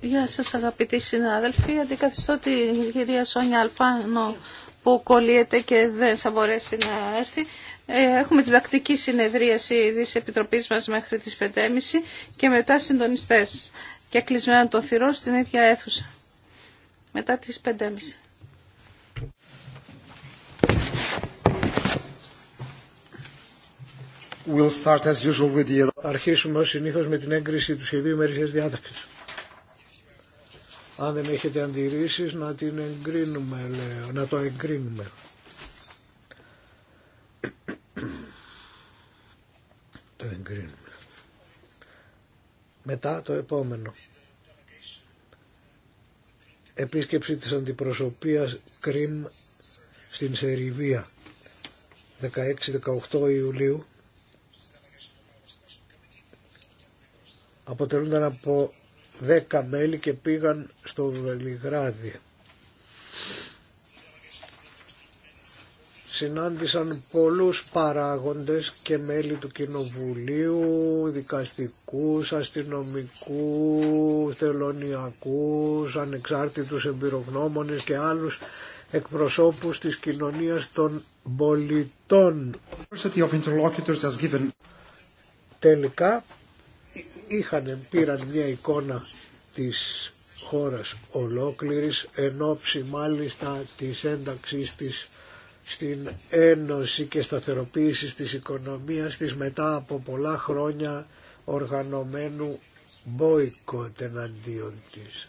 Γεια σας αγαπητοί συνάδελφοι, αντικαθιστώ την κυρία Σόνια Αλφάνο που κολλείεται και δεν θα μπορέσει να έρθει. Ε, έχουμε τη τακτική συνεδρίαση της Επιτροπής μας μέχρι τις 5.30 και μετά συντονιστές και κλεισμένο το θυρό στην ίδια αίθουσα μετά τις 5.30. Αρχίσουμε ως συνήθως με την έγκριση του σχεδίου ημερήσιας διάταξης. Αν δεν έχετε αντιρρήσεις να την εγκρίνουμε, λέω, να το εγκρίνουμε. το εγκρίνουμε. Μετά το επόμενο. Επίσκεψη της αντιπροσωπείας Κρίμ στην Σεριβία 16-18 Ιουλίου αποτελούνταν από 10 μέλη και πήγαν στο Βελιγράδι. Συνάντησαν πολλούς παράγοντες και μέλη του Κοινοβουλίου, δικαστικούς, αστυνομικούς, τελωνιακούς, ανεξάρτητους εμπειρογνώμονες και άλλους εκπροσώπους της κοινωνίας των πολιτών. Τελικά είχαν, πήραν μια εικόνα της χώρας ολόκληρης εν ώψη μάλιστα της ένταξης της στην ένωση και σταθεροποίηση της οικονομίας της μετά από πολλά χρόνια οργανωμένου μπόικοτ εναντίον της.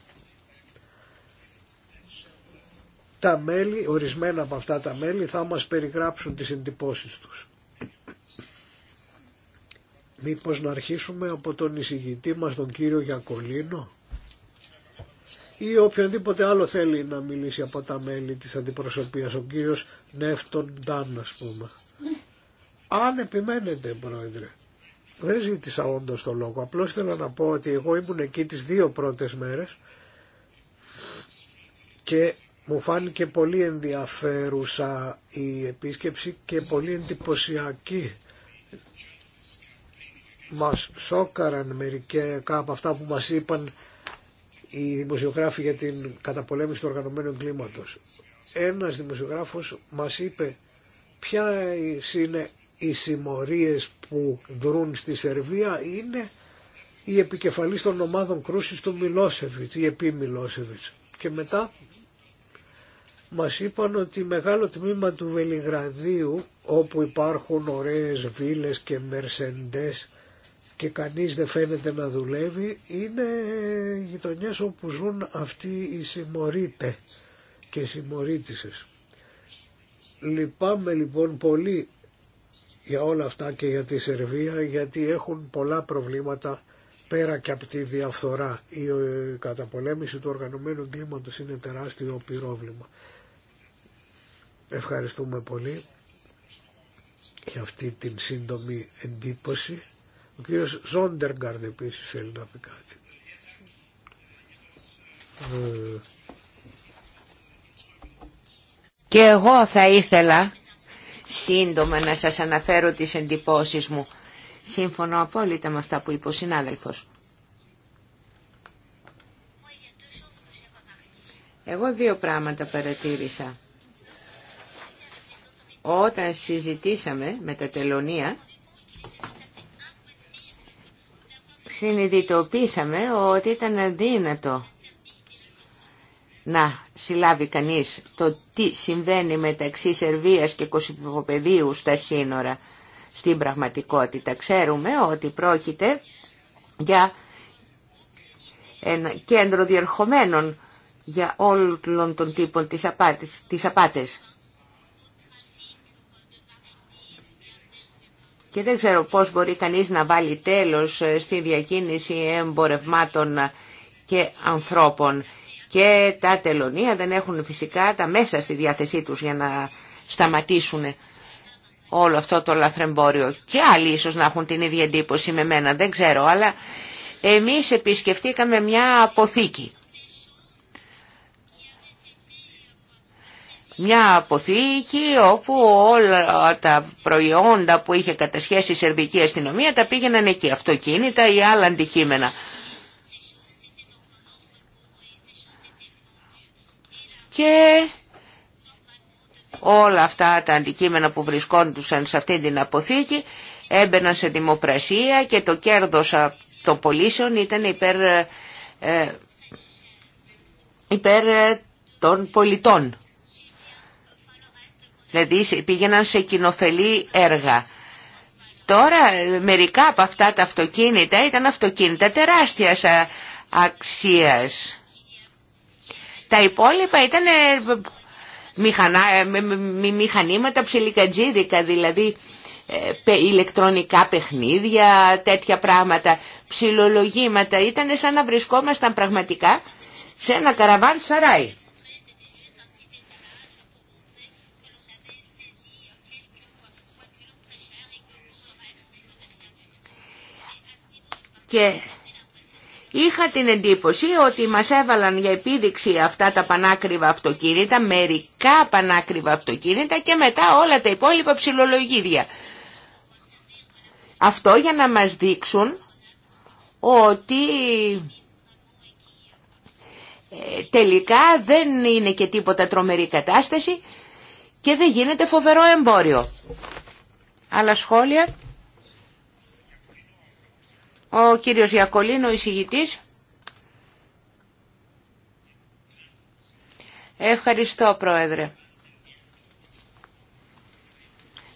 Τα μέλη, ορισμένα από αυτά τα μέλη θα μας περιγράψουν τις εντυπώσεις τους. Μήπως να αρχίσουμε από τον εισηγητή μας τον κύριο Γιακολίνο ή οποιονδήποτε άλλο θέλει να μιλήσει από τα μέλη της αντιπροσωπείας, ο κύριος Νεύτον Ντάν ας πούμε. Αν επιμένετε πρόεδρε. Δεν ζήτησα όντω το λόγο, απλώς ήθελα να πω ότι εγώ ήμουν εκεί τις δύο πρώτες μέρες και μου φάνηκε πολύ ενδιαφέρουσα η επίσκεψη και πολύ εντυπωσιακή μας σόκαραν μερικές από αυτά που μας είπαν οι δημοσιογράφοι για την καταπολέμηση του οργανωμένου κλίματος. Ένας δημοσιογράφος μας είπε ποια είναι οι συμμορίες που δρούν στη Σερβία είναι η επικεφαλής των ομάδων κρούσης του Μιλόσεβιτς ή επί Μιλόσεβιτς. Και μετά μας είπαν ότι μεγάλο τμήμα του Βελιγραδίου όπου υπάρχουν ωραίες βίλες και μερσεντές και κανείς δεν φαίνεται να δουλεύει είναι γειτονιές όπου ζουν αυτοί οι συμμορείτε και συμμορήτησες. Λυπάμαι λοιπόν πολύ για όλα αυτά και για τη Σερβία γιατί έχουν πολλά προβλήματα πέρα και από τη διαφθορά. Η ε, καταπολέμηση του οργανωμένου κλίματος είναι τεράστιο πυρόβλημα. Ευχαριστούμε πολύ για αυτή την σύντομη εντύπωση ο κύριο Ζόντεργκαρντ επίση θέλει να πει κάτι. Και εγώ θα ήθελα σύντομα να σας αναφέρω τις εντυπώσεις μου. Σύμφωνο απόλυτα με αυτά που είπε ο συνάδελφος. Εγώ δύο πράγματα παρατήρησα. Όταν συζητήσαμε με τα τελωνία, συνειδητοποίησαμε ότι ήταν αδύνατο να συλλάβει κανείς το τι συμβαίνει μεταξύ Σερβίας και Κωσυφοπεδίου στα σύνορα στην πραγματικότητα. Ξέρουμε ότι πρόκειται για ένα κέντρο διερχομένων για όλων των τύπων της απάτης. Και δεν ξέρω πώς μπορεί κανείς να βάλει τέλος ε, στη διακίνηση εμπορευμάτων και ανθρώπων. Και τα τελωνία δεν έχουν φυσικά τα μέσα στη διάθεσή τους για να σταματήσουν όλο αυτό το λαθρεμπόριο. Και άλλοι ίσως να έχουν την ίδια εντύπωση με μένα, δεν ξέρω. Αλλά εμείς επισκεφτήκαμε μια αποθήκη μια αποθήκη όπου όλα τα προϊόντα που είχε κατασχέσει η Σερβική αστυνομία τα πήγαιναν εκεί, αυτοκίνητα ή άλλα αντικείμενα. Και όλα αυτά τα αντικείμενα που βρισκόντουσαν σε αυτή την αποθήκη έμπαιναν σε δημοπρασία και το κέρδος των πωλήσεων ήταν υπέρ, ε, ε, υπέρ των πολιτών. Δηλαδή πήγαιναν σε κοινοφελή έργα. Τώρα ε, μερικά από αυτά τα αυτοκίνητα ήταν αυτοκίνητα τεράστιας ε, αξίας. Τα υπόλοιπα ήταν ε, μηχανήματα ψιλικατζίδικα, δηλαδή ηλεκτρονικά παιχνίδια, τέτοια πράγματα, ψιλολογήματα. Ήταν σαν να βρισκόμασταν πραγματικά σε ένα καραβάν σαράι. και είχα την εντύπωση ότι μας έβαλαν για επίδειξη αυτά τα πανάκριβα αυτοκίνητα, μερικά πανάκριβα αυτοκίνητα και μετά όλα τα υπόλοιπα ψηλολογίδια. Αυτό για να μας δείξουν ότι ε, τελικά δεν είναι και τίποτα τρομερή κατάσταση και δεν γίνεται φοβερό εμπόριο. Άλλα σχόλια. Ο κύριος Γιακολίνο, ο εισηγητής. Ευχαριστώ, Πρόεδρε.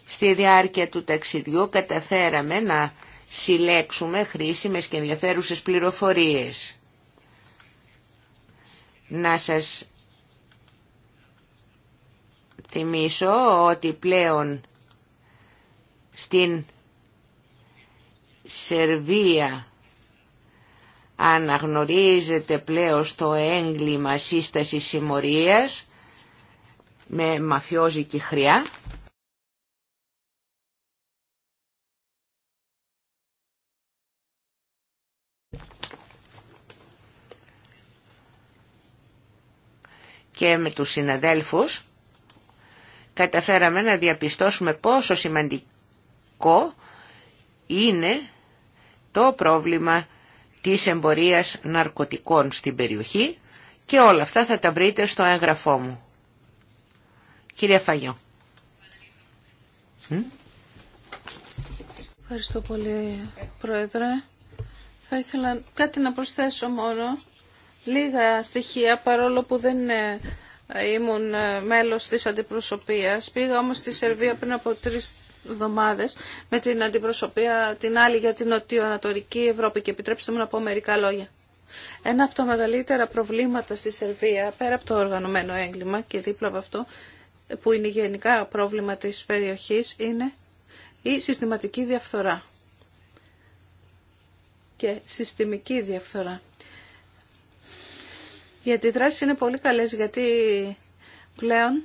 Στη διάρκεια του ταξιδιού καταφέραμε να συλλέξουμε χρήσιμες και ενδιαφέρουσες πληροφορίες. Να σας θυμίσω ότι πλέον στην Σερβία αναγνωρίζεται πλέον στο έγκλημα σύσταση συμμορίας με μαφιόζικη χρειά. και με τους συναδέλφους καταφέραμε να διαπιστώσουμε πόσο σημαντικό είναι το πρόβλημα της εμπορίας ναρκωτικών στην περιοχή και όλα αυτά θα τα βρείτε στο έγγραφό μου. Κυρία Φαγιό. Ευχαριστώ πολύ, Πρόεδρε. Θα ήθελα κάτι να προσθέσω μόνο. Λίγα στοιχεία, παρόλο που δεν ε, ήμουν ε, μέλος της αντιπροσωπείας. Πήγα όμως στη Σερβία πριν από τρεις εβδομάδες με την αντιπροσωπεία την άλλη για την νοτιοανατολική Ευρώπη και επιτρέψτε μου να πω μερικά λόγια. Ένα από τα μεγαλύτερα προβλήματα στη Σερβία, πέρα από το οργανωμένο έγκλημα και δίπλα από αυτό, που είναι γενικά πρόβλημα της περιοχής, είναι η συστηματική διαφθορά και συστημική διαφθορά. Οι αντιδράσει είναι πολύ καλές γιατί πλέον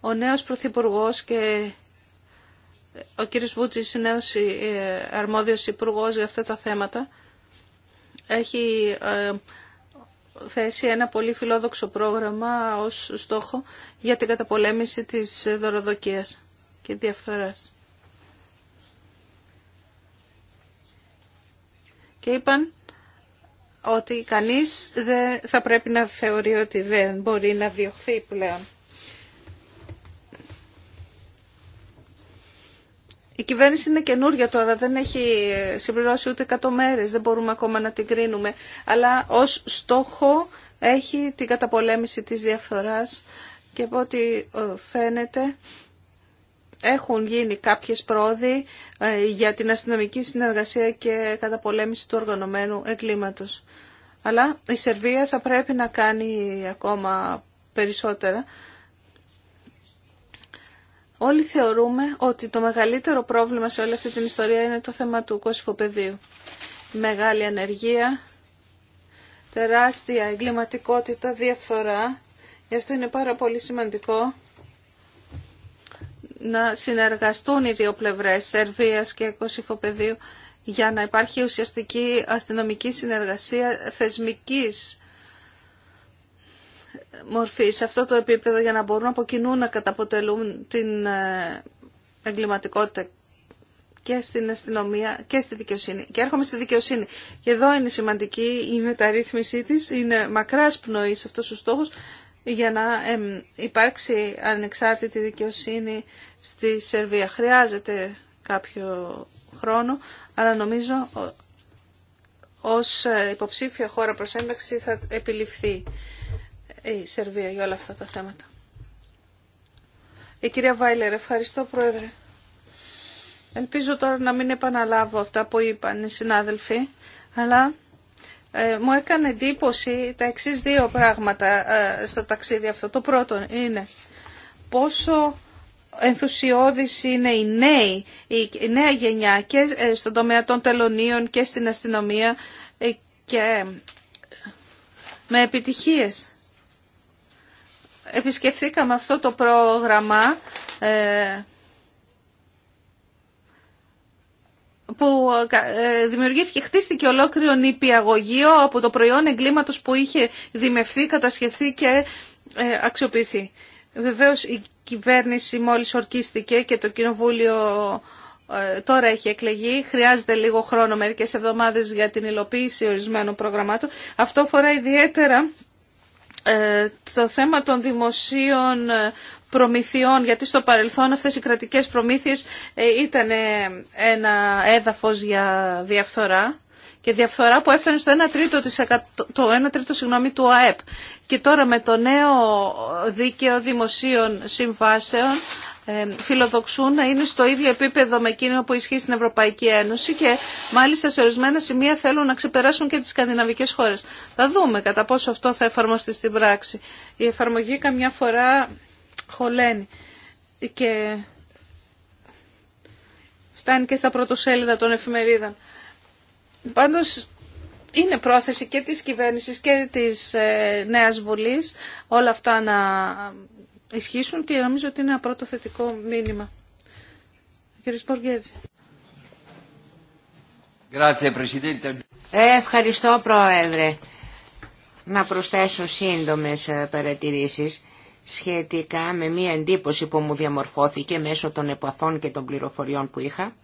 ο νέος Πρωθυπουργός και ο κύριος Βούτζης είναι ο ε, αρμόδιος υπουργός για αυτά τα θέματα. Έχει ε, θέσει ένα πολύ φιλόδοξο πρόγραμμα ως στόχο για την καταπολέμηση της δωροδοκίας και διαφθοράς. Και είπαν ότι κανείς δεν θα πρέπει να θεωρεί ότι δεν μπορεί να διωχθεί πλέον. Η κυβέρνηση είναι καινούρια τώρα, δεν έχει συμπληρώσει ούτε 100 μέρες, δεν μπορούμε ακόμα να την κρίνουμε, αλλά ως στόχο έχει την καταπολέμηση της διαφθοράς και από ό,τι ε, φαίνεται έχουν γίνει κάποιες πρόοδοι ε, για την αστυνομική συνεργασία και καταπολέμηση του οργανωμένου εγκλήματος. Αλλά η Σερβία θα πρέπει να κάνει ακόμα περισσότερα Όλοι θεωρούμε ότι το μεγαλύτερο πρόβλημα σε όλη αυτή την ιστορία είναι το θέμα του κοσυφοπεδίου. Μεγάλη ανεργία, τεράστια εγκληματικότητα, διαφθορά. Γι' αυτό είναι πάρα πολύ σημαντικό να συνεργαστούν οι δύο πλευρές, Σερβίας και Κωσυφοπεδίου, για να υπάρχει ουσιαστική αστυνομική συνεργασία θεσμικής μορφή σε αυτό το επίπεδο για να μπορούν από κοινού να καταποτελούν την ε, εγκληματικότητα και στην αστυνομία και στη δικαιοσύνη. Και έρχομαι στη δικαιοσύνη. Και εδώ είναι σημαντική η μεταρρύθμιση της, είναι μακράς πνοή σε αυτός ο στόχος για να υπάρξει ανεξάρτητη δικαιοσύνη στη Σερβία. Χρειάζεται κάποιο χρόνο, αλλά νομίζω ως ε, υποψήφια χώρα προς ένταξη θα επιληφθεί η Σερβία για όλα αυτά τα θέματα. Η κυρία Βάιλερ, ευχαριστώ Πρόεδρε. Ελπίζω τώρα να μην επαναλάβω αυτά που είπαν οι συνάδελφοι, αλλά ε, μου έκανε εντύπωση τα εξή δύο πράγματα ε, στο ταξίδι αυτό. Το πρώτο είναι πόσο ενθουσιώδης είναι οι νέοι, η νέα γενιά και ε, στον τομέα των τελωνίων και στην αστυνομία και με επιτυχίες επισκεφθήκαμε αυτό το πρόγραμμα ε, που ε, δημιουργήθηκε, χτίστηκε ολόκληρο νηπιαγωγείο από το προϊόν εγκλήματος που είχε δημευθεί, κατασχεθεί και ε, αξιοποιηθεί. Βεβαίως η κυβέρνηση μόλις ορκίστηκε και το κοινοβούλιο τώρα έχει εκλεγεί. Χρειάζεται λίγο χρόνο, μερικές εβδομάδες για την υλοποίηση ορισμένων προγραμμάτων. Αυτό φορά ιδιαίτερα ε, το θέμα των δημοσίων ε, προμηθειών, γιατί στο παρελθόν αυτές οι κρατικές προμήθειες ε, ήταν ένα έδαφος για διαφθορά και διαφθορά που έφτανε στο 1 τρίτο, της, το 1 τρίτο του ΑΕΠ. Και τώρα με το νέο δίκαιο δημοσίων συμβάσεων φιλοδοξούν να είναι στο ίδιο επίπεδο με εκείνο που ισχύει στην Ευρωπαϊκή Ένωση και μάλιστα σε ορισμένα σημεία θέλουν να ξεπεράσουν και τις σκανδιναβικές χώρες. Θα δούμε κατά πόσο αυτό θα εφαρμοστεί στην πράξη. Η εφαρμογή καμιά φορά χωλαίνει και φτάνει και στα πρωτοσέλιδα των εφημερίδων. Πάντως είναι πρόθεση και της κυβέρνησης και της ε, νέας Βουλής όλα αυτά να ισχύσουν και νομίζω ότι είναι ένα πρώτο θετικό μήνυμα. Κύριε Ευχαριστώ Πρόεδρε. Να προσθέσω σύντομες ε, παρατηρήσεις σχετικά με μία εντύπωση που μου διαμορφώθηκε μέσω των επαθών και των πληροφοριών που είχα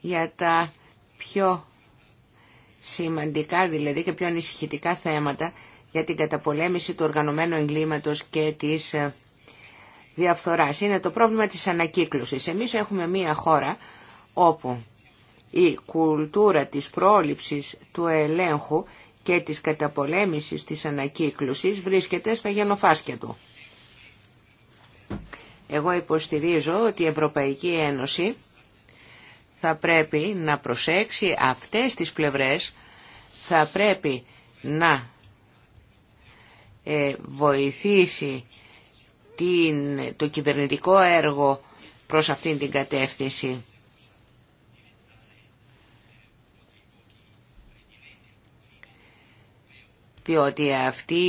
για τα πιο σημαντικά δηλαδή και πιο ανησυχητικά θέματα για την καταπολέμηση του οργανωμένου εγκλήματος και της ε, διαφθοράς. Είναι το πρόβλημα της ανακύκλωσης. Εμείς έχουμε μία χώρα όπου η κουλτούρα της πρόληψης του ελέγχου και της καταπολέμησης της ανακύκλωσης βρίσκεται στα γενοφάσκια του. Εγώ υποστηρίζω ότι η Ευρωπαϊκή Ένωση θα πρέπει να προσέξει αυτές τις πλευρές, θα πρέπει να ε, βοηθήσει την, το κυβερνητικό έργο προς αυτήν την κατεύθυνση. Διότι αυτή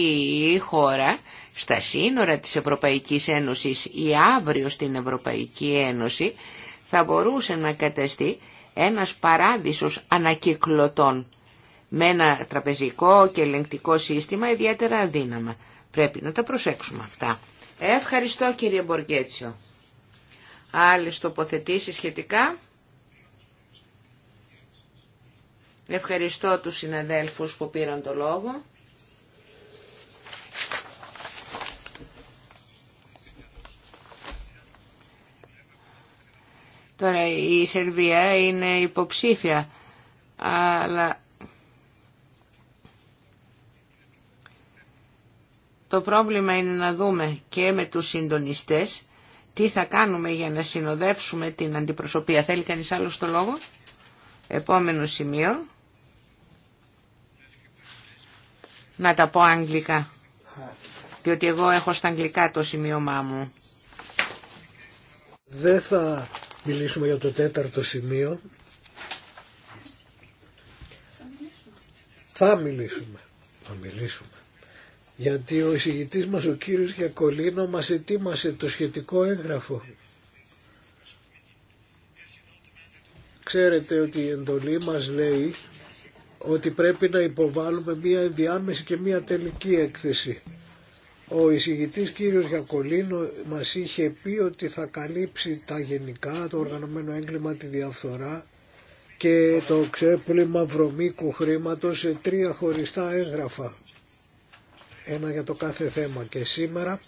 η χώρα στα σύνορα της Ευρωπαϊκής Ένωσης ή αύριο στην Ευρωπαϊκή Ένωση θα μπορούσε να καταστεί ένας παράδεισος ανακυκλωτών με ένα τραπεζικό και ελεγκτικό σύστημα ιδιαίτερα αδύναμα. Πρέπει να τα προσέξουμε αυτά. Ευχαριστώ κύριε Μποργέτσιο. Άλλες τοποθετήσεις σχετικά. Ευχαριστώ τους συναδέλφους που πήραν το λόγο. Τώρα η Σερβία είναι υποψήφια, αλλά Το πρόβλημα είναι να δούμε και με τους συντονιστές τι θα κάνουμε για να συνοδεύσουμε την αντιπροσωπεία. Θέλει κανείς άλλο το λόγο. Επόμενο σημείο. Να τα πω αγγλικά. Διότι εγώ έχω στα αγγλικά το σημείωμά μου. Δεν θα μιλήσουμε για το τέταρτο σημείο. Θα μιλήσουμε. Θα μιλήσουμε γιατί ο εισηγητής μας ο κύριος Γιακολίνο μας ετοίμασε το σχετικό έγγραφο. Ξέρετε ότι η εντολή μας λέει ότι πρέπει να υποβάλουμε μία ενδιάμεση και μία τελική έκθεση. Ο εισηγητής κύριος Γιακολίνο μας είχε πει ότι θα καλύψει τα γενικά, το οργανωμένο έγκλημα, τη διαφθορά και το ξέπλυμα βρωμίκου χρήματος σε τρία χωριστά έγγραφα ένα για το κάθε θέμα και σήμερα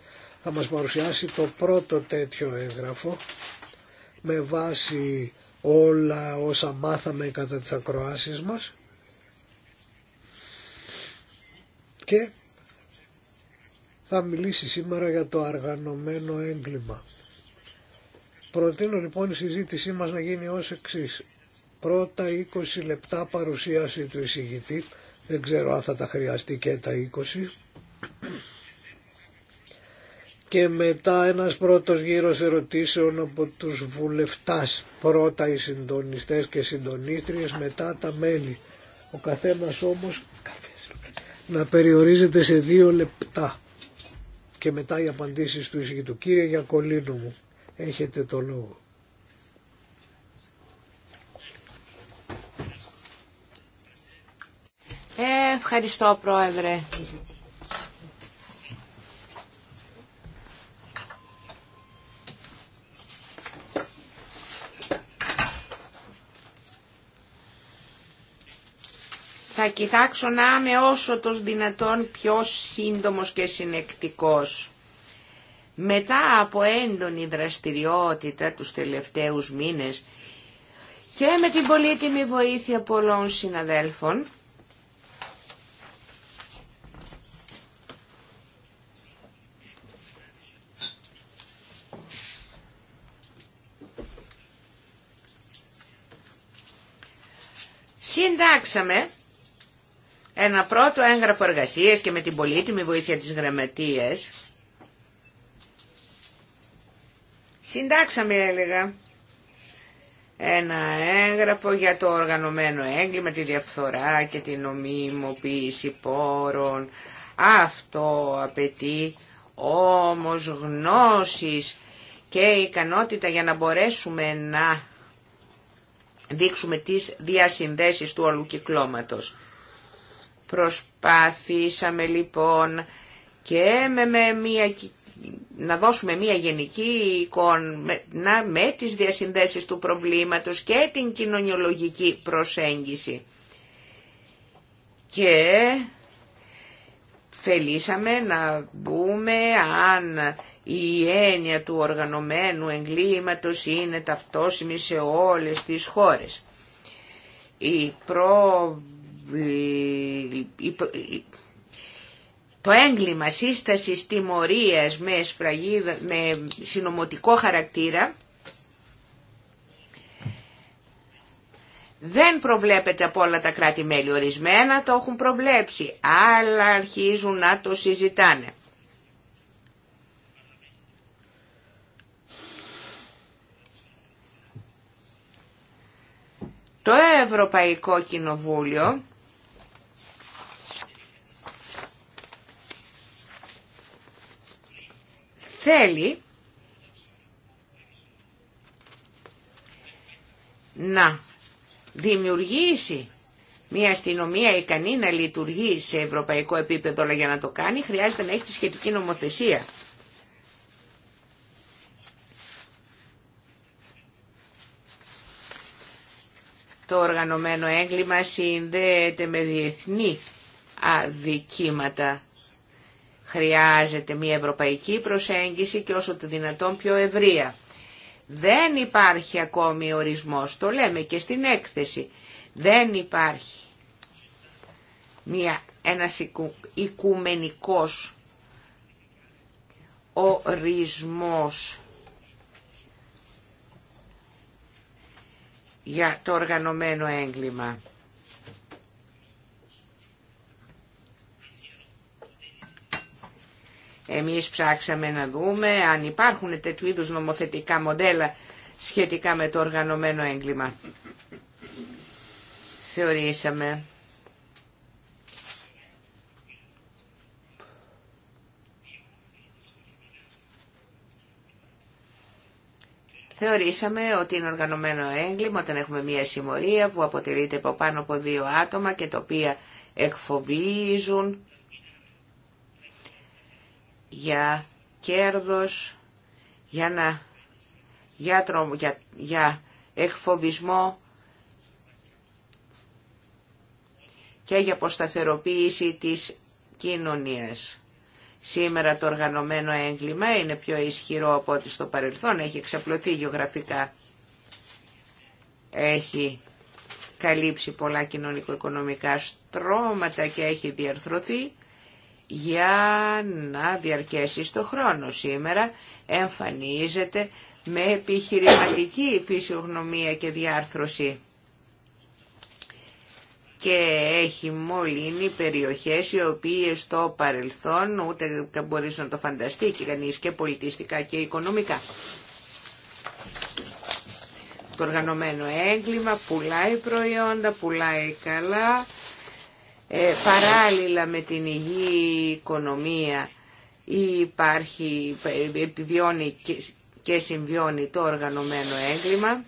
θα μας παρουσιάσει το πρώτο τέτοιο έγγραφο με βάση όλα όσα μάθαμε κατά τις ακροάσεις μας και θα μιλήσει σήμερα για το αργανωμένο έγκλημα. Προτείνω λοιπόν η συζήτησή μας να γίνει ως εξής. Πρώτα 20 λεπτά παρουσίαση του εισηγητή, δεν ξέρω αν θα τα χρειαστεί και τα 20 και μετά ένας πρώτος γύρος ερωτήσεων από τους βουλευτάς. Πρώτα οι συντονιστές και συντονίστριες, μετά τα μέλη. Ο καθένας όμως να περιορίζεται σε δύο λεπτά. Και μετά οι απαντήσεις του εισηγητού. Κύριε Γιακολίνου μου, έχετε το λόγο. Ε, ευχαριστώ πρόεδρε. θα κοιτάξω να είμαι όσο το δυνατόν πιο σύντομος και συνεκτικός. Μετά από έντονη δραστηριότητα τους τελευταίους μήνες και με την πολύτιμη βοήθεια πολλών συναδέλφων, συντάξαμε ένα πρώτο έγγραφο εργασίας και με την πολύτιμη βοήθεια της γραμματείας συντάξαμε έλεγα ένα έγγραφο για το οργανωμένο έγκλημα, τη διαφθορά και την νομιμοποίηση πόρων. Αυτό απαιτεί όμως γνώσεις και ικανότητα για να μπορέσουμε να δείξουμε τις διασυνδέσεις του όλου Προσπαθήσαμε λοιπόν και με, μια, να δώσουμε μια γενική εικόνα με τις διασυνδέσεις του προβλήματος και την κοινωνιολογική προσέγγιση. Και θελήσαμε να δούμε αν η έννοια του οργανωμένου εγκλήματος είναι ταυτόσιμη σε όλες τις χώρες. Η προβλήματος το έγκλημα σύσταση τιμωρία με, με συνομωτικό χαρακτήρα δεν προβλέπεται από όλα τα κράτη-μέλη. Ορισμένα το έχουν προβλέψει, αλλά αρχίζουν να το συζητάνε. Το Ευρωπαϊκό Κοινοβούλιο θέλει να δημιουργήσει μια αστυνομία ικανή να λειτουργεί σε ευρωπαϊκό επίπεδο, αλλά για να το κάνει χρειάζεται να έχει τη σχετική νομοθεσία. Το οργανωμένο έγκλημα συνδέεται με διεθνή αδικήματα. Χρειάζεται μια ευρωπαϊκή προσέγγιση και όσο το δυνατόν πιο ευρεία. Δεν υπάρχει ακόμη ορισμός, το λέμε και στην έκθεση. Δεν υπάρχει μια, ένας οικουμενικός ορισμός για το οργανωμένο έγκλημα. Εμείς ψάξαμε να δούμε αν υπάρχουν τέτοιου είδους νομοθετικά μοντέλα σχετικά με το οργανωμένο έγκλημα. Θεωρήσαμε Θεωρήσαμε ότι είναι οργανωμένο έγκλημα όταν έχουμε μια συμμορία που αποτελείται από πάνω από δύο άτομα και τα οποία εκφοβίζουν για κέρδος, για, να, για, για, για εκφοβισμό και για αποσταθεροποίηση της κοινωνίας. Σήμερα το οργανωμένο έγκλημα είναι πιο ισχυρό από ό,τι στο παρελθόν, έχει εξαπλωθεί γεωγραφικά, έχει καλύψει πολλά κοινωνικο-οικονομικά στρώματα και έχει διαρθρωθεί για να διαρκέσει στο χρόνο. Σήμερα εμφανίζεται με επιχειρηματική φυσιογνωμία και διάρθρωση και έχει μολύνει περιοχές οι οποίες στο παρελθόν ούτε μπορείς να το φανταστεί και κανείς και πολιτιστικά και οικονομικά. Το οργανωμένο έγκλημα πουλάει προϊόντα, πουλάει καλά, ε, παράλληλα με την υγιή οικονομία υπάρχει, επιβιώνει και συμβιώνει το οργανωμένο έγκλημα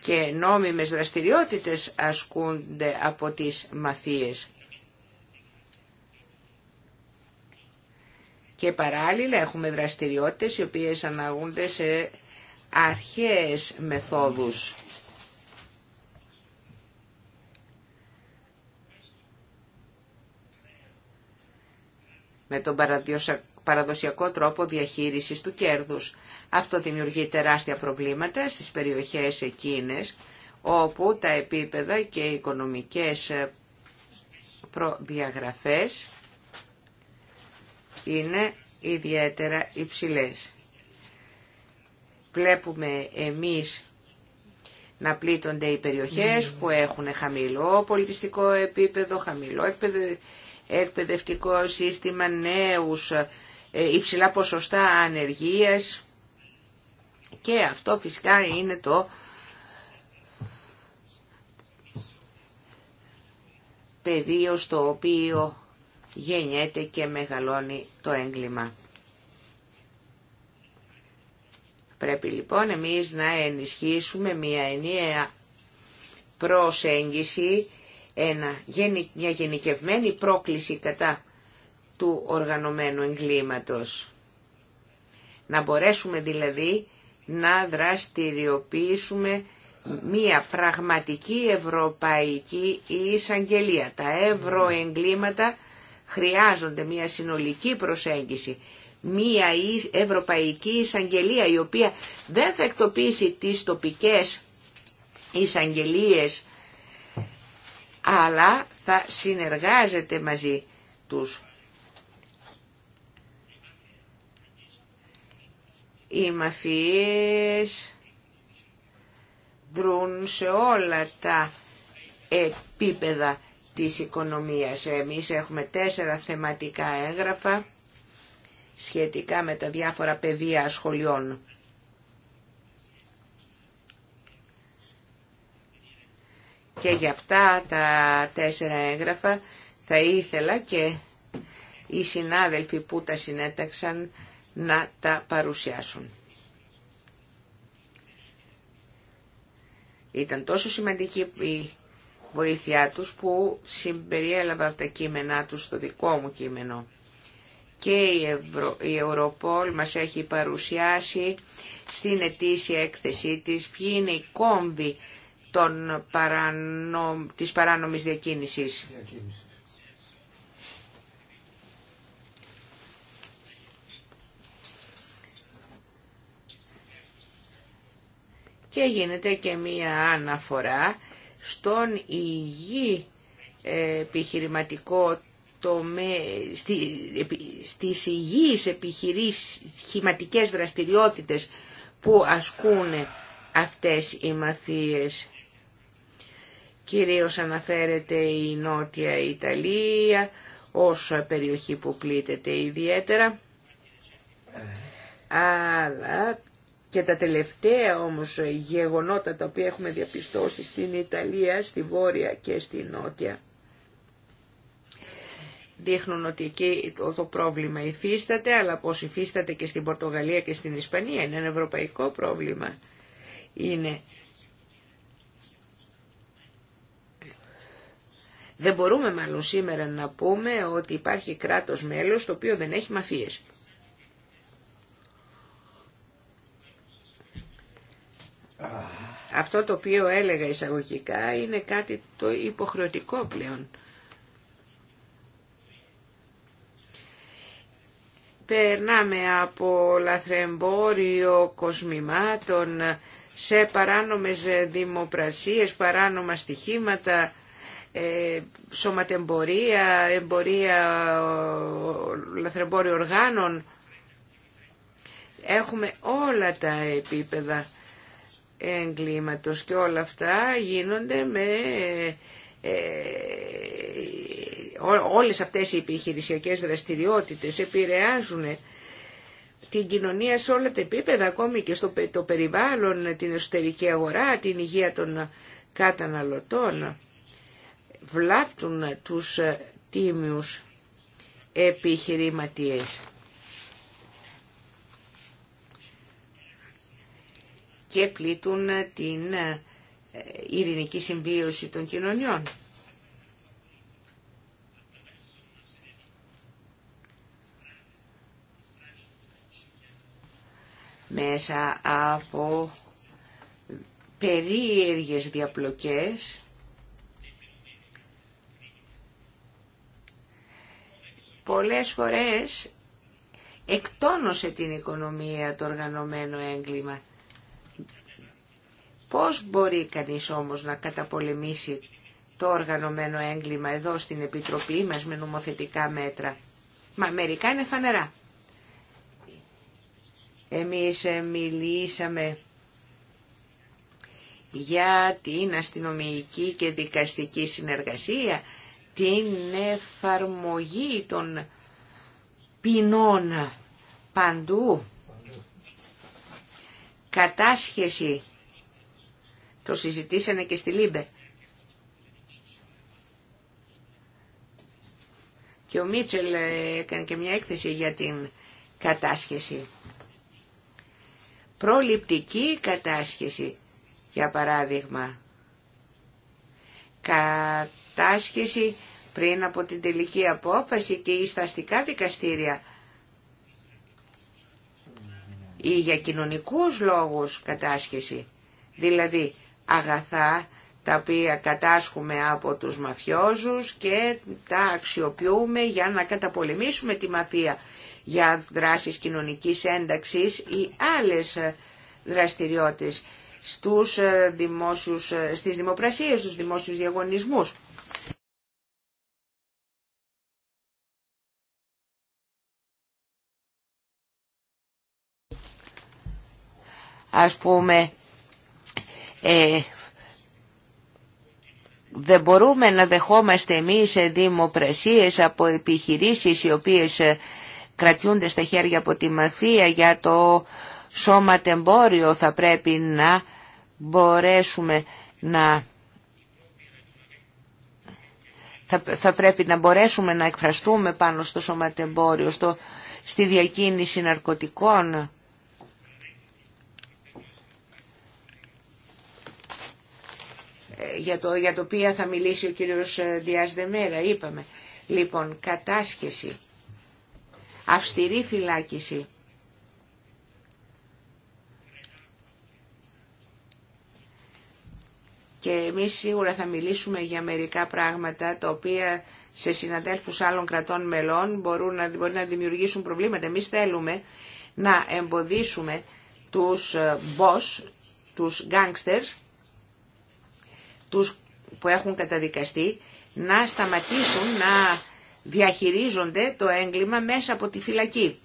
και νόμιμες δραστηριότητες ασκούνται από τις μαθίες. Και παράλληλα έχουμε δραστηριότητες οι οποίες αναγούνται σε αρχές μεθόδους. με τον παραδοσιακό τρόπο διαχείρισης του κέρδους. Αυτό δημιουργεί τεράστια προβλήματα στις περιοχές εκείνες όπου τα επίπεδα και οι οικονομικές ε, προδιαγραφές είναι ιδιαίτερα υψηλές. Βλέπουμε εμείς να πλήττονται οι περιοχές ναι. που έχουν χαμηλό πολιτιστικό επίπεδο, χαμηλό εκπαιδευτικό σύστημα, νέους, ε, υψηλά ποσοστά ανεργίας και αυτό φυσικά είναι το πεδίο στο οποίο γεννιέται και μεγαλώνει το έγκλημα. Πρέπει λοιπόν εμείς να ενισχύσουμε μια ενιαία προσέγγιση ένα, μια γενικευμένη πρόκληση κατά του οργανωμένου εγκλήματος. Να μπορέσουμε δηλαδή να δραστηριοποιήσουμε μια πραγματική ευρωπαϊκή εισαγγελία. Τα ευρωεγκλήματα χρειάζονται μια συνολική προσέγγιση, μια ευρωπαϊκή εισαγγελία η οποία δεν θα εκτοπίσει τις τοπικές εισαγγελίες αλλά θα συνεργάζεται μαζί τους. Οι μαφίες δρούν σε όλα τα επίπεδα της οικονομίας. Εμείς έχουμε τέσσερα θεματικά έγγραφα σχετικά με τα διάφορα πεδία σχολιών. Και για αυτά τα τέσσερα έγγραφα θα ήθελα και οι συνάδελφοι που τα συνέταξαν να τα παρουσιάσουν. Ήταν τόσο σημαντική η βοήθειά τους που συμπεριέλαβα τα κείμενά τους στο δικό μου κείμενο. Και η, η Ευρωπόλ μας έχει παρουσιάσει στην ετήσια έκθεσή της ποιοι είναι οι κόμβοι των παρανο... της παράνομης διακίνησης. Και γίνεται και μία αναφορά στον υγιή ε, επιχειρηματικό τομέα, στις υγιείς επιχειρηματικές δραστηριότητες που ασκούν αυτές οι μαθίες. Κυρίως αναφέρεται η Νότια Ιταλία ως περιοχή που πλήττεται ιδιαίτερα. Αλλά και τα τελευταία όμως γεγονότα τα οποία έχουμε διαπιστώσει στην Ιταλία, στη Βόρεια και στη Νότια δείχνουν ότι εκεί το, πρόβλημα υφίσταται, αλλά πως υφίσταται και στην Πορτογαλία και στην Ισπανία. Είναι ένα ευρωπαϊκό πρόβλημα. Είναι Δεν μπορούμε μάλλον σήμερα να πούμε ότι υπάρχει κράτος μέλος το οποίο δεν έχει μαφίες. Αυτό το οποίο έλεγα εισαγωγικά είναι κάτι το υποχρεωτικό πλέον. Περνάμε από λαθρεμπόριο κοσμημάτων σε παράνομες δημοπρασίες, παράνομα στοιχήματα ε, σωματεμπορία, εμπορία, λαθρεμπόριο οργάνων. Έχουμε όλα τα επίπεδα εγκλήματος και όλα αυτά γίνονται με... Ε, ε όλες αυτές οι επιχειρησιακές δραστηριότητες επηρεάζουν την κοινωνία σε όλα τα επίπεδα, ακόμη και στο το περιβάλλον, την εσωτερική αγορά, την υγεία των καταναλωτών βλάπτουν τους ε, τίμιους επιχειρηματίες. και πλήττουν ε, την ε, ειρηνική συμβίωση των κοινωνιών. Μέσα από περίεργες διαπλοκές πολλές φορές εκτόνωσε την οικονομία το οργανωμένο έγκλημα. Πώς μπορεί κανείς όμως να καταπολεμήσει το οργανωμένο έγκλημα εδώ στην Επιτροπή μας με νομοθετικά μέτρα. Μα μερικά είναι φανερά. Εμείς ε, μιλήσαμε για την αστυνομική και δικαστική συνεργασία την εφαρμογή των ποινών παντού. Κατάσχεση. Το συζητήσανε και στη Λίμπε. Και ο Μίτσελ έκανε και μια έκθεση για την κατάσχεση. Προληπτική κατάσχεση, για παράδειγμα. Κα κατάσχεση πριν από την τελική απόφαση και οι σταστικά δικαστήρια ή για κοινωνικούς λόγους κατάσχεση, δηλαδή αγαθά τα οποία κατάσχουμε από τους μαφιόζους και τα αξιοποιούμε για να καταπολεμήσουμε τη μαφία για δράσεις κοινωνικής ένταξης ή άλλες ε, δραστηριότητες στους ε, δημόσιους, ε, στις δημοπρασίες, στους δημόσιους διαγωνισμούς. Ας πούμε, ε, δεν μπορούμε να δεχόμαστε εμείς δημοπρασίες από επιχειρήσεις οι οποίες ε, κρατιούνται στα χέρια από τη μαθία για το σώμα τεμπόριο θα πρέπει να μπορέσουμε να θα, θα πρέπει να μπορέσουμε να εκφραστούμε πάνω στο σωματεμπόριο, στο, στη διακίνηση ναρκωτικών. για, το, για το οποία θα μιλήσει ο κύριος ε, Διάς Δεμέρα, είπαμε. Λοιπόν, κατάσχεση, αυστηρή φυλάκιση. Και εμείς σίγουρα θα μιλήσουμε για μερικά πράγματα τα οποία σε συναδέλφους άλλων κρατών μελών μπορούν να, μπορεί να δημιουργήσουν προβλήματα. Εμείς θέλουμε να εμποδίσουμε τους ε, boss, τους gangsters, αυτούς που έχουν καταδικαστεί να σταματήσουν να διαχειρίζονται το έγκλημα μέσα από τη φυλακή.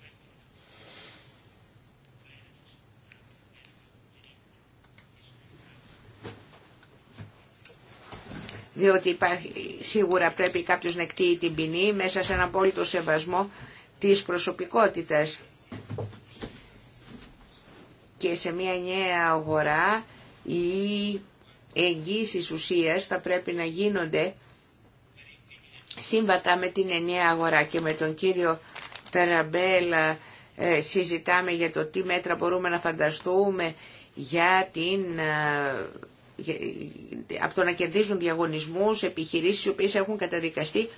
διότι υπάρχει, σίγουρα πρέπει κάποιος να εκτείει την ποινή μέσα σε ένα απόλυτο σεβασμό της προσωπικότητας. Και σε μια νέα αγορά η εγγύσεις ουσίας θα πρέπει να γίνονται σύμβατα με την ενιαία αγορά και με τον κύριο Ταραμπέλα ε, συζητάμε για το τι μέτρα μπορούμε να φανταστούμε για την, ε, από το να κερδίζουν διαγωνισμούς επιχειρήσεις οι οποίες έχουν καταδικαστεί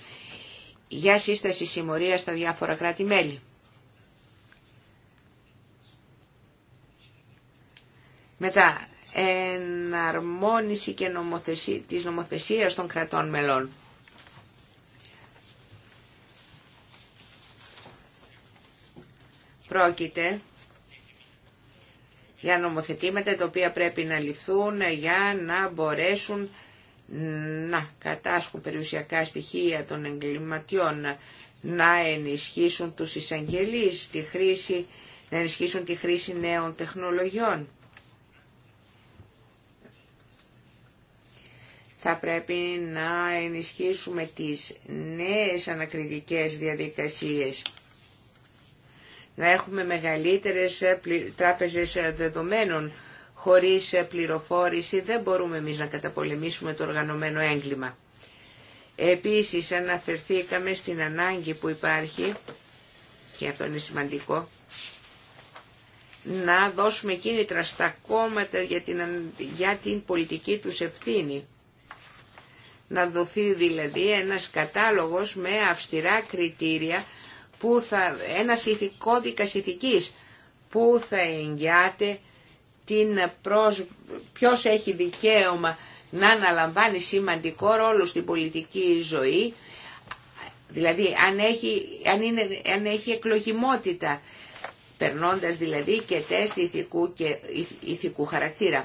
για σύσταση συμμορία στα διάφορα κράτη-μέλη. Μετά, εναρμόνιση και νομοθεσία, της νομοθεσίας των κρατών μελών. Πρόκειται για νομοθετήματα τα οποία πρέπει να ληφθούν για να μπορέσουν να κατάσχουν περιουσιακά στοιχεία των εγκληματιών, να ενισχύσουν τους εισαγγελείς, τη χρήση, να ενισχύσουν τη χρήση νέων τεχνολογιών. θα πρέπει να ενισχύσουμε τις νέες ανακριτικές διαδικασίες, να έχουμε μεγαλύτερες ε, τράπεζες ε, δεδομένων. Χωρίς ε, πληροφόρηση δεν μπορούμε εμείς να καταπολεμήσουμε το οργανωμένο έγκλημα. Επίσης αναφερθήκαμε στην ανάγκη που υπάρχει, και αυτό είναι σημαντικό, να δώσουμε κίνητρα στα κόμματα για την, για την πολιτική τους ευθύνη να δοθεί δηλαδή ένας κατάλογος με αυστηρά κριτήρια, που θα, ένας κώδικας ηθικής που θα εγγυάται την προς ποιος έχει δικαίωμα να αναλαμβάνει σημαντικό ρόλο στην πολιτική ζωή, δηλαδή αν έχει, αν είναι, αν έχει εκλογιμότητα, περνώντας δηλαδή και τεστ ηθικού, και ηθικού χαρακτήρα.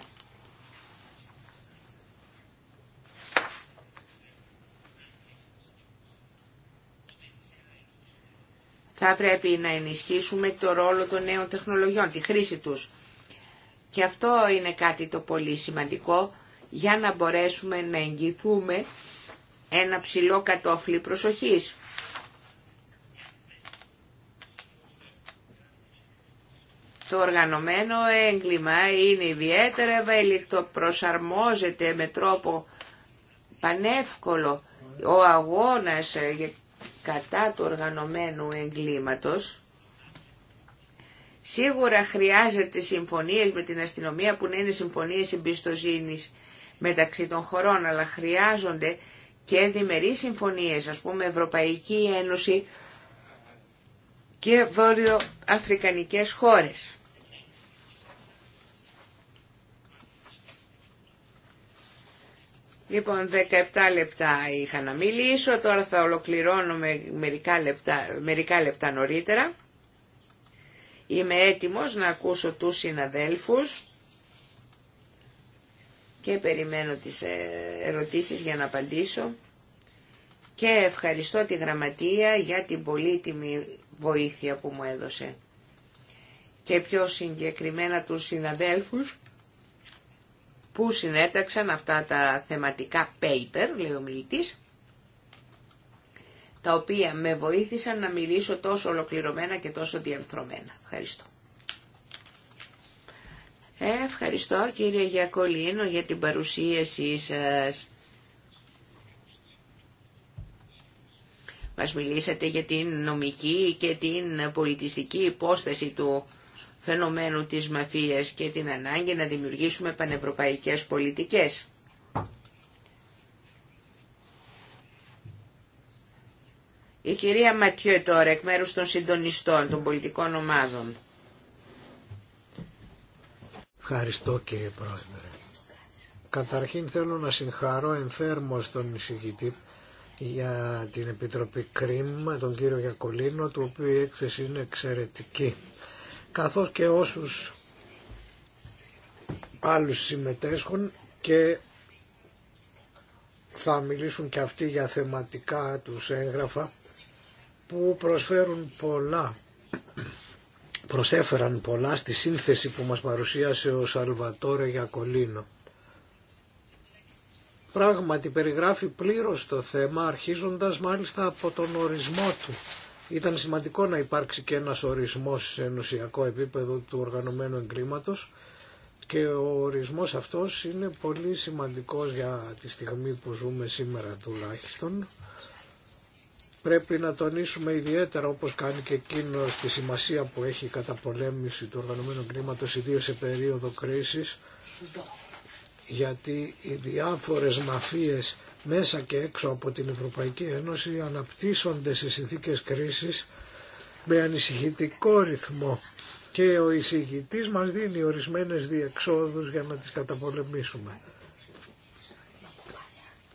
Θα πρέπει να ενισχύσουμε το ρόλο των νέων τεχνολογιών, τη χρήση τους. Και αυτό είναι κάτι το πολύ σημαντικό για να μπορέσουμε να εγγυηθούμε ένα ψηλό κατόφλι προσοχής. Το οργανωμένο έγκλημα είναι ιδιαίτερα ευέλικτο, προσαρμόζεται με τρόπο πανεύκολο. Ο αγώνας κατά του οργανωμένου εγκλήματος, σίγουρα χρειάζεται συμφωνίες με την αστυνομία που είναι συμφωνίες εμπιστοσύνης μεταξύ των χωρών, αλλά χρειάζονται και διμερείς συμφωνίες, ας πούμε Ευρωπαϊκή Ένωση και Βόρειο Αφρικανικές χώρες. Λοιπόν, 17 λεπτά είχα να μιλήσω, τώρα θα ολοκληρώνω μερικά λεπτά, μερικά λεπτά νωρίτερα. Είμαι έτοιμος να ακούσω τους συναδέλφους και περιμένω τις ε, ερωτήσεις για να απαντήσω. Και ευχαριστώ τη Γραμματεία για την πολύτιμη βοήθεια που μου έδωσε. Και πιο συγκεκριμένα τους συναδέλφους που συνέταξαν αυτά τα θεματικά paper, λέει ο μιλητής, τα οποία με βοήθησαν να μιλήσω τόσο ολοκληρωμένα και τόσο διαρθρωμένα. Ευχαριστώ. Ε, ευχαριστώ κύριε Γιακολίνο για την παρουσίασή σας. Μας μιλήσατε για την νομική και την πολιτιστική υπόσταση του φαινομένου της μαφίας και την ανάγκη να δημιουργήσουμε πανευρωπαϊκές πολιτικές. Η κυρία Ματιέ τώρα, εκ μέρους των συντονιστών των πολιτικών ομάδων. Ευχαριστώ κύριε Πρόεδρε. Καταρχήν θέλω να συγχαρώ ενθέρμως τον εισηγητή για την Επιτροπή Κρίμα, τον κύριο Γιακολίνο, του οποίου η έκθεση είναι εξαιρετική καθώς και όσους άλλους συμμετέσχουν και θα μιλήσουν και αυτοί για θεματικά τους έγγραφα που προσφέρουν πολλά, προσέφεραν πολλά στη σύνθεση που μας παρουσίασε ο Σαλβατόρε Γιακολίνο. Πράγματι περιγράφει πλήρως το θέμα αρχίζοντας μάλιστα από τον ορισμό του ήταν σημαντικό να υπάρξει και ένας ορισμός σε ενωσιακό επίπεδο του οργανωμένου εγκλήματος και ο ορισμός αυτός είναι πολύ σημαντικός για τη στιγμή που ζούμε σήμερα τουλάχιστον. Πρέπει να τονίσουμε ιδιαίτερα όπως κάνει και εκείνο τη σημασία που έχει η καταπολέμηση του οργανωμένου εγκλήματος ιδίως σε περίοδο κρίσης γιατί οι διάφορες μαφίες μέσα και έξω από την Ευρωπαϊκή Ένωση αναπτύσσονται σε συνθήκες κρίσης με ανησυχητικό ρυθμό και ο εισηγητής μας δίνει ορισμένες διεξόδους για να τις καταπολεμήσουμε.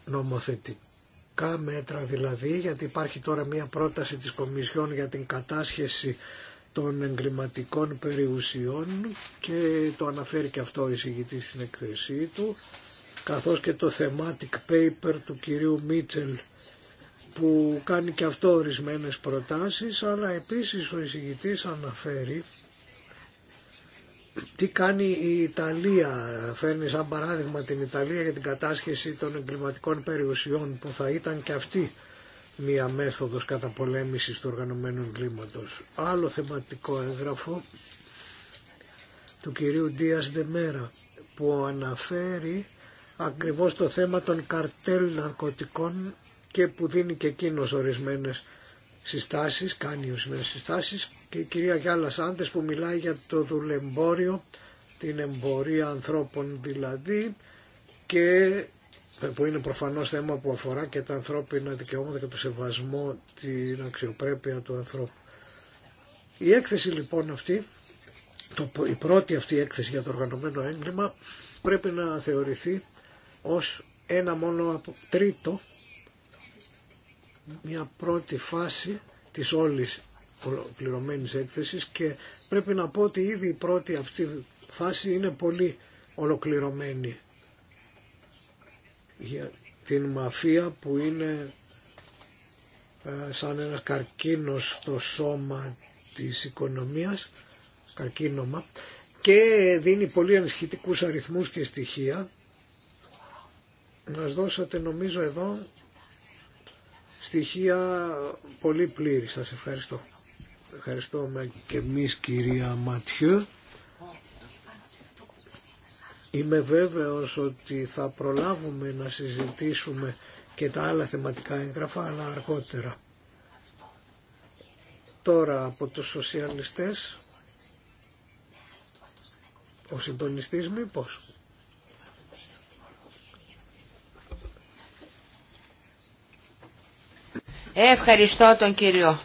Νομοθετικά μέτρα δηλαδή, γιατί υπάρχει τώρα μια πρόταση της Κομισιόν για την κατάσχεση των εγκληματικών περιουσιών και το αναφέρει και αυτό ο εισηγητής στην εκθεσή του καθώς και το thematic paper του κυρίου Μίτσελ που κάνει και αυτό ορισμένε προτάσεις αλλά επίσης ο εισηγητής αναφέρει τι κάνει η Ιταλία, φέρνει σαν παράδειγμα την Ιταλία για την κατάσχεση των εγκληματικών περιουσιών που θα ήταν και αυτή μία μέθοδος καταπολέμησης του οργανωμένου εγκλήματος. Άλλο θεματικό έγγραφο του κυρίου Ντίας Δεμέρα που αναφέρει ακριβώς το θέμα των καρτέλ ναρκωτικών και που δίνει και εκείνο ορισμένες συστάσεις, κάνει ορισμένες συστάσεις και η κυρία Γιάλα Σάντες που μιλάει για το δουλεμπόριο, την εμπορία ανθρώπων δηλαδή και που είναι προφανώς θέμα που αφορά και τα ανθρώπινα δικαιώματα και το σεβασμό την αξιοπρέπεια του ανθρώπου. Η έκθεση λοιπόν αυτή, η πρώτη αυτή έκθεση για το οργανωμένο έγκλημα πρέπει να θεωρηθεί ως ένα μόνο από τρίτο μια πρώτη φάση της όλης ολοκληρωμένης έκθεσης και πρέπει να πω ότι ήδη η πρώτη αυτή φάση είναι πολύ ολοκληρωμένη για την μαφία που είναι ε, σαν ένα καρκίνο στο σώμα της οικονομίας, καρκίνομα και δίνει πολύ ανησυχητικούς αριθμούς και στοιχεία μας δώσατε νομίζω εδώ στοιχεία πολύ πλήρη. Σας ευχαριστώ. Ευχαριστώ και εμείς κυρία Ματιού. Είμαι βέβαιος ότι θα προλάβουμε να συζητήσουμε και τα άλλα θεματικά έγγραφα, αλλά αργότερα. Τώρα από τους σοσιαλιστές, ο συντονιστής μήπως. Ευχαριστώ τον κύριο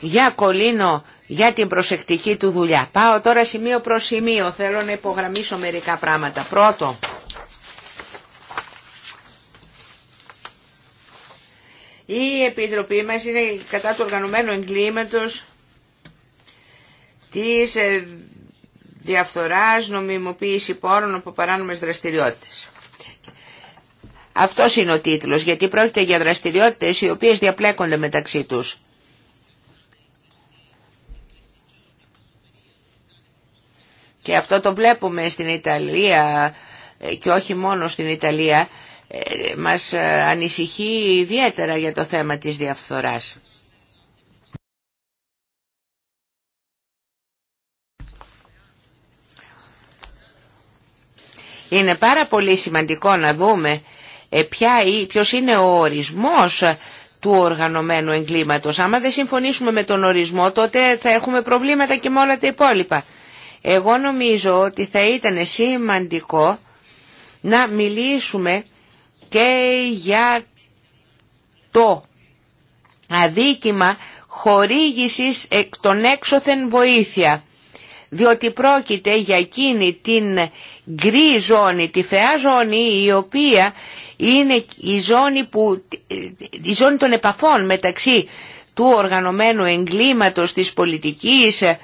Γιακολίνο για την προσεκτική του δουλειά. Πάω τώρα σημείο προς σημείο. Θέλω να υπογραμμίσω μερικά πράγματα. Πρώτο, η Επιτροπή μας είναι κατά του οργανωμένου εγκλήματος της ε, διαφθοράς νομιμοποίηση πόρων από παράνομες δραστηριότητες. Αυτός είναι ο τίτλος, γιατί πρόκειται για δραστηριότητες οι οποίες διαπλέκονται μεταξύ τους. Και αυτό το βλέπουμε στην Ιταλία ε, και όχι μόνο στην Ιταλία, ε, μας ε, ανησυχεί ιδιαίτερα για το θέμα της διαφθοράς. Είναι πάρα πολύ σημαντικό να δούμε ε, ποιος είναι ο ορισμός του οργανωμένου εγκλήματος. Άμα δεν συμφωνήσουμε με τον ορισμό τότε θα έχουμε προβλήματα και με όλα τα υπόλοιπα. Εγώ νομίζω ότι θα ήταν σημαντικό να μιλήσουμε και για το αδίκημα χορήγησης εκ των έξωθεν βοήθεια. Διότι πρόκειται για εκείνη την γκρι ζώνη, τη θεά ζώνη η οποία είναι η ζώνη, που, η ζώνη των επαφών μεταξύ του οργανωμένου εγκλήματος, της πολιτικής, ε,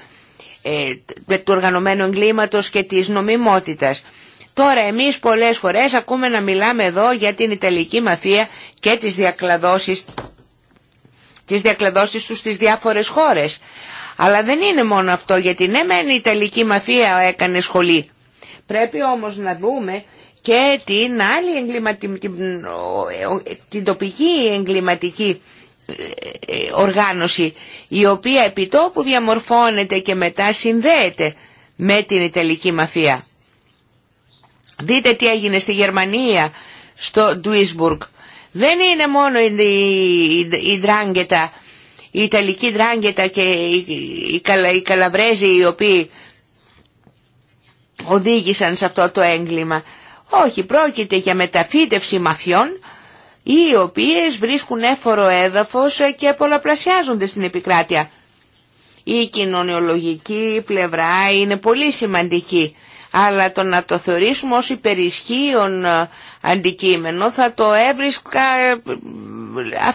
του οργανωμένου εγκλήματος και της νομιμότητας. Τώρα εμείς πολλές φορές ακούμε να μιλάμε εδώ για την Ιταλική μαφία και τις διακλαδώσεις, τις διακλαδώσεις τους στις διάφορες χώρες. Αλλά δεν είναι μόνο αυτό γιατί ναι μεν η Ιταλική μαφία έκανε σχολή. Πρέπει όμως να δούμε και την άλλη την, τοπική εγκληματική ε, ε, οργάνωση η οποία επιτόπου διαμορφώνεται και μετά συνδέεται με την Ιταλική μαφία. Δείτε τι έγινε στη Γερμανία, στο Ντουίσμπουργκ. Δεν είναι μόνο η, η, η, η Ιταλική δράγκετα και οι, οι, οι Καλαβρέζοι οι οποίοι οδήγησαν σε αυτό το έγκλημα. Όχι, πρόκειται για μεταφύτευση μαφιών οι οποίες βρίσκουν έφορο έδαφος και πολλαπλασιάζονται στην επικράτεια. Η κοινωνιολογική πλευρά είναι πολύ σημαντική, αλλά το να το θεωρήσουμε ως υπερισχύον ε, αντικείμενο θα το έβρισκα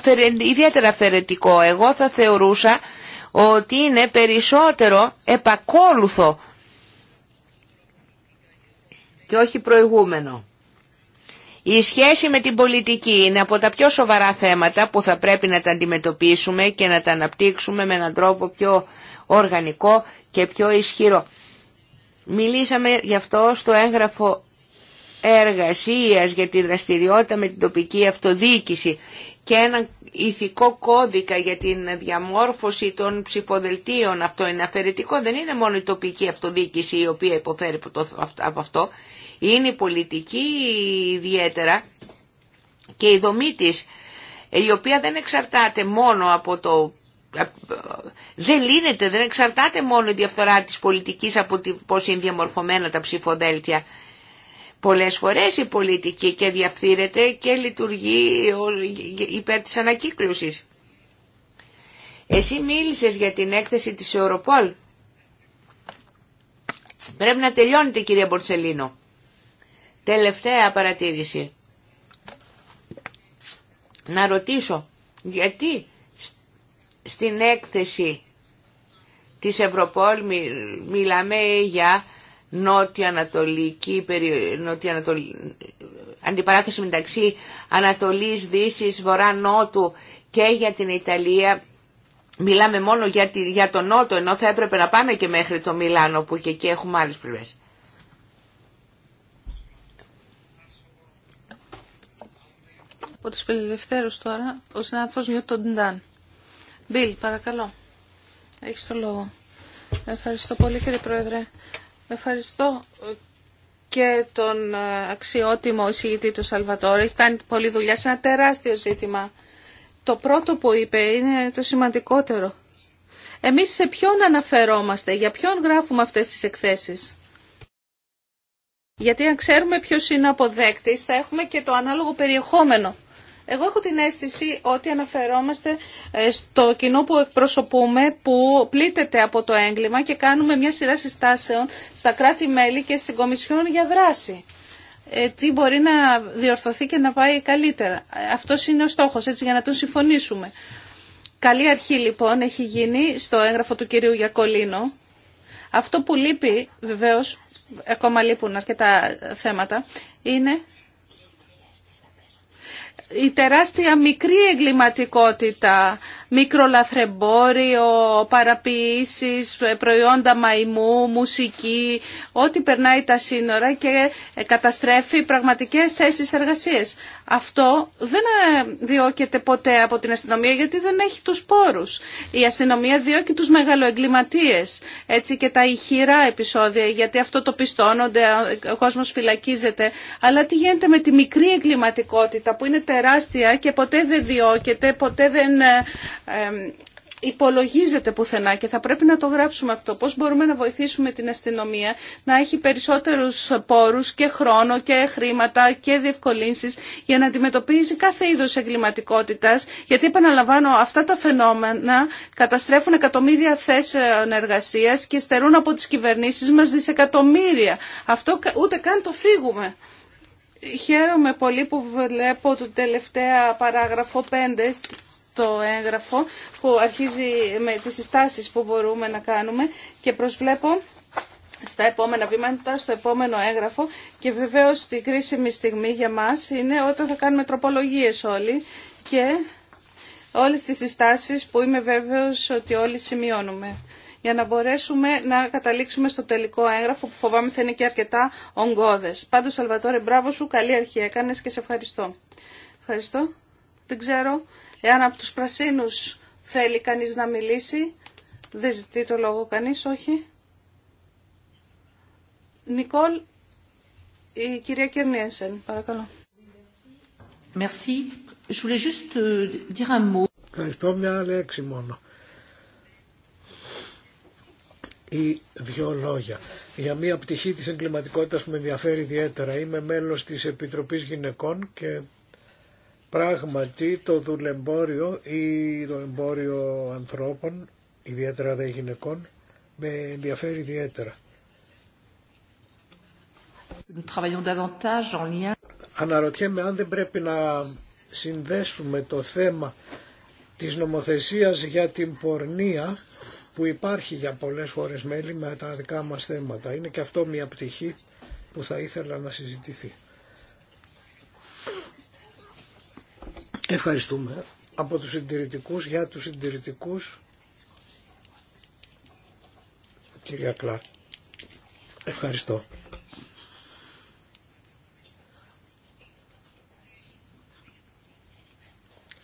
ε, ιδιαίτερα αφαιρετικό. Εγώ θα θεωρούσα ότι είναι περισσότερο επακόλουθο και όχι προηγούμενο. Η σχέση με την πολιτική είναι από τα πιο σοβαρά θέματα που θα πρέπει να τα αντιμετωπίσουμε και να τα αναπτύξουμε με έναν τρόπο πιο οργανικό και πιο ισχυρό. Μιλήσαμε γι' αυτό στο έγγραφο εργασίας για τη δραστηριότητα με την τοπική αυτοδιοίκηση και έναν ηθικό κώδικα για την διαμόρφωση των ψηφοδελτίων αυτό είναι αφαιρετικό. Δεν είναι μόνο η τοπική αυτοδίκηση η οποία υποφέρει από αυτό. Είναι η πολιτική ιδιαίτερα και η δομή της η οποία δεν εξαρτάται μόνο από το δεν λύνεται, δεν εξαρτάται μόνο η διαφθορά της πολιτικής από πώς είναι διαμορφωμένα τα ψηφοδέλτια πολλές φορές η πολιτική και διαφθείρεται και λειτουργεί υπέρ της ανακύκλωσης. Εσύ μίλησες για την έκθεση της Ευρωπόλ. Πρέπει να τελειώνετε κυρία Μπορτσελίνο. Τελευταία παρατήρηση. Να ρωτήσω γιατί στην έκθεση της Ευρωπόλ μιλάμε για νοτιο ανατολικη ανατολ αντιπαράθεση μεταξύ Ανατολής, Δύσης, Βορρά-Νότου και για την Ιταλία μιλάμε μόνο για, τη, για τον Νότο ενώ θα έπρεπε να πάμε και μέχρι το Μιλάνο που και εκεί έχουμε άλλες πλευρές. Από τους φιλελευθέρους τώρα, ο συνάδελφος Νιούτον Ντάν. Μπίλ, παρακαλώ. Έχεις το λόγο. Ευχαριστώ πολύ κύριε Πρόεδρε. Ευχαριστώ και τον ε, αξιότιμο εισηγητή του Σαλβατόρου. Έχει κάνει πολλή δουλειά σε ένα τεράστιο ζήτημα. Το πρώτο που είπε είναι το σημαντικότερο. Εμείς σε ποιον αναφερόμαστε, για ποιον γράφουμε αυτές τις εκθέσεις. Γιατί αν ξέρουμε ποιος είναι αποδέκτης θα έχουμε και το ανάλογο περιεχόμενο. Εγώ έχω την αίσθηση ότι αναφερόμαστε ε, στο κοινό που εκπροσωπούμε, που πλήττεται από το έγκλημα και κάνουμε μια σειρά συστάσεων στα κράτη-μέλη και στην Κομισιόν για δράση. Ε, τι μπορεί να διορθωθεί και να πάει καλύτερα. Αυτός είναι ο στόχος, έτσι, για να τον συμφωνήσουμε. Καλή αρχή, λοιπόν, έχει γίνει στο έγγραφο του κυρίου Γιακολίνο. Αυτό που λείπει, βεβαίως, ακόμα λείπουν αρκετά θέματα, είναι η τεράστια μικρή εγκληματικότητα μικρολαθρεμπόριο, παραποιήσεις, προϊόντα μαϊμού, μουσική, ό,τι περνάει τα σύνορα και ε, καταστρέφει πραγματικές θέσεις εργασίας. Αυτό δεν ε, διώκεται ποτέ από την αστυνομία γιατί δεν έχει τους πόρους. Η αστυνομία διώκει τους μεγαλοεγκληματίες, έτσι και τα ηχηρά επεισόδια, γιατί αυτό το πιστώνονται, ε, ο κόσμος φυλακίζεται. Αλλά τι γίνεται με τη μικρή εγκληματικότητα που είναι τεράστια και ποτέ δεν διώκεται, ποτέ δεν υπολογίζεται πουθενά και θα πρέπει να το γράψουμε αυτό. Πώς μπορούμε να βοηθήσουμε την αστυνομία να έχει περισσότερους πόρους και χρόνο και χρήματα και διευκολύνσεις για να αντιμετωπίζει κάθε είδος εγκληματικότητας. Γιατί επαναλαμβάνω αυτά τα φαινόμενα καταστρέφουν εκατομμύρια θέσεων εργασία και στερούν από τις κυβερνήσεις μας δισεκατομμύρια. Αυτό ούτε καν το φύγουμε. Χαίρομαι πολύ που βλέπω το τελευταίο παράγραφο 5 το έγγραφο που αρχίζει με τις συστάσεις που μπορούμε να κάνουμε και προσβλέπω στα επόμενα βήματα, στο επόμενο έγγραφο και βεβαίως την κρίσιμη στιγμή για μας είναι όταν θα κάνουμε τροπολογίες όλοι και όλες τις συστάσεις που είμαι βέβαιος ότι όλοι σημειώνουμε για να μπορέσουμε να καταλήξουμε στο τελικό έγγραφο που φοβάμαι θα είναι και αρκετά ογκώδες. Πάντως, Σαλβατόρε, μπράβο σου, καλή αρχή έκανες και σε ευχαριστώ. Ευχαριστώ. Δεν ξέρω Εάν από τους πρασίνους θέλει κανείς να μιλήσει, δεν ζητεί το λόγο κανείς, όχι. Νικόλ, η κυρία Κερνιένσεν, παρακαλώ. Merci. Je voulais juste euh, dire un mot. Ευχαριστώ μια λέξη μόνο. Ή δύο λόγια. Για μια πτυχή της εγκληματικότητας που με ενδιαφέρει ιδιαίτερα. Είμαι μέλος της Επιτροπής Γυναικών και Πράγματι το δουλεμπόριο ή το εμπόριο ανθρώπων, ιδιαίτερα δε γυναικών, με ενδιαφέρει ιδιαίτερα. Αναρωτιέμαι αν δεν πρέπει να συνδέσουμε το θέμα της νομοθεσίας για την πορνεία που υπάρχει για πολλές φορές μέλη με τα δικά μας θέματα. Είναι και αυτό μια πτυχή που θα ήθελα να συζητηθεί. Ευχαριστούμε. Από τους συντηρητικούς, για τους συντηρητικούς, κυρία Κλά. Ευχαριστώ.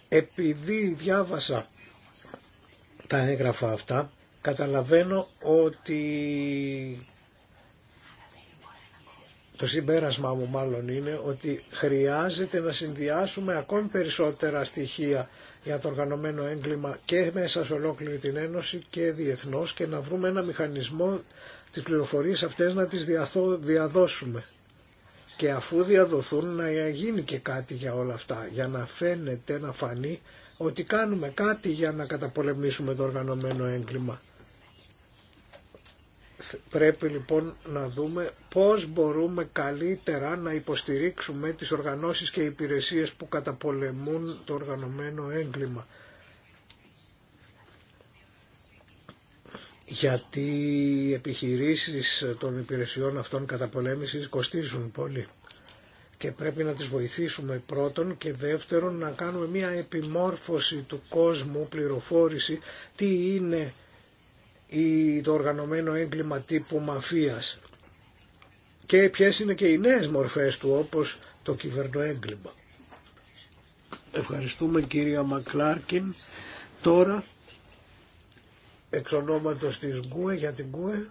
Επειδή διάβασα τα έγγραφα αυτά, καταλαβαίνω ότι το συμπέρασμά μου μάλλον είναι ότι χρειάζεται να συνδυάσουμε ακόμη περισσότερα στοιχεία για το οργανωμένο έγκλημα και μέσα σε ολόκληρη την Ένωση και διεθνώς και να βρούμε ένα μηχανισμό τις πληροφορίες αυτές να τις διαδώσουμε. Και αφού διαδοθούν να γίνει και κάτι για όλα αυτά, για να φαίνεται, να φανεί ότι κάνουμε κάτι για να καταπολεμήσουμε το οργανωμένο έγκλημα. Πρέπει λοιπόν να δούμε πώς μπορούμε καλύτερα να υποστηρίξουμε τις οργανώσεις και υπηρεσίες που καταπολεμούν το οργανωμένο έγκλημα. γιατί οι επιχειρήσεις των υπηρεσιών αυτών καταπολέμησης κοστίζουν πολύ και πρέπει να τις βοηθήσουμε πρώτον και δεύτερον να κάνουμε μια επιμόρφωση του κόσμου, πληροφόρηση, τι είναι ή το οργανωμένο έγκλημα τύπου μαφίας και ποιες είναι και οι νέες μορφές του όπως το κυβερνοέγκλημα. Ευχαριστούμε κυρία Μακλάρκιν. Τώρα εξ ονόματος της Γκουε για την Γκουε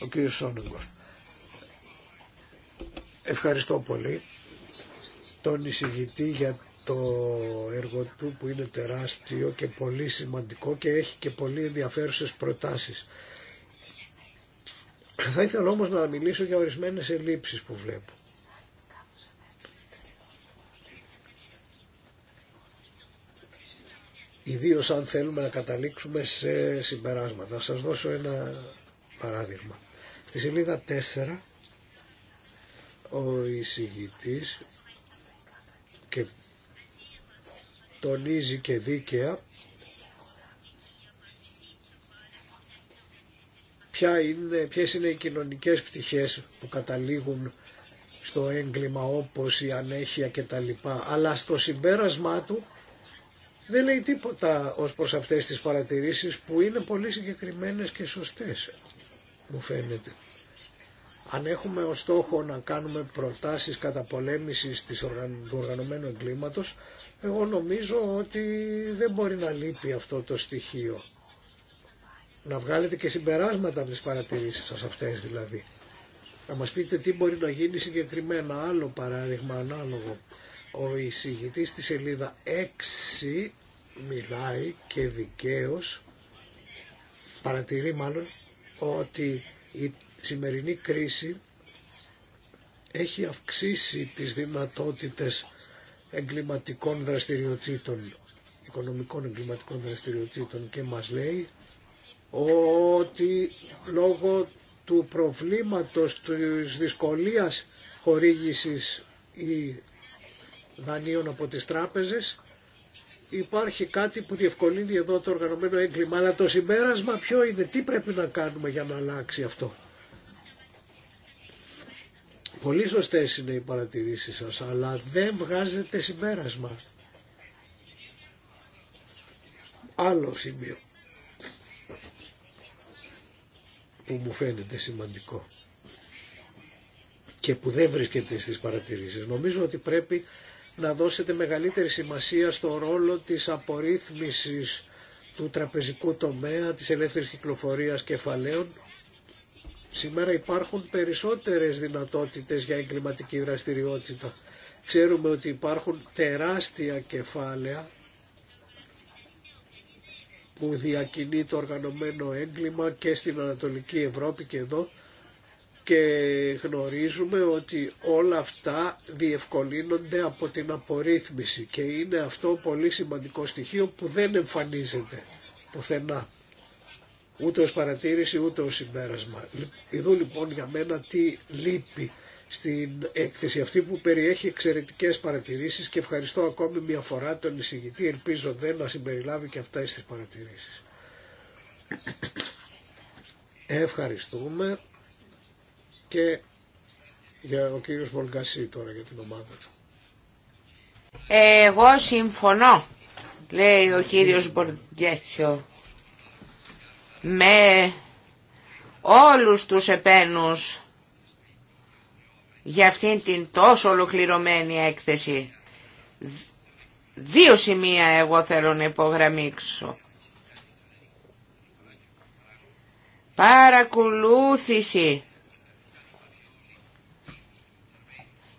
ο κύριος Σόνεγκος. Ευχαριστώ πολύ τον εισηγητή για το έργο του που είναι τεράστιο και πολύ σημαντικό και έχει και πολύ ενδιαφέρουσες προτάσεις. Θα ήθελα όμως να μιλήσω για ορισμένες ελλείψεις που βλέπω. Ιδίω αν θέλουμε να καταλήξουμε σε συμπεράσματα. Να σας δώσω ένα παράδειγμα. Στη σελίδα 4 ο εισηγητής και τονίζει και δίκαια ποια είναι, ποιες είναι οι κοινωνικές πτυχές που καταλήγουν στο έγκλημα όπως η ανέχεια και τα λοιπά. Αλλά στο συμπέρασμά του δεν λέει τίποτα ως προς αυτές τις παρατηρήσεις που είναι πολύ συγκεκριμένες και σωστές μου φαίνεται. Αν έχουμε ως στόχο να κάνουμε προτάσεις κατά πολέμηση του οργανωμένου εγκλήματος, εγώ νομίζω ότι δεν μπορεί να λείπει αυτό το στοιχείο. Να βγάλετε και συμπεράσματα από τις παρατηρήσεις σας αυτές δηλαδή. Να μας πείτε τι μπορεί να γίνει συγκεκριμένα. Άλλο παράδειγμα ανάλογο. Ο εισηγητής στη σελίδα 6 μιλάει και δικαίως, παρατηρεί μάλλον, ότι η σημερινή κρίση έχει αυξήσει τις δυνατότητες εγκληματικών δραστηριοτήτων, οικονομικών εγκληματικών δραστηριοτήτων και μας λέει ότι λόγω του προβλήματος της δυσκολίας χορήγησης ή δανείων από τις τράπεζες υπάρχει κάτι που διευκολύνει εδώ το οργανωμένο έγκλημα αλλά το συμπέρασμα ποιο είναι, τι πρέπει να κάνουμε για να αλλάξει αυτό. Πολύ σωστές είναι οι παρατηρήσεις σας, αλλά δεν βγάζετε συμπέρασμα. Άλλο σημείο που μου φαίνεται σημαντικό και που δεν βρίσκεται στις παρατηρήσεις. Νομίζω ότι πρέπει να δώσετε μεγαλύτερη σημασία στο ρόλο της απορρίθμισης του τραπεζικού τομέα, της ελεύθερης κυκλοφορίας κεφαλαίων Σήμερα υπάρχουν περισσότερες δυνατότητες για εγκληματική δραστηριότητα. Ξέρουμε ότι υπάρχουν τεράστια κεφάλαια που διακινεί το οργανωμένο έγκλημα και στην Ανατολική Ευρώπη και εδώ και γνωρίζουμε ότι όλα αυτά διευκολύνονται από την απορρίθμιση και είναι αυτό πολύ σημαντικό στοιχείο που δεν εμφανίζεται πουθενά ούτε ως παρατήρηση ούτε ως συμπέρασμα. Εδώ λοιπόν για μένα τι λείπει στην έκθεση αυτή που περιέχει εξαιρετικές παρατηρήσεις και ευχαριστώ ακόμη μια φορά τον εισηγητή, ελπίζω δεν να συμπεριλάβει και αυτά στις παρατηρήσεις. Ευχαριστούμε και για ο κύριος Μολγκασί τώρα για την ομάδα του. Εγώ συμφωνώ, λέει ο κύριος Μποργκέτσιο με όλους τους επένους για αυτήν την τόσο ολοκληρωμένη έκθεση. Δύο σημεία εγώ θέλω να υπογραμμίξω. Παρακολούθηση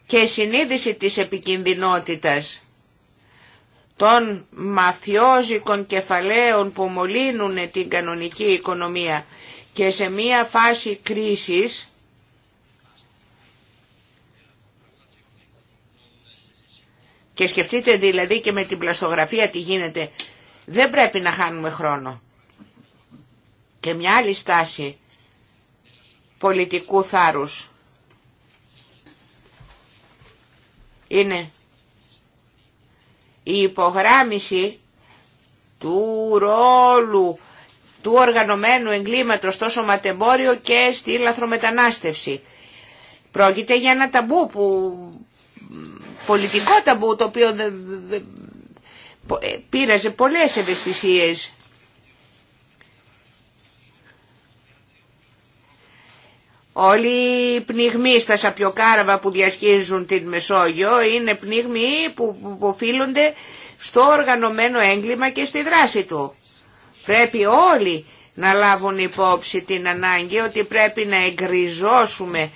και συνείδηση της επικινδυνότητας των μαφιόζικων κεφαλαίων που μολύνουν την κανονική οικονομία και σε μία φάση κρίσης και σκεφτείτε δηλαδή και με την πλαστογραφία τι γίνεται δεν πρέπει να χάνουμε χρόνο και μια άλλη στάση πολιτικού θάρρους είναι η υπογράμμιση του ρόλου του οργανωμένου εγκλήματος στο σωματεμπόριο και στη λαθρομετανάστευση. Πρόκειται για ένα ταμπού που πολιτικό ταμπού το οποίο ε, πήραζε πολλές ευαισθησίες Όλοι οι πνιγμοί στα σαπιοκάραβα που διασχίζουν την Μεσόγειο είναι πνιγμοί που οφείλονται στο οργανωμένο έγκλημα και στη δράση του. Πρέπει όλοι να λάβουν υπόψη την ανάγκη ότι πρέπει να εγκριζώσουμε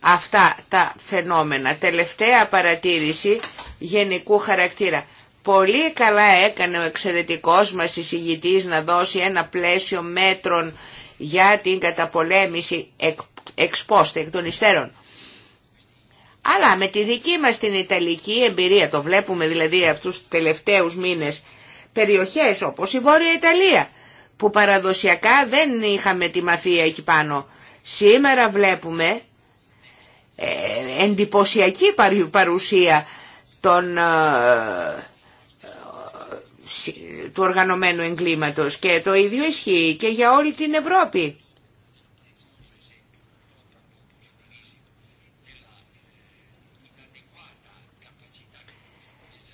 αυτά τα φαινόμενα. Τελευταία παρατήρηση γενικού χαρακτήρα. Πολύ καλά έκανε ο εξαιρετικός μας εισηγητής να δώσει ένα πλαίσιο μέτρων για την καταπολέμηση εξπόστε εκ των υστέρων. Αλλά με τη δική μας την Ιταλική εμπειρία, το βλέπουμε δηλαδή αυτούς τους τελευταίους μήνες, περιοχές όπως η Βόρεια Ιταλία, που παραδοσιακά δεν είχαμε τη μαφία εκεί πάνω. Σήμερα βλέπουμε ε, εντυπωσιακή παρουσία των ε, του οργανωμένου εγκλήματος και το ίδιο ισχύει και για όλη την Ευρώπη.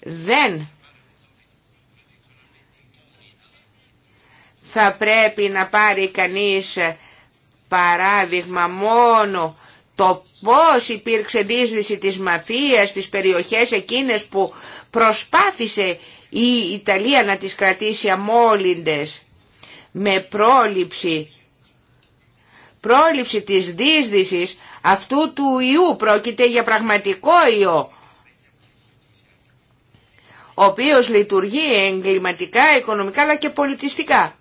Δεν θα πρέπει να πάρει κανείς παράδειγμα μόνο το πώς υπήρξε δίσδυση της μαφίας στις περιοχές εκείνες που προσπάθησε η Ιταλία να τις κρατήσει αμόλυντες με πρόληψη πρόληψη της δίσδυσης αυτού του ιού πρόκειται για πραγματικό ιό ο οποίος λειτουργεί εγκληματικά, οικονομικά αλλά και πολιτιστικά.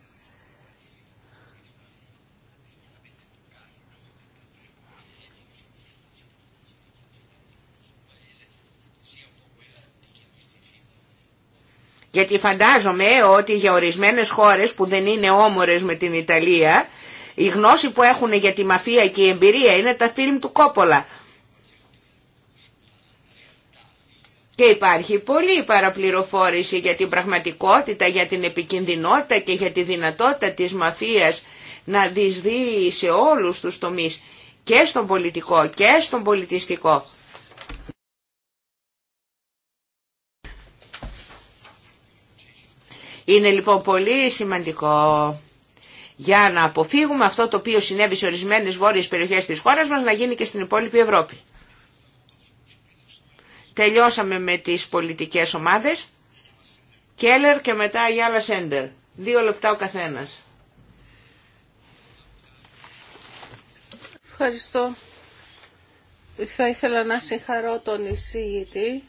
Γιατί φαντάζομαι ότι για ορισμένες χώρες που δεν είναι όμορες με την Ιταλία, η γνώση που έχουν για τη μαφία και η εμπειρία είναι τα φιλμ του Κόπολα. Και υπάρχει πολλή παραπληροφόρηση για την πραγματικότητα, για την επικινδυνότητα και για τη δυνατότητα της μαφίας να δυσδύει σε όλους τους τομείς, και στον πολιτικό και στον πολιτιστικό. Είναι λοιπόν πολύ σημαντικό για να αποφύγουμε αυτό το οποίο συνέβη σε ορισμένες βόρειες περιοχές της χώρας μας να γίνει και στην υπόλοιπη Ευρώπη. Τελειώσαμε με τις πολιτικές ομάδες. Κέλλερ και μετά η άλλα Σέντερ. Δύο λεπτά ο καθένας. Ευχαριστώ. Θα ήθελα να συγχαρώ τον εισηγητή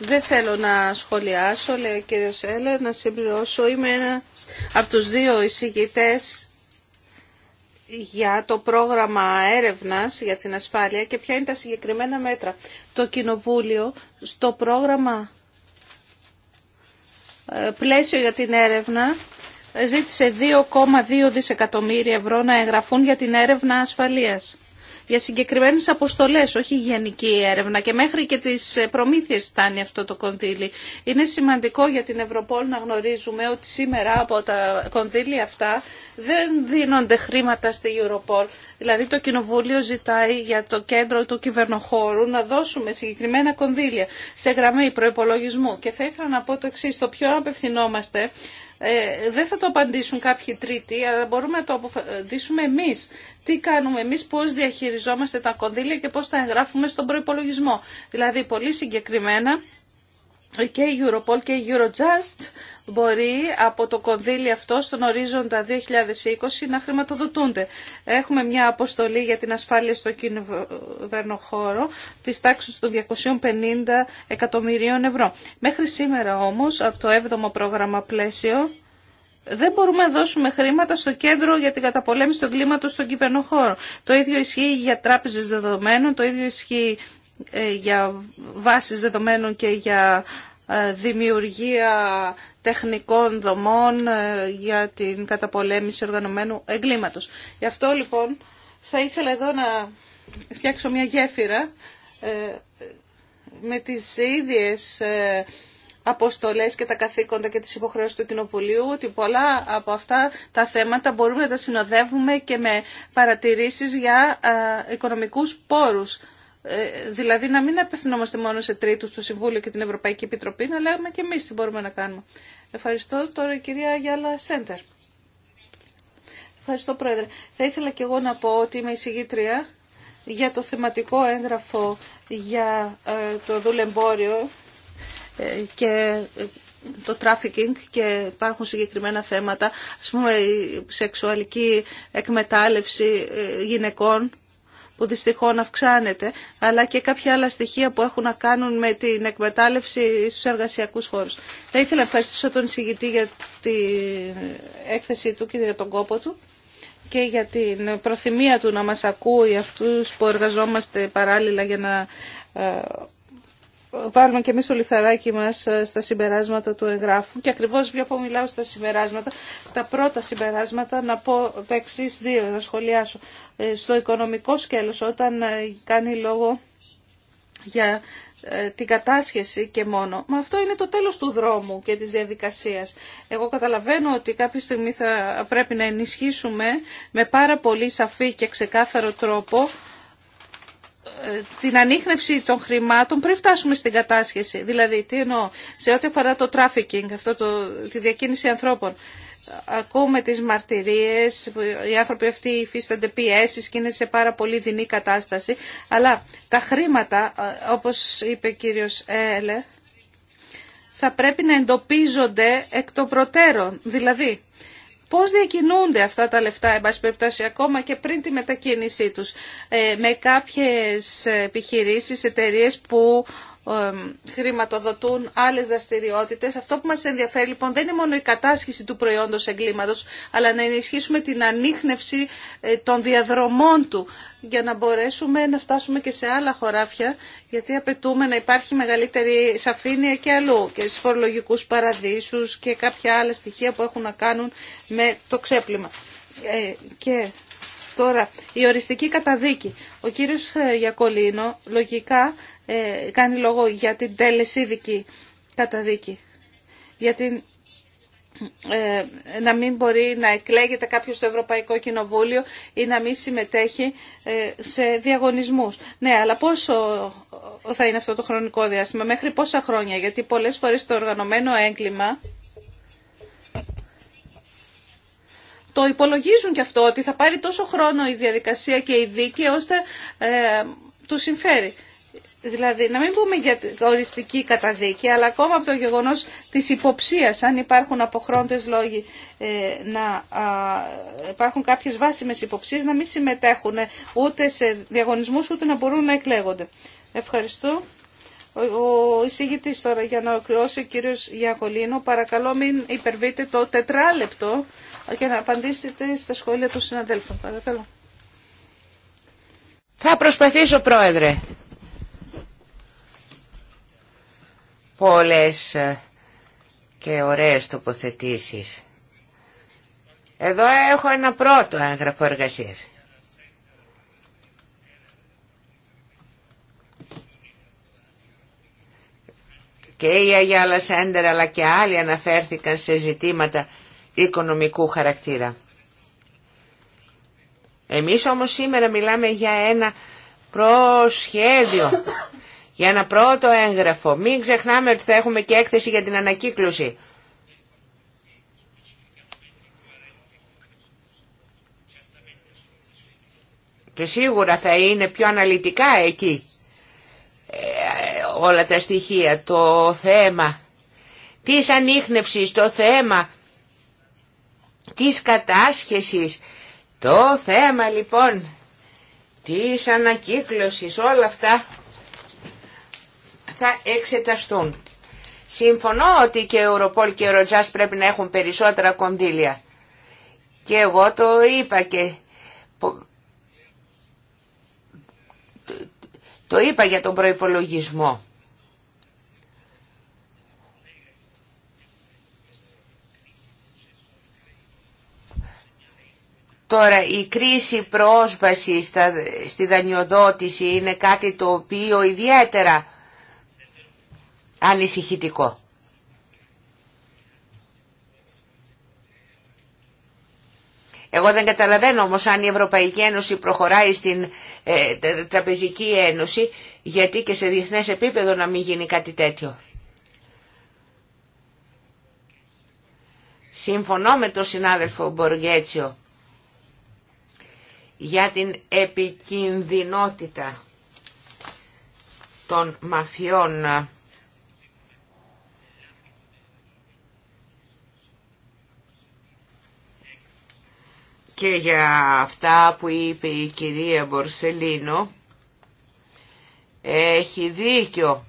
δεν θέλω να σχολιάσω, λέει ο κύριο Έλερ, να συμπληρώσω. Είμαι ένα από τους δύο εισηγητέ για το πρόγραμμα έρευνας για την ασφάλεια και ποια είναι τα συγκεκριμένα μέτρα. Το Κοινοβούλιο στο πρόγραμμα ε, πλαίσιο για την έρευνα ζήτησε 2,2 δισεκατομμύρια ευρώ να εγγραφούν για την έρευνα ασφαλείας για συγκεκριμένε αποστολέ, όχι γενική έρευνα και μέχρι και τις προμήθειε φτάνει αυτό το κονδύλι. Είναι σημαντικό για την Ευρωπόλ να γνωρίζουμε ότι σήμερα από τα κονδύλια αυτά δεν δίνονται χρήματα στη Ευρωπόλ. Δηλαδή το Κοινοβούλιο ζητάει για το κέντρο του κυβερνοχώρου να δώσουμε συγκεκριμένα κονδύλια σε γραμμή προπολογισμού. Και θα ήθελα να πω το εξή, το πιο απευθυνόμαστε ε, δεν θα το απαντήσουν κάποιοι τρίτοι, αλλά μπορούμε να το απαντήσουμε εμεί. Τι κάνουμε εμεί, πώς διαχειριζόμαστε τα κονδύλια και πώς τα εγγράφουμε στον προπολογισμό. Δηλαδή, πολύ συγκεκριμένα, και η Europol και η Eurojust μπορεί από το κονδύλι αυτό στον ορίζοντα 2020 να χρηματοδοτούνται. Έχουμε μια αποστολή για την ασφάλεια στο χώρο της τάξης των 250 εκατομμυρίων ευρώ. Μέχρι σήμερα όμως, από το 7ο πρόγραμμα πλαίσιο, δεν μπορούμε να δώσουμε χρήματα στο κέντρο για την καταπολέμηση του εγκλήματος στον κυβερνοχώρο. Το ίδιο ισχύει για τράπεζες δεδομένων, το ίδιο ισχύει ε, για βάσεις δεδομένων και για ε, δημιουργία τεχνικών δομών ε, για την καταπολέμηση οργανωμένου εγκλήματος. Γι' αυτό λοιπόν θα ήθελα εδώ να φτιάξω μια γέφυρα ε, με τις ίδιες ε, αποστολές και τα καθήκοντα και τις υποχρεώσεις του Κοινοβουλίου, ότι πολλά από αυτά τα θέματα μπορούμε να τα συνοδεύουμε και με παρατηρήσεις για οικονομικούς πόρους ε, δηλαδή να μην απευθυνόμαστε μόνο σε τρίτους, στο Συμβούλιο και την Ευρωπαϊκή Επιτροπή, να λέμε και εμείς τι μπορούμε να κάνουμε. Ευχαριστώ τώρα η κυρία Γιάλα Σέντερ. Ευχαριστώ Πρόεδρε. Θα ήθελα και εγώ να πω ότι είμαι εισηγήτρια για το θεματικό έγγραφο για ε, το δουλεμπόριο ε, και το τράφικινγκ και υπάρχουν συγκεκριμένα θέματα, ας πούμε η σεξουαλική εκμετάλλευση γυναικών που δυστυχώς αυξάνεται, αλλά και κάποια άλλα στοιχεία που έχουν να κάνουν με την εκμετάλλευση στους εργασιακούς χώρους. Θα ήθελα να ευχαριστήσω τον συγητή για την έκθεσή του και για τον κόπο του και για την προθυμία του να μας ακούει αυτούς που εργαζόμαστε παράλληλα για να ε, βάλουμε και εμείς το λιθαράκι μας ε, στα συμπεράσματα του εγγράφου και ακριβώς πιο που μιλάω στα συμπεράσματα, τα πρώτα συμπεράσματα να πω τα εξή δύο, να σχολιάσω. Ε, στο οικονομικό σκέλος όταν ε, κάνει λόγο για ε, την κατάσχεση και μόνο. Μα αυτό είναι το τέλος του δρόμου και της διαδικασίας. Εγώ καταλαβαίνω ότι κάποια στιγμή θα πρέπει να ενισχύσουμε με πάρα πολύ σαφή και ξεκάθαρο τρόπο την ανείχνευση των χρημάτων πριν φτάσουμε στην κατάσχεση. Δηλαδή, τι εννοώ, σε ό,τι αφορά το τράφικινγκ, αυτό το, τη διακίνηση ανθρώπων ακούμε τις μαρτυρίες, οι άνθρωποι αυτοί υφίστανται πιέσει και είναι σε πάρα πολύ δεινή κατάσταση, αλλά τα χρήματα, ε, όπως είπε κύριος Έλε, θα πρέπει να εντοπίζονται εκ των προτέρων. Δηλαδή, πώς διακινούνται αυτά τα λεφτά, εν πάση ακόμα και πριν τη μετακίνησή τους, ε, με κάποιες επιχειρήσεις, εταιρείες που χρηματοδοτούν άλλε δραστηριότητε. Αυτό που μα ενδιαφέρει λοιπόν δεν είναι μόνο η κατάσχεση του προϊόντο εγκλήματο, αλλά να ενισχύσουμε την ανείχνευση ε, των διαδρομών του για να μπορέσουμε να φτάσουμε και σε άλλα χωράφια, γιατί απαιτούμε να υπάρχει μεγαλύτερη σαφήνεια και αλλού, και στις φορολογικούς παραδείσους και κάποια άλλα στοιχεία που έχουν να κάνουν με το ξέπλυμα. Ε, και τώρα, η οριστική καταδίκη. Ο κύριος ε, Γιακολίνο λογικά ε, κάνει λόγο για την τελεσίδικη καταδίκη. γιατί την ε, να μην μπορεί να εκλέγεται κάποιο στο Ευρωπαϊκό Κοινοβούλιο ή να μην συμμετέχει ε, σε διαγωνισμούς. Ναι, αλλά πόσο θα είναι αυτό το χρονικό διάστημα, μέχρι πόσα χρόνια, γιατί πολλές φορές το οργανωμένο έγκλημα το υπολογίζουν και αυτό, ότι θα πάρει τόσο χρόνο η διαδικασία και η δίκη ώστε του συμφέρει. Δηλαδή, να μην πούμε για οριστική καταδίκη, αλλά ακόμα από το γεγονός της υποψίας, αν υπάρχουν αποχρόντες λόγοι ε, να υπάρχουν κάποιες βάσιμες υποψίες, να μην συμμετέχουν ε, ούτε σε διαγωνισμούς, ούτε να μπορούν να εκλέγονται. Ευχαριστώ. Ο εισηγητής τώρα για να ολοκληρώσει ο κύριος Γιακολίνο. Παρακαλώ μην υπερβείτε το τετράλεπτο και να απαντήσετε στα σχόλια του συναδέλφων. Παρακαλώ. Θα προσπαθήσω, Πρόεδρε. πολλές ε, και ωραίες τοποθετήσεις. Εδώ έχω ένα πρώτο έγγραφο εργασίας. Και η Αγιάλα Σέντερ αλλά και άλλοι αναφέρθηκαν σε ζητήματα οικονομικού χαρακτήρα. Εμείς όμως σήμερα μιλάμε για ένα προσχέδιο για ένα πρώτο έγγραφο. Μην ξεχνάμε ότι θα έχουμε και έκθεση για την ανακύκλωση. Και σίγουρα θα είναι πιο αναλυτικά εκεί ε, όλα τα στοιχεία. Το θέμα της ανείχνευσης, το θέμα της κατάσχεσης, το θέμα λοιπόν της ανακύκλωσης, όλα αυτά θα εξεταστούν. Συμφωνώ ότι και Ευρωπόλ και Eurojust πρέπει να έχουν περισσότερα κονδύλια. Και εγώ το είπα και... Το είπα για τον προϋπολογισμό. Τώρα η κρίση πρόσβασης στη δανειοδότηση είναι κάτι το οποίο ιδιαίτερα ανησυχητικό. Εγώ δεν καταλαβαίνω όμως αν η Ευρωπαϊκή Ένωση προχωράει στην ε, Τραπεζική Ένωση γιατί και σε διεθνές επίπεδο να μην γίνει κάτι τέτοιο. Συμφωνώ με τον συνάδελφο Μποργέτσιο για την επικινδυνότητα των μαφιών ε, και για αυτά που είπε η κυρία Μπορσελίνο έχει δίκιο.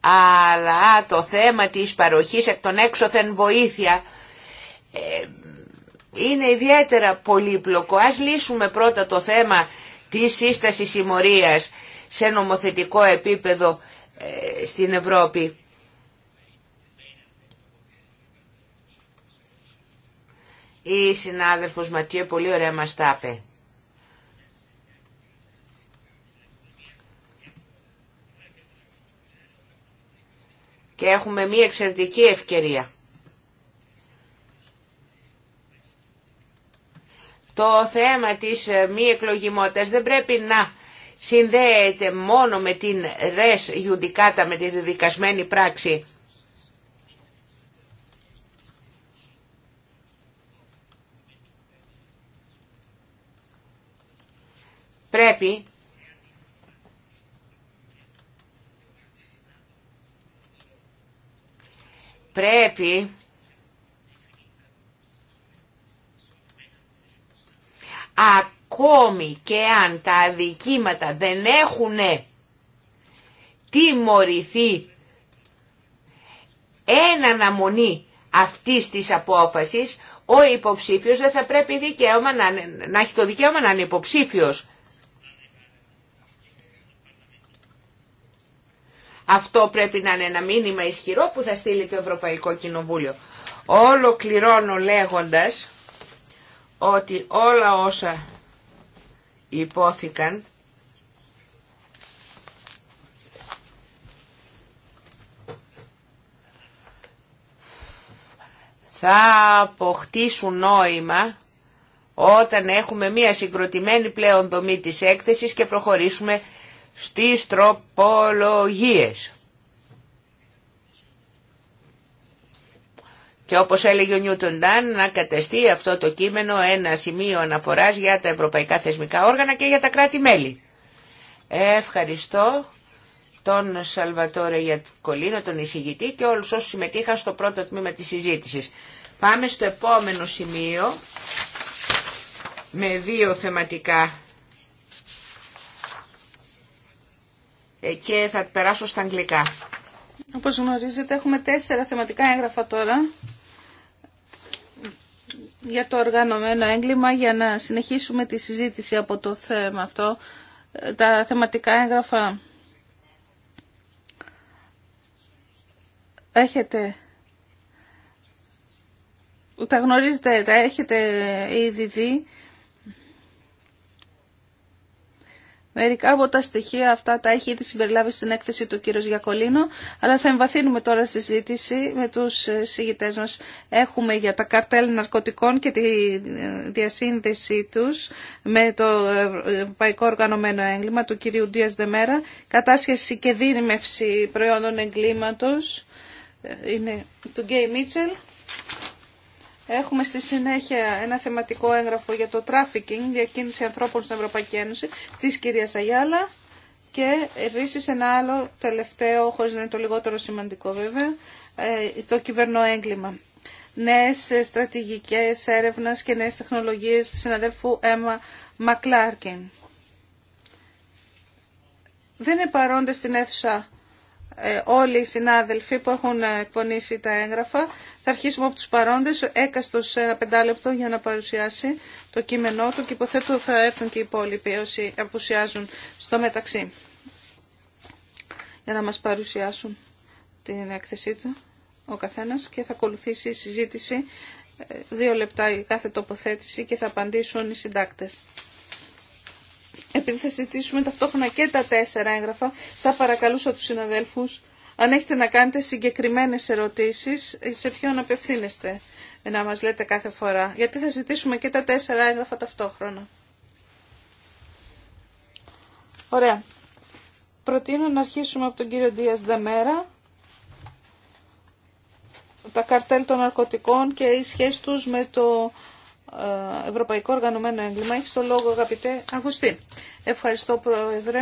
Αλλά το θέμα της παροχής εκ των έξωθεν βοήθεια ε, είναι ιδιαίτερα πολύπλοκο. Ας λύσουμε πρώτα το θέμα της σύστασης συμμορίας σε νομοθετικό επίπεδο ε, στην Ευρώπη. Η συνάδελφος Ματιέ πολύ ωραία μας τα είπε. Και έχουμε μία εξαιρετική ευκαιρία. Το θέμα της ε, μη εκλογιμότητας δεν πρέπει να συνδέεται μόνο με την ρες judicata, με τη διδικασμένη πράξη. πρέπει πρέπει ακόμη και αν τα αδικήματα δεν έχουν τιμωρηθεί εν αναμονή αυτής της απόφασης, ο υποψήφιος δεν θα πρέπει δικαίωμα να, να έχει το δικαίωμα να είναι υποψήφιος. Αυτό πρέπει να είναι ένα μήνυμα ισχυρό που θα στείλει το Ευρωπαϊκό Κοινοβούλιο. Ολοκληρώνω λέγοντας ότι όλα όσα υπόθηκαν θα αποκτήσουν νόημα όταν έχουμε μία συγκροτημένη πλέον δομή της έκθεσης και προχωρήσουμε στις τροπολογίες. Και όπως έλεγε ο Νιούτον Ντάν, να κατεστεί αυτό το κείμενο ένα σημείο αναφοράς για τα ευρωπαϊκά θεσμικά όργανα και για τα κράτη-μέλη. Ευχαριστώ τον Σαλβατόρε Γιατκολίνο, τον εισηγητή και όλους όσους συμμετείχαν στο πρώτο τμήμα της συζήτησης. Πάμε στο επόμενο σημείο με δύο θεματικά Ε, και θα περάσω στα αγγλικά. Όπως γνωρίζετε έχουμε τέσσερα θεματικά έγγραφα τώρα για το οργανωμένο έγκλημα για να συνεχίσουμε τη συζήτηση από το θέμα αυτό. Ε, τα θεματικά έγγραφα έχετε τα γνωρίζετε, τα έχετε ήδη δει Μερικά από τα στοιχεία αυτά τα έχει ήδη συμπεριλάβει στην έκθεση του κύριο Γιακολίνο, αλλά θα εμβαθύνουμε τώρα στη ζήτηση με τους ε, συγητέ μας. Έχουμε για τα καρτέλ ναρκωτικών και τη ε, διασύνδεσή τους με το ε, Ευρωπαϊκό Οργανωμένο Έγκλημα του κυρίου Ντία Δεμέρα, κατάσχεση και δίνημευση προϊόντων εγκλήματος, είναι του Γκέι Μίτσελ Έχουμε στη συνέχεια ένα θεματικό έγγραφο για το τράφικινγκ, διακίνηση ανθρώπων στην Ευρωπαϊκή Ένωση, της κυρίας Αγιάλα. Και επίση ένα άλλο τελευταίο, χωρί να είναι το λιγότερο σημαντικό βέβαια, ε, το κυβερνοέγκλημα. Νέες στρατηγικές έρευνα και νέες τεχνολογίες τη συναδέλφου Έμα Μακλάρκιν. Δεν είναι παρόντε στην αίθουσα ε, όλοι οι συνάδελφοι που έχουν εκπονήσει τα έγγραφα. Θα αρχίσουμε από τους παρόντες, έκαστος ένα πεντάλεπτο για να παρουσιάσει το κείμενό του και υποθέτω θα έρθουν και οι υπόλοιποι όσοι απουσιάζουν στο μεταξύ για να μας παρουσιάσουν την έκθεσή του ο καθένας και θα ακολουθήσει η συζήτηση ε, δύο λεπτά η κάθε τοποθέτηση και θα απαντήσουν οι συντάκτες επειδή θα συζητήσουμε ταυτόχρονα και τα τέσσερα έγγραφα, θα παρακαλούσα τους συναδέλφους αν έχετε να κάνετε συγκεκριμένες ερωτήσεις, σε ποιον απευθύνεστε να μας λέτε κάθε φορά. Γιατί θα ζητήσουμε και τα τέσσερα έγγραφα ταυτόχρονα. Ωραία. Προτείνω να αρχίσουμε από τον κύριο Ντίας Δεμέρα. Τα καρτέλ των ναρκωτικών και οι σχέσεις τους με το ε, Ευρωπαϊκό Οργανωμένο Έγκλημα. Έχει το λόγο, αγαπητέ Αγουστή Ευχαριστώ, Πρόεδρε.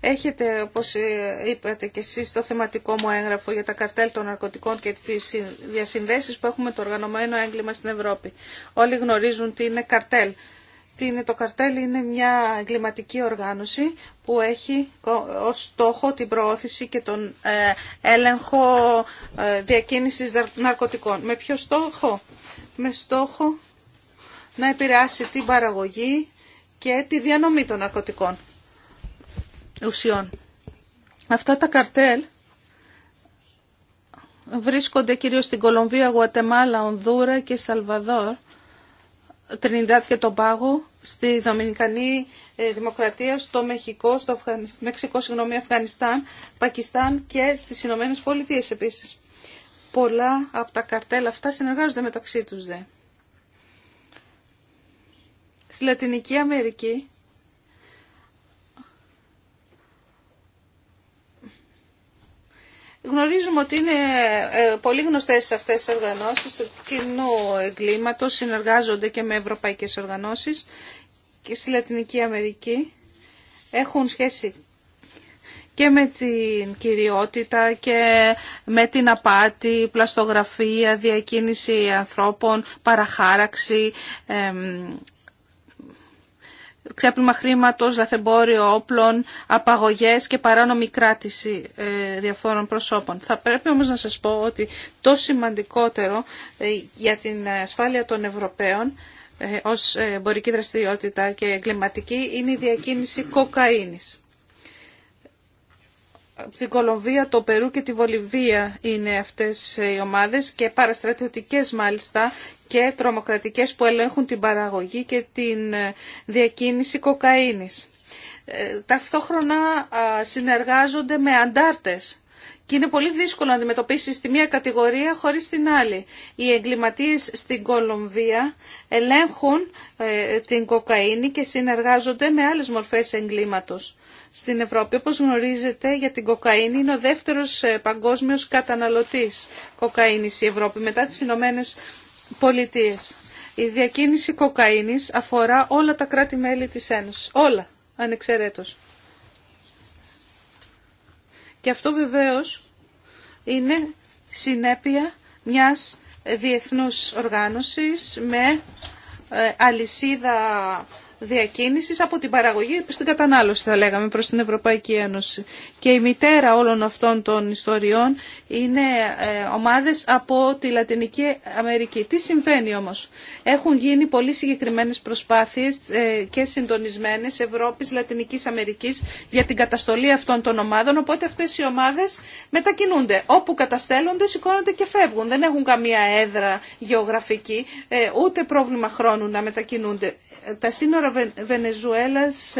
Έχετε, όπως ε, είπατε και εσείς, το θεματικό μου έγγραφο για τα καρτέλ των ναρκωτικών και τις διασυνδέσεις που έχουμε το οργανωμένο έγκλημα στην Ευρώπη. Όλοι γνωρίζουν τι είναι καρτέλ το καρτέλ είναι μια εγκληματική οργάνωση που έχει ως στόχο την προώθηση και τον ε, έλεγχο ε, διακίνησης ναρκωτικών. Με ποιο στόχο? Με στόχο να επηρεάσει την παραγωγή και τη διανομή των ναρκωτικών ουσιών. Αυτά τα καρτέλ βρίσκονται κυρίως στην Κολομβία, Γουατεμάλα, Ονδούρα και Σαλβαδόρ Τρινιντάτ και τον Πάγο, στη Δομινικανή ε, Δημοκρατία, στο Μεξικό, στο Μεξικό, συγγνώμη, Αφγανιστάν, Πακιστάν και στις Ηνωμένες Πολιτείες επίσης. Πολλά από τα καρτέλα αυτά συνεργάζονται μεταξύ τους δε. Στη Λατινική Αμερική Γνωρίζουμε ότι είναι ε, πολύ γνωστές αυτές οι οργανώσεις του κοινού εγκλήματος, συνεργάζονται και με ευρωπαϊκές οργανώσεις και στη Λατινική Αμερική έχουν σχέση και με την κυριότητα και με την απάτη, πλαστογραφία, διακίνηση ανθρώπων, παραχάραξη, ξέπλυμα χρήματο, λαθεμπόριο όπλων, απαγωγές και παράνομη κράτηση ε, διαφόρων προσώπων. Θα πρέπει όμως να σας πω ότι το σημαντικότερο ε, για την ασφάλεια των Ευρωπαίων ε, ως εμπορική δραστηριότητα και εγκληματική είναι η διακίνηση κοκαίνης την Κολομβία, το Περού και τη Βολιβία είναι αυτές ε, οι ομάδες και παραστρατιωτικές μάλιστα και τρομοκρατικές που ελέγχουν την παραγωγή και την ε, διακίνηση κοκαΐνης. Ε, ταυτόχρονα συνεργάζονται με αντάρτες και είναι πολύ δύσκολο να αντιμετωπίσεις τη μία κατηγορία χωρίς την άλλη. Οι εγκληματίες στην Κολομβία ελέγχουν την κοκαΐνη και συνεργάζονται με άλλες μορφές εγκλήματος στην Ευρώπη. Όπως γνωρίζετε για την κοκαίνη είναι ο δεύτερος ε, παγκόσμιος καταναλωτής κοκαίνης η Ευρώπη μετά τις Ηνωμένε Πολιτείες. Η διακίνηση κοκαίνης αφορά όλα τα κράτη-μέλη της Ένωσης. Όλα, ανεξαιρέτως. Και αυτό βεβαίως είναι συνέπεια μιας διεθνούς οργάνωσης με ε, αλυσίδα από την παραγωγή στην κατανάλωση θα λέγαμε προς την Ευρωπαϊκή Ένωση. Και η μητέρα όλων αυτών των ιστοριών είναι ε, ομάδες από τη Λατινική Αμερική. Τι συμβαίνει όμως. Έχουν γίνει πολύ συγκεκριμένες προσπάθειες ε, και συντονισμένες Ευρώπης, Λατινικής Αμερικής για την καταστολή αυτών των ομάδων. Οπότε αυτές οι ομάδες μετακινούνται. Όπου καταστέλλονται σηκώνονται και φεύγουν. Δεν έχουν καμία έδρα γεωγραφική, ε, ούτε πρόβλημα χρόνου να μετακινούνται τα σύνορα Βενεζουέλας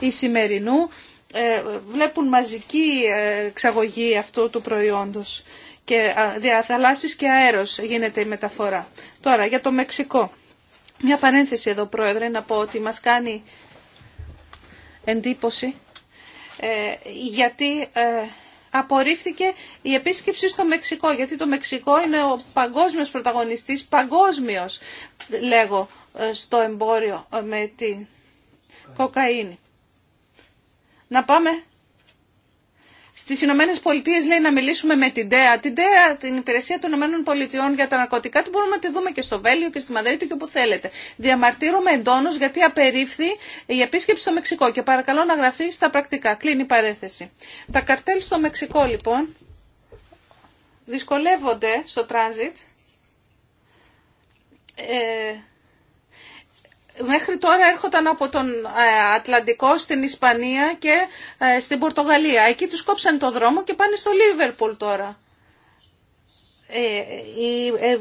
η ε, σημερινού ε, βλέπουν μαζική ε, εξαγωγή αυτού του προϊόντος και διαθαλάσσεις και αέρος γίνεται η μεταφορά. Τώρα για το Μεξικό. Μια παρένθεση εδώ πρόεδρε να πω ότι μας κάνει εντύπωση γιατί απορρίφθηκε η επίσκεψη στο Μεξικό, γιατί το Μεξικό είναι ο παγκόσμιος πρωταγωνιστής, παγκόσμιος λέγω, στο εμπόριο με την κοκαίνη. Να πάμε Στι Ηνωμένε Πολιτείε λέει να μιλήσουμε με την ΤΕΑ. Την ΤΕΑ, την Υπηρεσία των Ηνωμένων Πολιτειών για τα Ναρκωτικά, την μπορούμε να τη δούμε και στο Βέλιο και στη Μαδρίτη και όπου θέλετε. Διαμαρτύρομαι εντόνω γιατί απερίφθη η επίσκεψη στο Μεξικό και παρακαλώ να γραφεί στα πρακτικά. Κλείνει η παρέθεση. Τα καρτέλ στο Μεξικό λοιπόν δυσκολεύονται στο τράνζιτ. Ε, μέχρι τώρα έρχονταν από τον ε, Ατλαντικό στην Ισπανία και ε, στην Πορτογαλία. Εκεί τους κόψαν το δρόμο και πάνε στο Λίβερπουλ τώρα.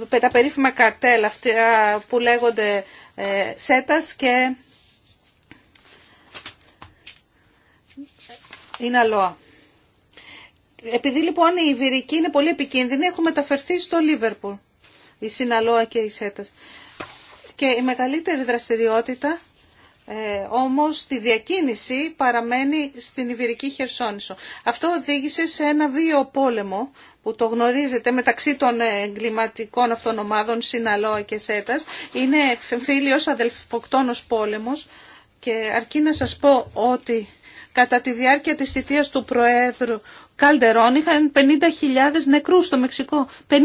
Ε, τα περίφημα καρτέλ αυτά που λέγονται ΣΕΤΑΣ και είναι Επειδή λοιπόν η Ιβηρική είναι πολύ επικίνδυνη, έχουν μεταφερθεί στο Λίβερπουλ. Η Σιναλόα και η ΣΕΤΑΣ. Και η μεγαλύτερη δραστηριότητα ε, όμως τη διακίνηση παραμένει στην Ιβυρική Χερσόνησο. Αυτό οδήγησε σε ένα βίο πόλεμο που το γνωρίζετε μεταξύ των εγκληματικών αυτών ομάδων Σιναλό και Σέτας. Είναι φίλιος αδελφοκτόνος πόλεμος και αρκεί να σας πω ότι κατά τη διάρκεια της θητείας του Προέδρου Καλτερών είχαν 50.000 νεκρούς στο Μεξικό. 50.000!